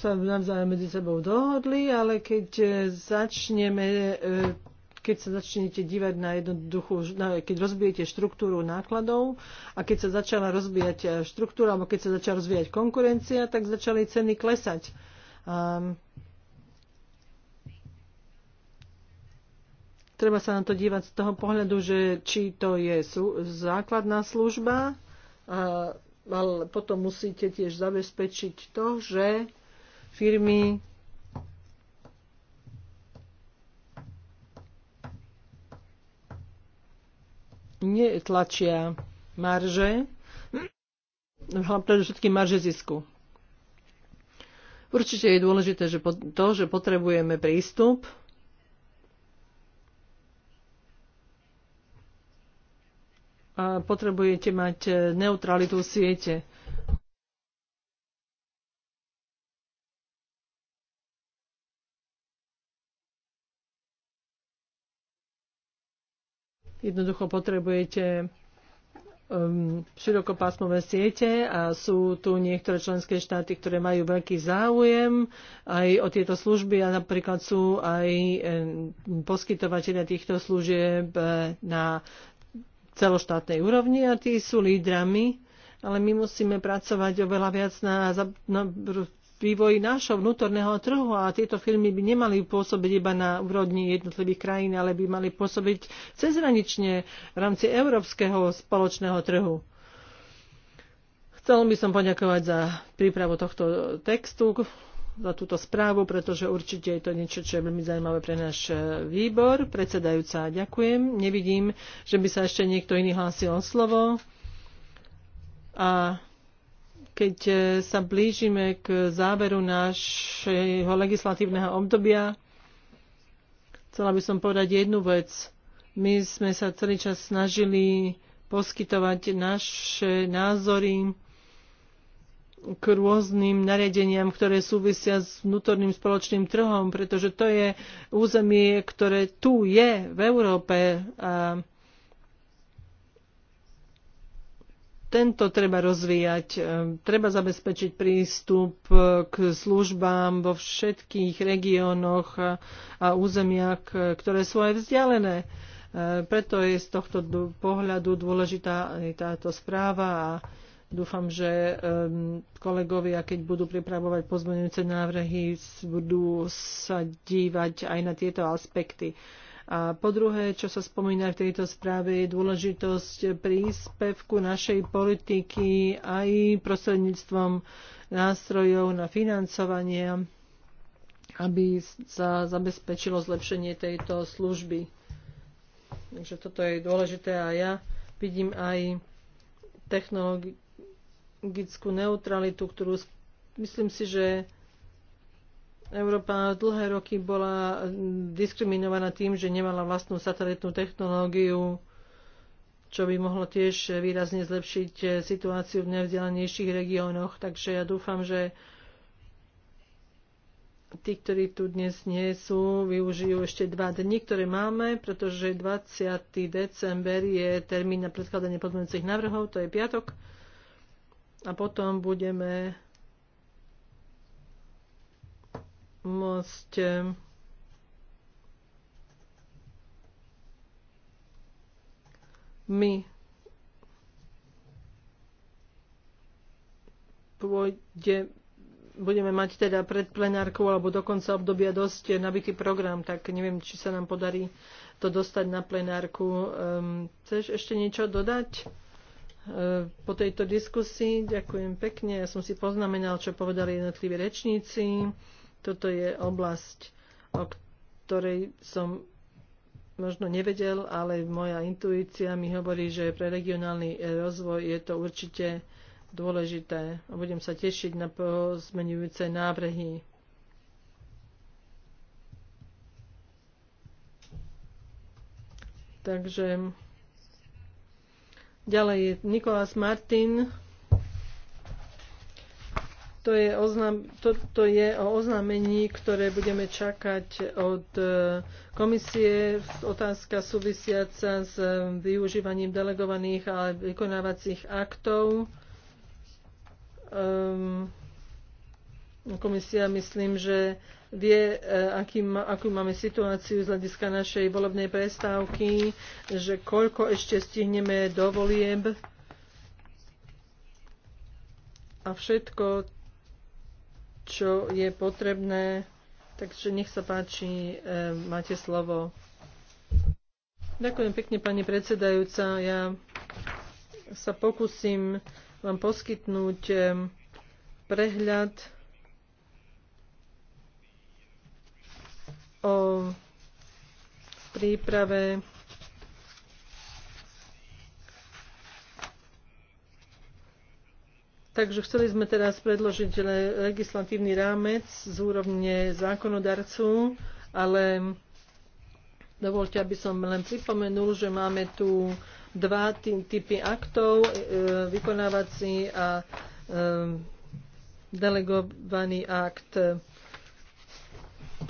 sa navzájom medzi sebou dohodli, ale keď začneme e, keď sa začnete dívať na jednoduchú, keď rozbijete štruktúru nákladov a keď sa začala rozbíjať štruktúra, alebo keď sa začala rozvíjať konkurencia, tak začali ceny klesať. A treba sa na to dívať z toho pohľadu, že či to je sú, základná služba, a, ale potom musíte tiež zabezpečiť to, že firmy netlačia marže, všetky marže zisku. Určite je dôležité že to, že potrebujeme prístup a potrebujete mať e, neutralitu siete. Jednoducho potrebujete um, širokopásmové siete a sú tu niektoré členské štáty, ktoré majú veľký záujem aj o tieto služby a napríklad sú aj poskytovateľia týchto služieb e, na celoštátnej úrovni a tí sú lídrami, ale my musíme pracovať oveľa viac na, na vývoji nášho vnútorného trhu a tieto firmy by nemali pôsobiť iba na úrovni jednotlivých krajín, ale by mali pôsobiť cezhranične v rámci európskeho spoločného trhu. Chcel by som poďakovať za prípravu tohto textu, za túto správu, pretože určite je to niečo, čo je veľmi zaujímavé pre náš e, výbor. Predsedajúca, ďakujem. Nevidím, že by sa ešte niekto iný hlásil o slovo. A keď e, sa blížime k záveru nášho legislatívneho obdobia, chcela by som povedať jednu vec. My sme sa celý čas snažili poskytovať naše názory k rôznym nariadeniam, ktoré súvisia s vnútorným spoločným trhom, pretože to je územie, ktoré tu je v Európe a tento treba rozvíjať. E, treba zabezpečiť prístup k službám vo všetkých regiónoch a územiach, e, ktoré sú aj vzdialené. E, preto je z tohto pohľadu dôležitá aj táto správa a Dúfam, že kolegovia, keď budú pripravovať pozmeňujúce návrhy, budú sa dívať aj na tieto aspekty. A po druhé, čo sa spomína v tejto správe, je dôležitosť príspevku našej politiky aj prostredníctvom nástrojov na financovanie, aby sa zabezpečilo zlepšenie tejto služby. Takže toto je dôležité a ja vidím aj technologi- technologickú neutralitu, ktorú myslím si, že Európa dlhé roky bola diskriminovaná tým, že nemala vlastnú satelitnú technológiu, čo by mohlo tiež výrazne zlepšiť situáciu v nevzdialenejších regiónoch. Takže ja dúfam, že tí, ktorí tu dnes nie sú, využijú ešte dva dni, ktoré máme, pretože 20. december je termín na predkladanie podmienujúcich návrhov, to je piatok a potom budeme môcť eh, my pôjde, budeme mať teda pred plenárkou alebo do konca obdobia dosť nabitý program, tak neviem, či sa nám podarí to dostať na plenárku. Um, chceš ešte niečo dodať? E, po tejto diskusii. Ďakujem pekne. Ja som si poznamenal, čo povedali jednotliví rečníci. Toto je oblasť, o ktorej som možno nevedel, ale moja intuícia mi hovorí, že pre regionálny rozvoj je to určite dôležité a budem sa tešiť na pozmenujúce návrhy. Takže Ďalej je Nikolás Martin. To je, oznam, to, to je o oznámení, ktoré budeme čakať od e, komisie. Otázka súvisiaca s e, využívaním delegovaných a vykonávacích aktov. Um, komisia myslím, že vie, e, aký, akú máme situáciu z hľadiska našej volebnej prestávky, že koľko ešte stihneme do volieb a všetko, čo je potrebné. Takže nech sa páči, e, máte slovo. Ďakujem pekne, pani predsedajúca. Ja sa pokúsim vám poskytnúť e, prehľad o príprave Takže chceli sme teraz predložiť legislatívny rámec z úrovne zákonodarcu, ale dovolte, aby som len pripomenul, že máme tu dva typy aktov, e, vykonávací a e, delegovaný akt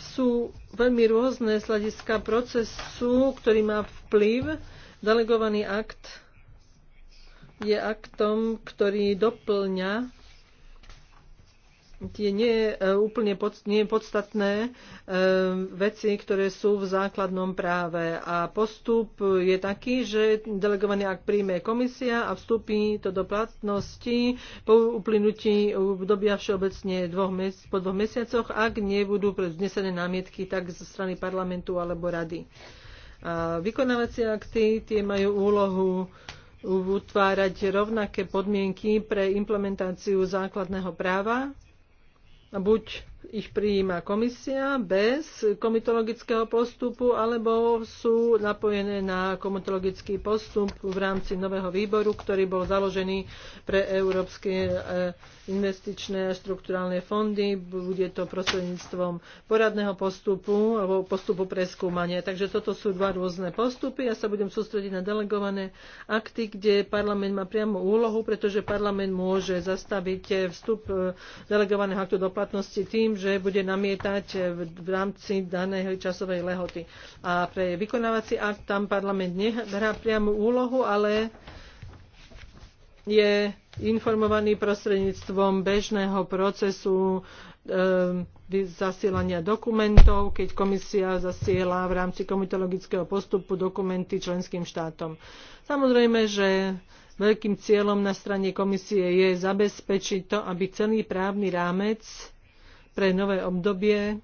sú veľmi rôzne z hľadiska procesu, ktorý má vplyv. Delegovaný akt je aktom, ktorý doplňa tie nie e, úplne pod, nie podstatné e, veci, ktoré sú v základnom práve. A postup je taký, že delegovaný akt príjme komisia a vstúpi to do platnosti po uplynutí obdobia všeobecne dvoch mes, po dvoch mesiacoch, ak nebudú vznesené námietky tak zo strany parlamentu alebo rady. A vykonávacie akty tie majú úlohu utvárať rovnaké podmienky pre implementáciu základného práva buď ich prijíma komisia bez komitologického postupu alebo sú napojené na komitologický postup v rámci nového výboru, ktorý bol založený pre európske eh, investičné a štruktúrálne fondy. Bude to prostredníctvom poradného postupu alebo postupu preskúmania. Takže toto sú dva rôzne postupy. Ja sa budem sústrediť na delegované akty, kde parlament má priamo úlohu, pretože parlament môže zastaviť eh, vstup eh, delegovaného aktu do platnosti tým, tým, že bude namietať v rámci danej časovej lehoty. A pre vykonávací akt tam parlament nehrá priamu úlohu, ale je informovaný prostredníctvom bežného procesu ehm, zasielania dokumentov, keď komisia zasiela v rámci komitologického postupu dokumenty členským štátom. Samozrejme, že veľkým cieľom na strane komisie je zabezpečiť to, aby celý právny rámec pre nové obdobie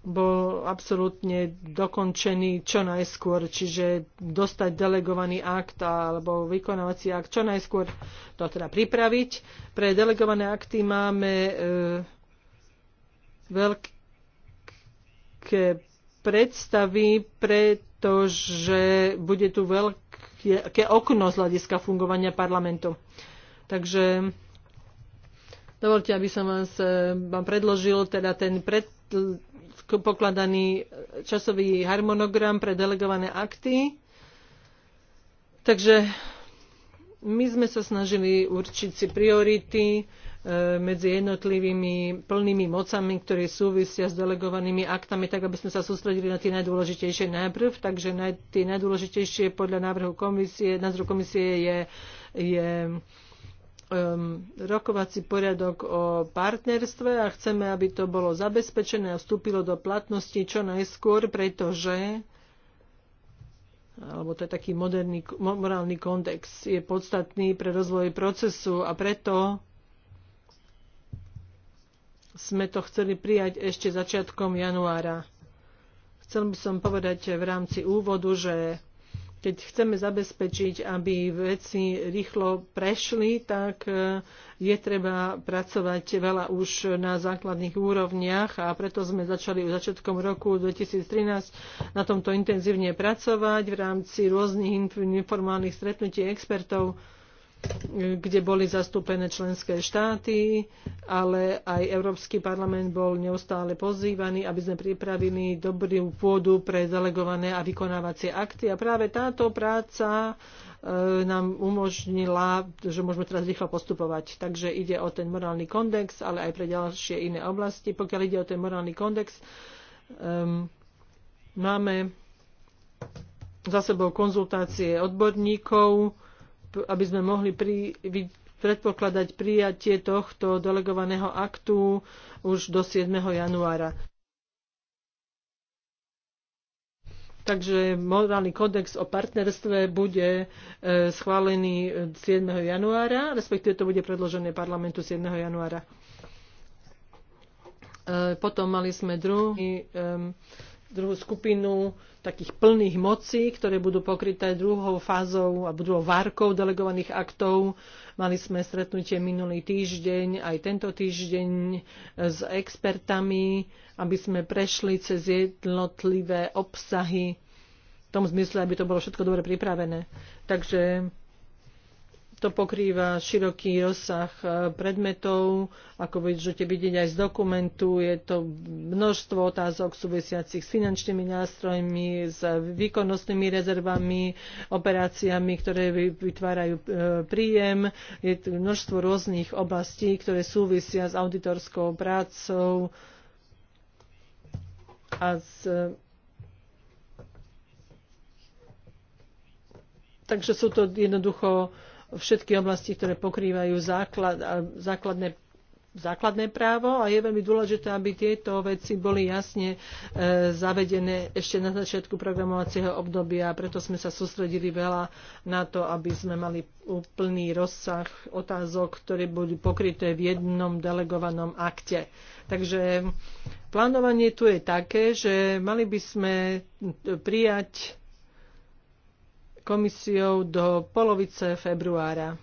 bol absolútne dokončený čo najskôr, čiže dostať delegovaný akt alebo vykonávací akt čo najskôr to teda pripraviť. Pre delegované akty máme e, veľké predstavy, pretože bude tu veľké okno z hľadiska fungovania parlamentu. Takže Dovolte, aby som vás, e, vám predložil teda ten pred, e, pokladaný časový harmonogram pre delegované akty. Takže my sme sa snažili určiť si priority e, medzi jednotlivými plnými mocami, ktoré súvisia s delegovanými aktami, tak aby sme sa sústredili na tie najdôležitejšie najprv. Takže naj, tie najdôležitejšie podľa návrhu komisie, názoru komisie je, je um, rokovací poriadok o partnerstve a chceme, aby to bolo zabezpečené a vstúpilo do platnosti čo najskôr, pretože alebo to je taký moderný morálny kontext, je podstatný pre rozvoj procesu a preto sme to chceli prijať ešte začiatkom januára. Chcel by som povedať v rámci úvodu, že keď chceme zabezpečiť, aby veci rýchlo prešli, tak e, je treba pracovať veľa už na základných úrovniach a preto sme začali začiatkom roku 2013 na tomto intenzívne pracovať v rámci rôznych informálnych stretnutí expertov kde boli zastúpené členské štáty, ale aj Európsky parlament bol neustále pozývaný, aby sme pripravili dobrú pôdu pre delegované a vykonávacie akty. A práve táto práca e, nám umožnila, že môžeme teraz rýchlo postupovať. Takže ide o ten morálny kondex, ale aj pre ďalšie iné oblasti. Pokiaľ ide o ten morálny kondex, um, máme za sebou konzultácie odborníkov, aby sme mohli pri, predpokladať prijatie tohto delegovaného aktu už do 7. januára. Takže morálny kodex o partnerstve bude e, schválený 7. E, januára, respektíve to bude predložené parlamentu 7. januára. E, potom mali sme druhý druhú skupinu takých plných mocí, ktoré budú pokryté druhou fázou a druhou várkou delegovaných aktov. Mali sme stretnutie minulý týždeň, aj tento týždeň e, s expertami, aby sme prešli cez jednotlivé obsahy v tom zmysle, aby to bolo všetko dobre pripravené. Takže to pokrýva široký rozsah e, predmetov, ako môžete vidieť aj z dokumentu, je to množstvo otázok súvisiacich s finančnými nástrojmi, s výkonnostnými rezervami, operáciami, ktoré vytvárajú e, príjem. Je tu množstvo rôznych oblastí, ktoré súvisia s auditorskou prácou a s e, Takže sú to jednoducho všetky oblasti, ktoré pokrývajú základ, základné základné právo a je veľmi dôležité, aby tieto veci boli jasne e, zavedené ešte na začiatku programovacieho obdobia. Preto sme sa sústredili veľa na to, aby sme mali úplný rozsah otázok, ktoré budú pokryté v jednom delegovanom akte. Takže plánovanie tu je také, že mali by sme prijať komisiou do polovice februára.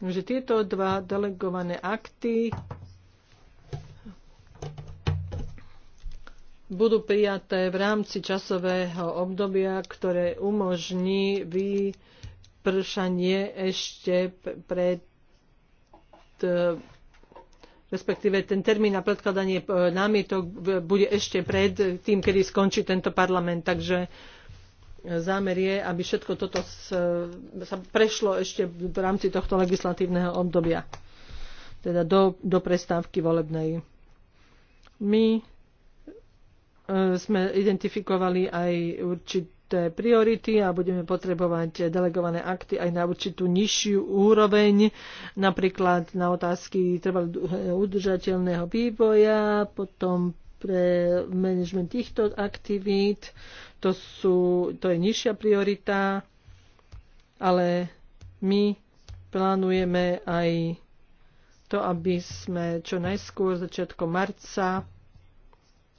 Takže tieto dva delegované akty budú prijaté v rámci časového obdobia, ktoré umožní vypršanie ešte pred e, respektíve ten termín na predkladanie e, námietok bude ešte pred tým, kedy skončí tento parlament. Takže zámer je, aby všetko toto sa prešlo ešte v rámci tohto legislatívneho obdobia, teda do, do prestávky volebnej. My e, sme identifikovali aj určité priority a budeme potrebovať delegované akty aj na určitú nižšiu úroveň, napríklad na otázky udržateľného vývoja, potom pre management týchto aktivít, to, sú, to je nižšia priorita, ale my plánujeme aj to, aby sme čo najskôr začiatkom marca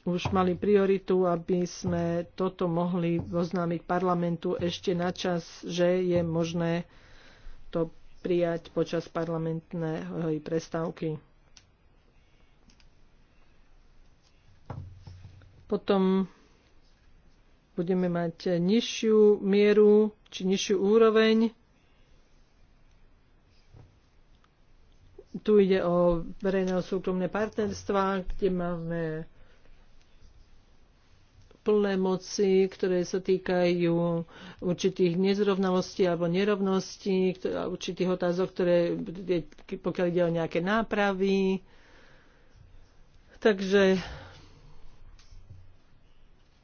už mali prioritu, aby sme toto mohli oznámiť parlamentu ešte na čas, že je možné to prijať počas parlamentnej prestávky. Potom budeme mať nižšiu mieru či nižšiu úroveň. Tu ide o verejné súkromné partnerstva, kde máme plné moci, ktoré sa týkajú určitých nezrovnalostí alebo nerovností, určitých otázok, ktoré, pokiaľ ide o nejaké nápravy. Takže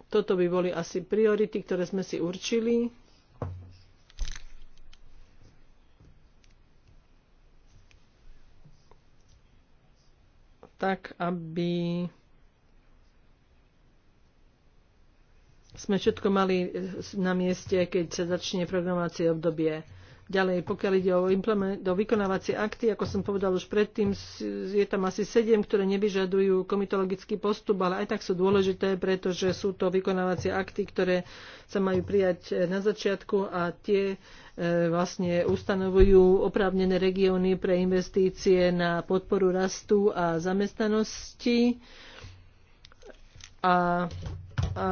toto by boli asi priority, ktoré sme si určili. tak, aby sme všetko mali na mieste, keď sa začne programovacie obdobie. Ďalej, pokiaľ ide o, o vykonávacie akty, ako som povedal už predtým, je tam asi sedem, ktoré nevyžadujú komitologický postup, ale aj tak sú dôležité, pretože sú to vykonávacie akty, ktoré sa majú prijať eh, na začiatku a tie eh, vlastne ustanovujú oprávnené regióny pre investície na podporu rastu a zamestnanosti. A, a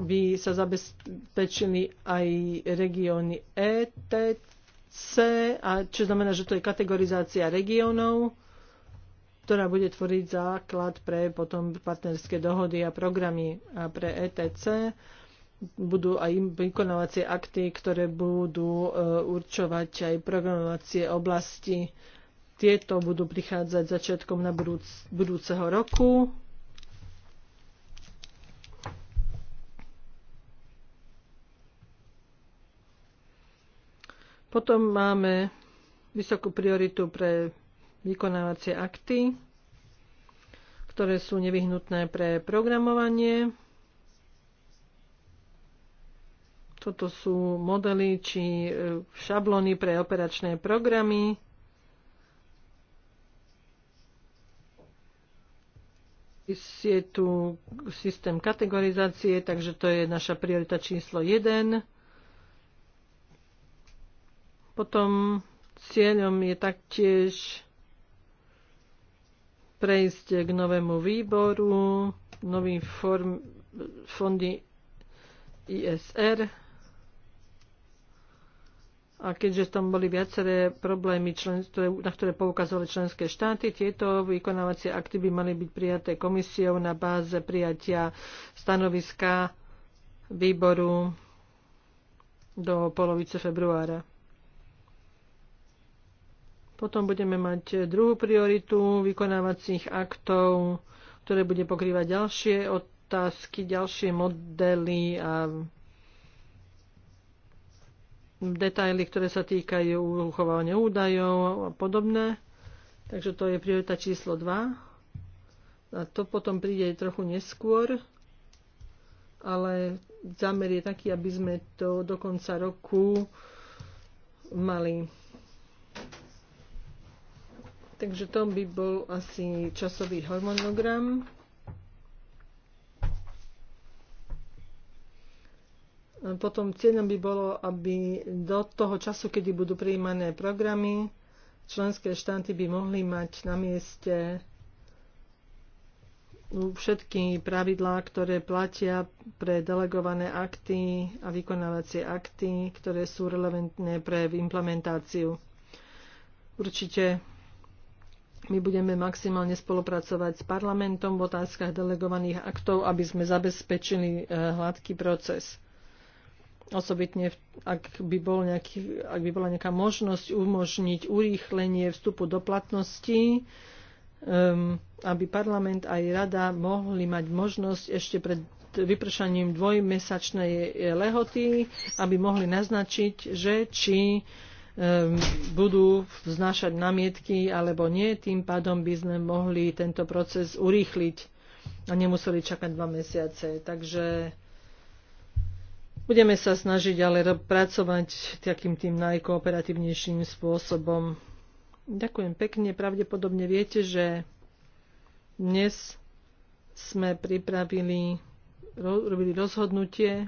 by sa zabezpečili aj regióny ETC, a čo znamená, že to je kategorizácia regiónov, ktorá bude tvoriť základ pre potom partnerské dohody a programy a pre ETC budú aj vykonávacie akty, ktoré budú e, určovať aj programovacie oblasti. Tieto budú prichádzať začiatkom na budúc, budúceho roku. Potom máme vysokú prioritu pre vykonávacie akty, ktoré sú nevyhnutné pre programovanie. Toto sú modely či e, šablóny pre operačné programy. Je tu systém kategorizácie, takže to je naša priorita číslo 1. Potom cieľom je taktiež prejsť k novému výboru, novým form, fondy ISR. A keďže tam boli viaceré problémy, člen, ktoré, na ktoré poukazovali členské štáty, tieto vykonávacie akty by mali byť prijaté komisiou na báze prijatia stanoviska výboru do polovice februára. Potom budeme mať druhú prioritu vykonávacích aktov, ktoré bude pokrývať ďalšie otázky, ďalšie modely a detaily, ktoré sa týkajú uchovania údajov a podobné. Takže to je priorita číslo 2. A to potom príde trochu neskôr, ale zámer je taký, aby sme to do konca roku mali Takže to by bol asi časový harmonogram. Potom cieľom by bolo, aby do toho času, kedy budú prijímané programy, členské štáty by mohli mať na mieste všetky pravidlá, ktoré platia pre delegované akty a vykonávacie akty, ktoré sú relevantné pre implementáciu. Určite my budeme maximálne spolupracovať s parlamentom v otázkach delegovaných aktov, aby sme zabezpečili e, hladký proces. Osobitne, ak by, bol nejaký, ak by bola nejaká možnosť umožniť urýchlenie vstupu do platnosti, um, aby parlament aj rada mohli mať možnosť ešte pred vypršaním dvojmesačnej lehoty, aby mohli naznačiť, že či Ehm, budú vznášať namietky alebo nie, tým pádom by sme mohli tento proces urýchliť a nemuseli čakať dva mesiace. Takže budeme sa snažiť ale pracovať takým tým najkooperatívnejším spôsobom. Ďakujem pekne. Pravdepodobne viete, že dnes sme pripravili, robili rozhodnutie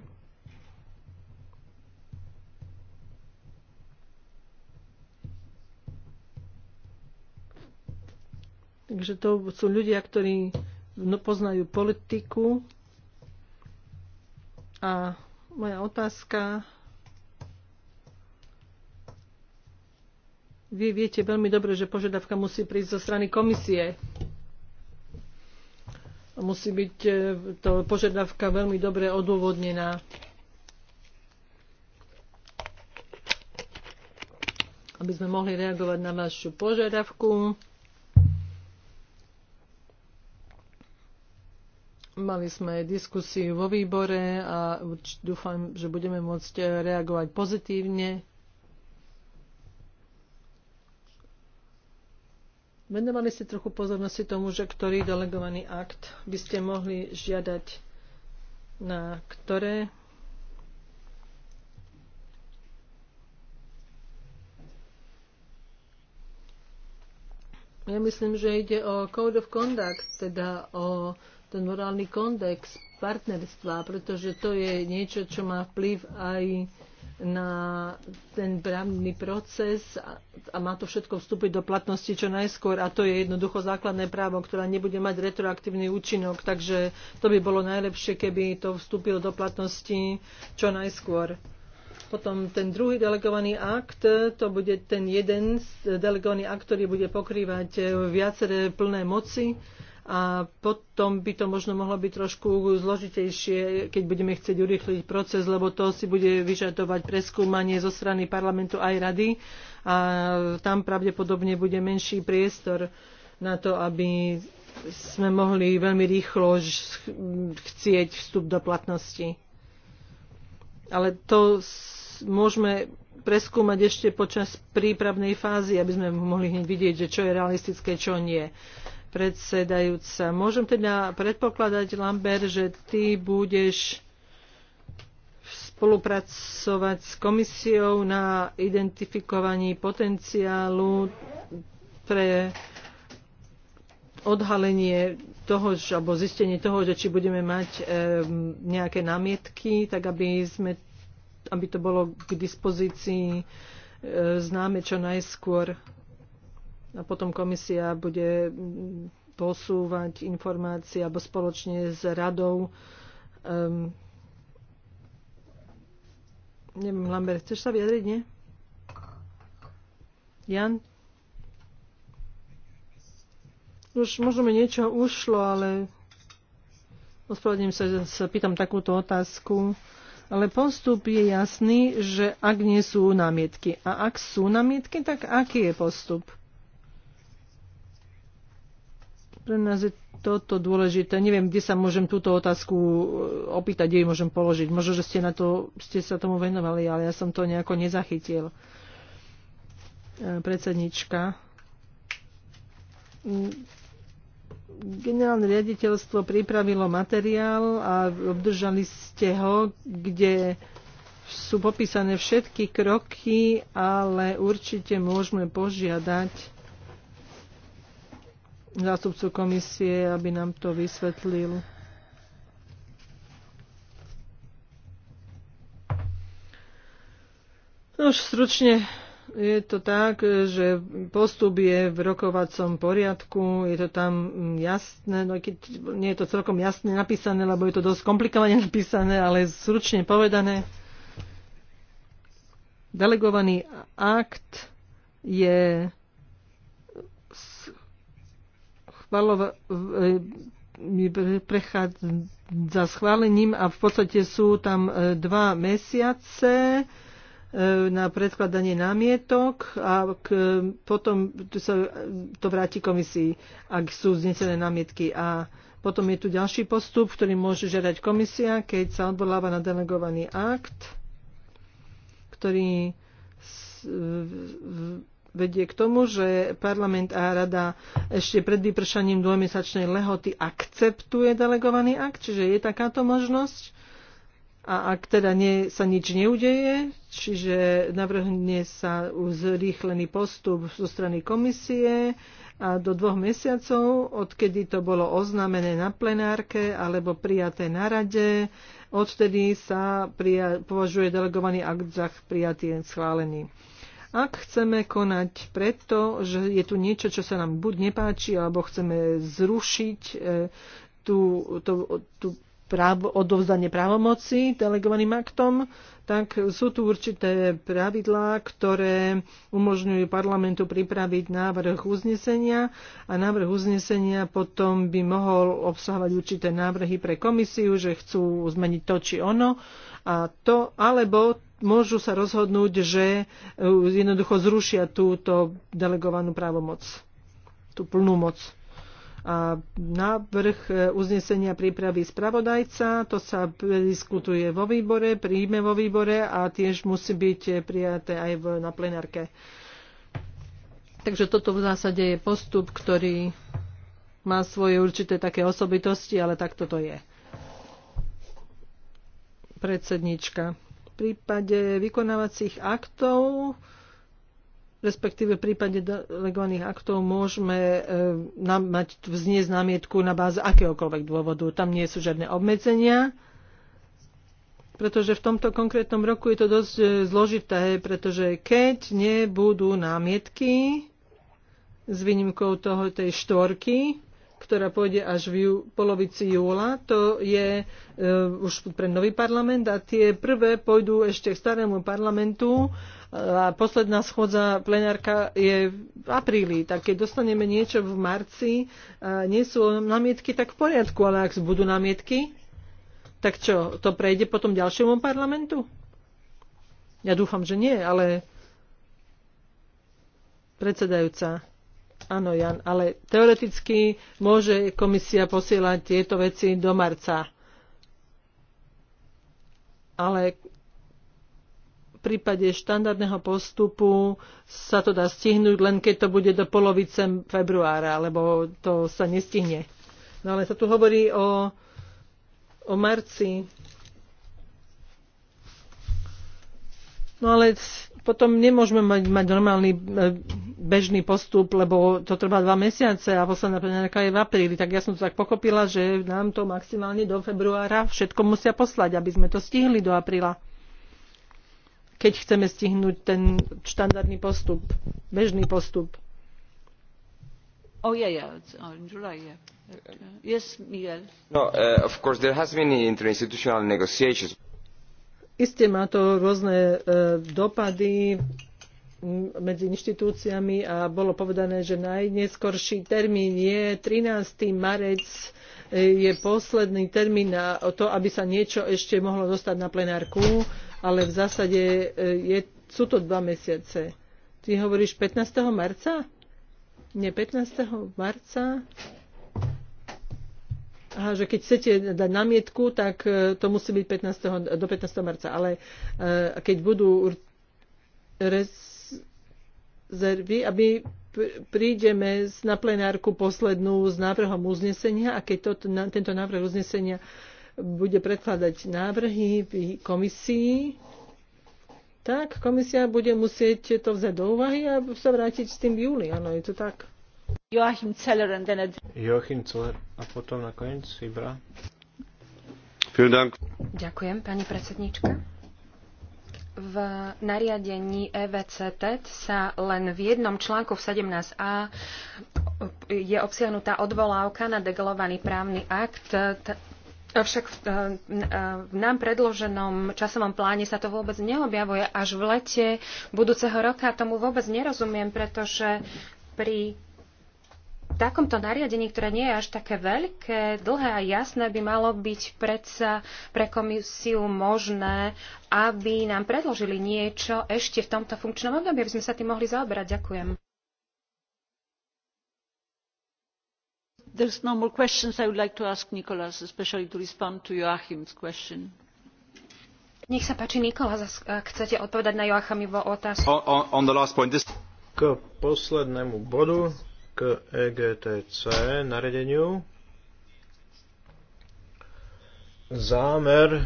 Takže to sú ľudia, ktorí no, poznajú politiku. A moja otázka. Vy viete veľmi dobre, že požiadavka musí prísť zo strany komisie. Musí byť e, to požiadavka veľmi dobre odôvodnená. Aby sme mohli reagovať na vašu požiadavku. Mali sme diskusiu vo výbore a dúfam, že budeme môcť reagovať pozitívne. Venovali ste trochu pozornosti tomu, že ktorý delegovaný akt by ste mohli žiadať na ktoré Ja myslím, že ide o Code of Conduct, teda o ten morálny kondex partnerstva, pretože to je niečo, čo má vplyv aj na ten právny proces a, a má to všetko vstúpiť do platnosti čo najskôr a to je jednoducho základné právo, ktoré nebude mať retroaktívny účinok, takže to by bolo najlepšie, keby to vstúpilo do platnosti čo najskôr. Potom ten druhý delegovaný akt, to bude ten jeden delegovaný akt, ktorý bude pokrývať e, viaceré plné moci a potom by to možno mohlo byť trošku zložitejšie, keď budeme chcieť urýchliť proces, lebo to si bude vyžadovať preskúmanie zo strany parlamentu aj rady a tam pravdepodobne bude menší priestor na to, aby sme mohli veľmi rýchlo chcieť vstup do platnosti. Ale to môžeme preskúmať ešte počas prípravnej fázy, aby sme mohli hneď vidieť, že čo je realistické, čo nie predsedajúca. Môžem teda predpokladať, Lambert, že ty budeš spolupracovať s komisiou na identifikovaní potenciálu pre odhalenie toho, alebo zistenie toho, že či budeme mať nejaké námietky, tak aby, sme, aby to bolo k dispozícii e, známe čo najskôr a potom komisia bude posúvať informácie alebo spoločne s radou. Um, neviem, Lambert, chceš sa vyjadriť, nie? Jan? Už možno mi niečo ušlo, ale ospravedlňujem sa, že sa pýtam takúto otázku. Ale postup je jasný, že ak nie sú námietky. A ak sú námietky, tak aký je postup? Pre nás je toto dôležité. Neviem, kde sa môžem túto otázku eh, opýtať, kde ju môžem položiť. Možno, že ste, na to, ste sa tomu venovali, ale ja som to nejako nezachytil. Eh, predsednička. Mm, generálne riaditeľstvo pripravilo materiál a obdržali ste ho, kde sú popísané všetky kroky, ale určite môžeme požiadať zástupcu komisie, aby nám to vysvetlil. No už stručne je to tak, že postup je v rokovacom poriadku, je to tam jasné, no keď nie je to celkom jasne napísané, lebo je to dosť komplikovane napísané, ale stručne povedané, delegovaný akt je schvalova, e, prechádza schválením a v podstate sú tam e, dva mesiace e, na predkladanie námietok a k, potom sa to vráti komisii, ak sú znesené námietky. A potom je tu ďalší postup, ktorý môže žiadať komisia, keď sa odvoláva na delegovaný akt, ktorý vedie k tomu, že parlament a rada ešte pred vypršaním dvojmesačnej lehoty akceptuje delegovaný akt, čiže je takáto možnosť. A ak teda nie, sa nič neudeje, čiže navrhne sa zrýchlený postup zo strany komisie a do dvoch mesiacov, odkedy to bolo oznámené na plenárke alebo prijaté na rade, odtedy sa prija- považuje delegovaný akt za prijatý a schválený. Ak chceme konať preto, že je tu niečo, čo sa nám buď nepáči, alebo chceme zrušiť tú, tú, tú právo, odovzdanie právomoci delegovaným aktom, tak sú tu určité pravidlá, ktoré umožňujú parlamentu pripraviť návrh uznesenia a návrh uznesenia potom by mohol obsahovať určité návrhy pre komisiu, že chcú zmeniť to či ono a to, alebo môžu sa rozhodnúť, že uh, jednoducho zrušia túto delegovanú právomoc, tú plnú moc a návrh e, uznesenia prípravy spravodajca. To sa diskutuje vo výbore, príjme vo výbore a tiež musí byť prijaté aj v, na plenárke. Takže toto v zásade je postup, ktorý má svoje určité také osobitosti, ale takto to je. Predsednička. V prípade vykonávacích aktov respektíve v prípade delegovaných aktov môžeme e, mať vzniesť námietku na báze akéhokoľvek dôvodu. Tam nie sú žiadne obmedzenia, pretože v tomto konkrétnom roku je to dosť e, zložité, pretože keď nebudú námietky, s výnimkou toho tej štvorky, ktorá pôjde až v jú, polovici júla. To je e, už pre nový parlament a tie prvé pôjdu ešte k starému parlamentu a posledná schôdza plenárka je v apríli, tak keď dostaneme niečo v marci, a nie sú námietky, tak v poriadku, ale ak budú námietky, tak čo, to prejde potom ďalšiemu parlamentu? Ja dúfam, že nie, ale predsedajúca. Áno, Jan, ale teoreticky môže komisia posielať tieto veci do marca. Ale v prípade štandardného postupu sa to dá stihnúť, len keď to bude do polovice februára, lebo to sa nestihne. No ale sa tu hovorí o, o marci. No ale potom nemôžeme mať, mať normálny e, bežný postup, lebo to trvá dva mesiace a posledná plenárka je v apríli. Tak ja som to tak pochopila, že nám to maximálne do februára všetko musia poslať, aby sme to stihli do apríla. Keď chceme stihnúť ten štandardný postup, bežný postup. Oh yeah, yeah, it's on oh, July, yeah. Yes, Miguel. No, uh, of course there has been interinstitutional negotiations. Isté má to rôzne e, dopady medzi inštitúciami a bolo povedané, že najneskorší termín je 13. marec e, je posledný termín na to, aby sa niečo ešte mohlo dostať na plenárku, ale v zásade e, je, sú to dva mesiace. Ty hovoríš 15. marca? Nie, 15. marca Aha, že keď chcete dať namietku, tak e, to musí byť 15. do 15. marca, ale e, keď budú rezervy, aby prídeme na plenárku poslednú s návrhom uznesenia a keď to, tento návrh uznesenia bude predkladať návrhy v komisii, tak komisia bude musieť to vzať do úvahy a sa vrátiť s tým v júli. Áno, je to tak. Joachim Celler and then Joachim Zeller a potom koniec Ibra. Ďakujem, pani predsednička. V nariadení EVCT sa len v jednom článku v 17a je obsiahnutá odvolávka na degelovaný právny akt. Avšak e, e, v nám predloženom časovom pláne sa to vôbec neobjavuje až v lete budúceho roka. Tomu vôbec nerozumiem, pretože pri takomto nariadení, ktoré nie je až také veľké, dlhé a jasné, by malo byť predsa pre komisiu možné, aby nám predložili niečo ešte v tomto funkčnom období, aby sme sa tým mohli zaoberať. Ďakujem. There's no more questions. I would like to ask Nicholas, especially to respond to Joachim's question. Nech sa páči, Nikolás, ak chcete odpovedať na Joachimovo otázku. On, on, on the last point, this... K poslednému bodu k EGTC naredeniu. Zámer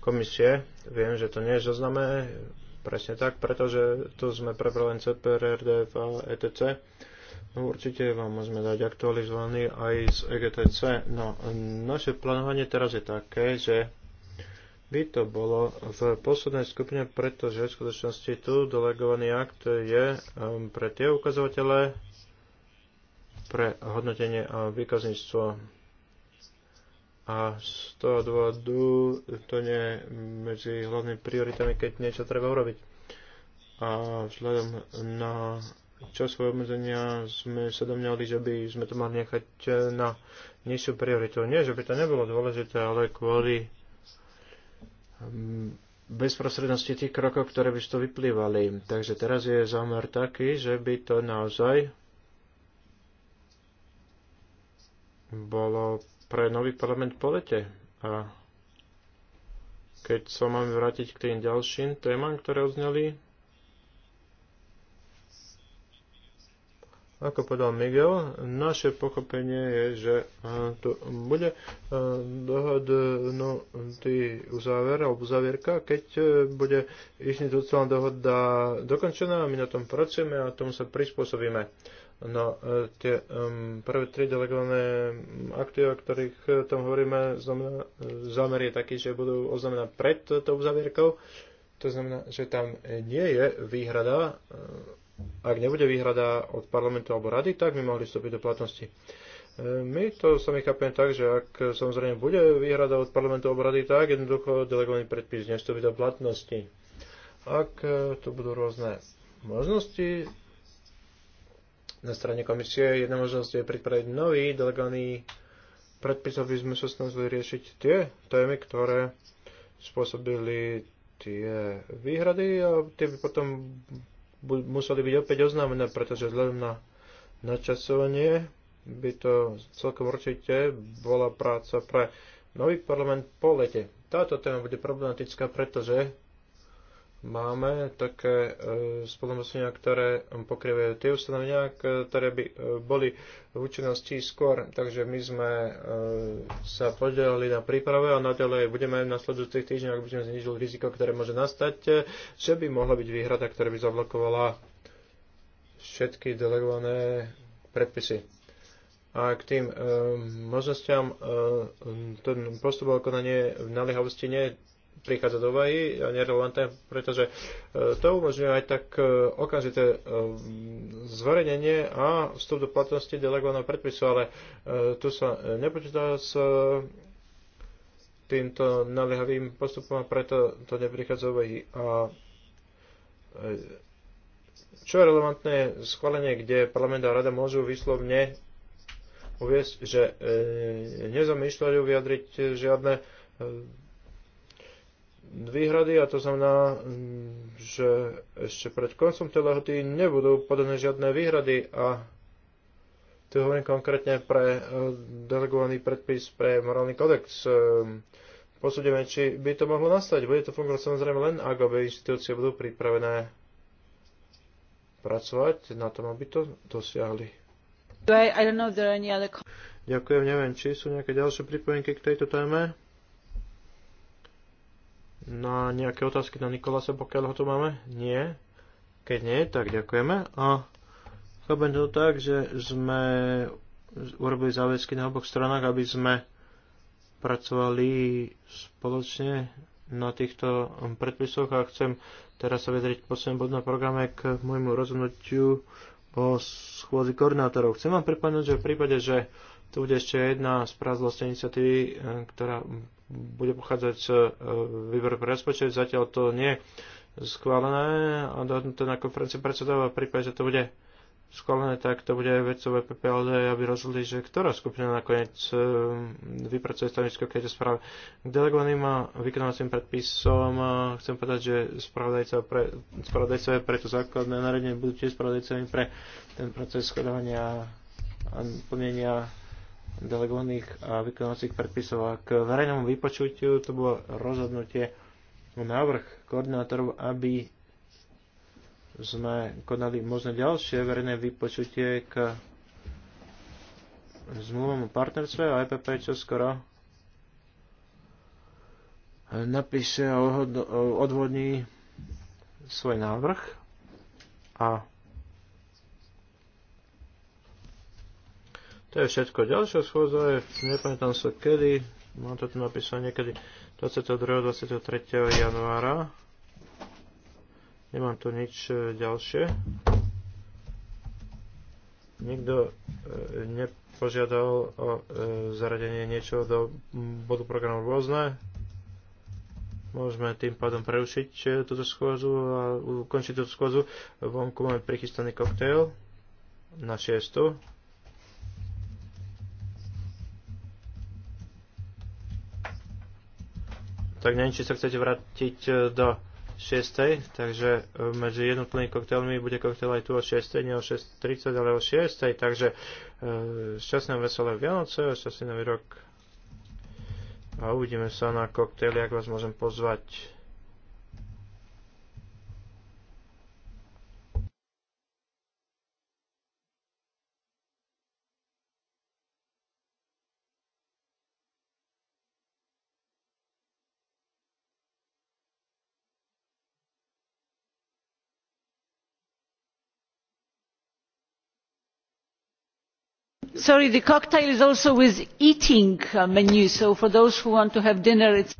komisie, viem, že to nie je zozname, presne tak, pretože tu sme prebrali len CPR, RDF a ETC. No, určite vám môžeme dať aktualizovaný aj z EGTC. No, naše plánovanie teraz je také, že by to bolo v poslednej skupine, pretože v skutočnosti tu delegovaný akt je um, pre tie ukazovatele pre hodnotenie a výkazníctvo. A z toho dôvodu to nie je medzi hlavnými prioritami, keď niečo treba urobiť. A vzhľadom na časové obmedzenia sme sa domňali, že by sme to mali nechať eh, na nižšiu prioritu. Nie, že by to nebolo dôležité, ale kvôli bezprostrednosti tých krokov, ktoré by z toho vyplývali. Takže teraz je zámer taký, že by to naozaj bolo pre nový parlament po lete. A keď sa máme vrátiť k tým ďalším témam, ktoré odzneli, Ako povedal Miguel, naše pochopenie je, že to bude dohodnutý uzáver alebo uzavierka, keď e, bude inštitucionálna dohoda dokončená a my na tom pracujeme a tomu sa prispôsobíme. No, e, tie um, prvé tri delegované akty, o ktorých e, tam hovoríme, znamená, zámer je taký, že budú oznamená pred tou uzavierkou. To znamená, že tam nie je výhrada ak nebude výhrada od parlamentu alebo rady, tak by mohli vstúpiť do platnosti. E, my to sami chápem tak, že ak samozrejme bude výhrada od parlamentu alebo rady, tak jednoducho delegovaný predpis nevstúpi do platnosti. Ak e, tu budú rôzne možnosti, na strane komisie jedna možnosť je pripraviť nový delegovaný predpis, aby sme sa snažili riešiť tie témy, ktoré spôsobili tie výhrady a tie by potom museli byť opäť oznámené, pretože vzhľadom na načasovanie by to celkom určite bola práca pre nový parlament po lete. Táto téma bude problematická, pretože máme také e, spolumocnenia, ktoré pokrývajú tie ustanovenia, ktoré by e, boli v účinnosti skôr. Takže my sme e, sa podelili na príprave a naďalej budeme v nasledujúcich týždňoch, aby sme znižili riziko, ktoré môže nastať, že by mohla byť výhrada, ktorá by zablokovala všetky delegované predpisy. A k tým e, možnostiam e, ten postup okonanie v naliehavosti nie je prichádza do vají, a nerelevantné, pretože e, to umožňuje aj tak e, okamžité e, zverejnenie a vstup do platnosti delegovaného predpisu, ale tu sa nepočíta s týmto naliehavým postupom a preto to neprichádza do úvahy. A čo je relevantné schválenie, kde parlament a rada môžu vyslovne uviesť, že nezamýšľajú vyjadriť žiadne výhrady a to znamená, mm, že ešte pred koncom tej lehoty nebudú podané žiadne výhrady a tu hovorím konkrétne pre e, delegovaný predpis pre morálny kodex. E, posúdime, či by to mohlo nastať. Bude to fungovať samozrejme len, ak obe inštitúcie budú pripravené pracovať na tom, aby to dosiahli. Ďakujem, neviem, či sú nejaké ďalšie pripomienky k tejto téme na nejaké otázky na Nikolasa, pokiaľ ho tu máme? Nie. Keď nie, tak ďakujeme. A chápem to tak, že sme urobili záväzky na oboch stranách, aby sme pracovali spoločne na týchto predpisoch a chcem teraz sa vedrieť posledný bod na programe k môjmu rozhodnutiu o schôdzi koordinátorov. Chcem vám pripomenúť, že v prípade, že tu bude ešte jedna správa z iniciatívy, eh, ktorá bude pochádzať z e, výboru pre rozpočet. Zatiaľ to nie je schválené a dohodnuté na konferencii predsedov a prípade, že to bude schválené, tak to bude vedcové PPLD, aby rozhodli, že ktorá skupina nakoniec e, vypracuje stanovisko k správe. K delegovaným a vykonávacím predpisom e, chcem povedať, že spravodajca pre, spravodajcovia pre to základné naredenie budú tiež spravodajcami pre ten proces schodovania a plnenia delegovaných a vykonávacích predpisov. A k verejnému vypočutiu to bolo rozhodnutie návrh koordinátorov, aby sme konali možno ďalšie verejné vypočutie k zmluvom o partnerstve a EPP čo skoro napíše a odvodní svoj návrh a To je všetko. Ďalšia schôdza je, nepamätám sa kedy, mám to tu napísané niekedy 22. 23. januára. Nemám tu nič e, ďalšie. Nikto e, nepožiadal o e, zaradenie niečo do bodu programu rôzne. Môžeme tým pádom prerušiť túto schôdzu a ukončiť túto schôdzu. Vonku máme prichystaný koktejl na šiestu. tak neviem, či sa chcete vrátiť e, do 6. Takže e, medzi jednotnými koktejlmi bude koktejl aj tu o 6. Nie o 6.30, ale o 6. Takže e, šťastné veselé Vianoce, šťastný nový rok. A uvidíme sa na koktejli, ak vás môžem pozvať. sorry the cocktail is also with eating uh, menu so for those who want to have dinner it's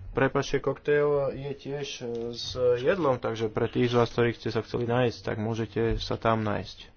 koktejl je tiež e, s jedlom, takže pre tých z vás, ktorí ste sa chceli nájsť, tak môžete sa tam nájsť.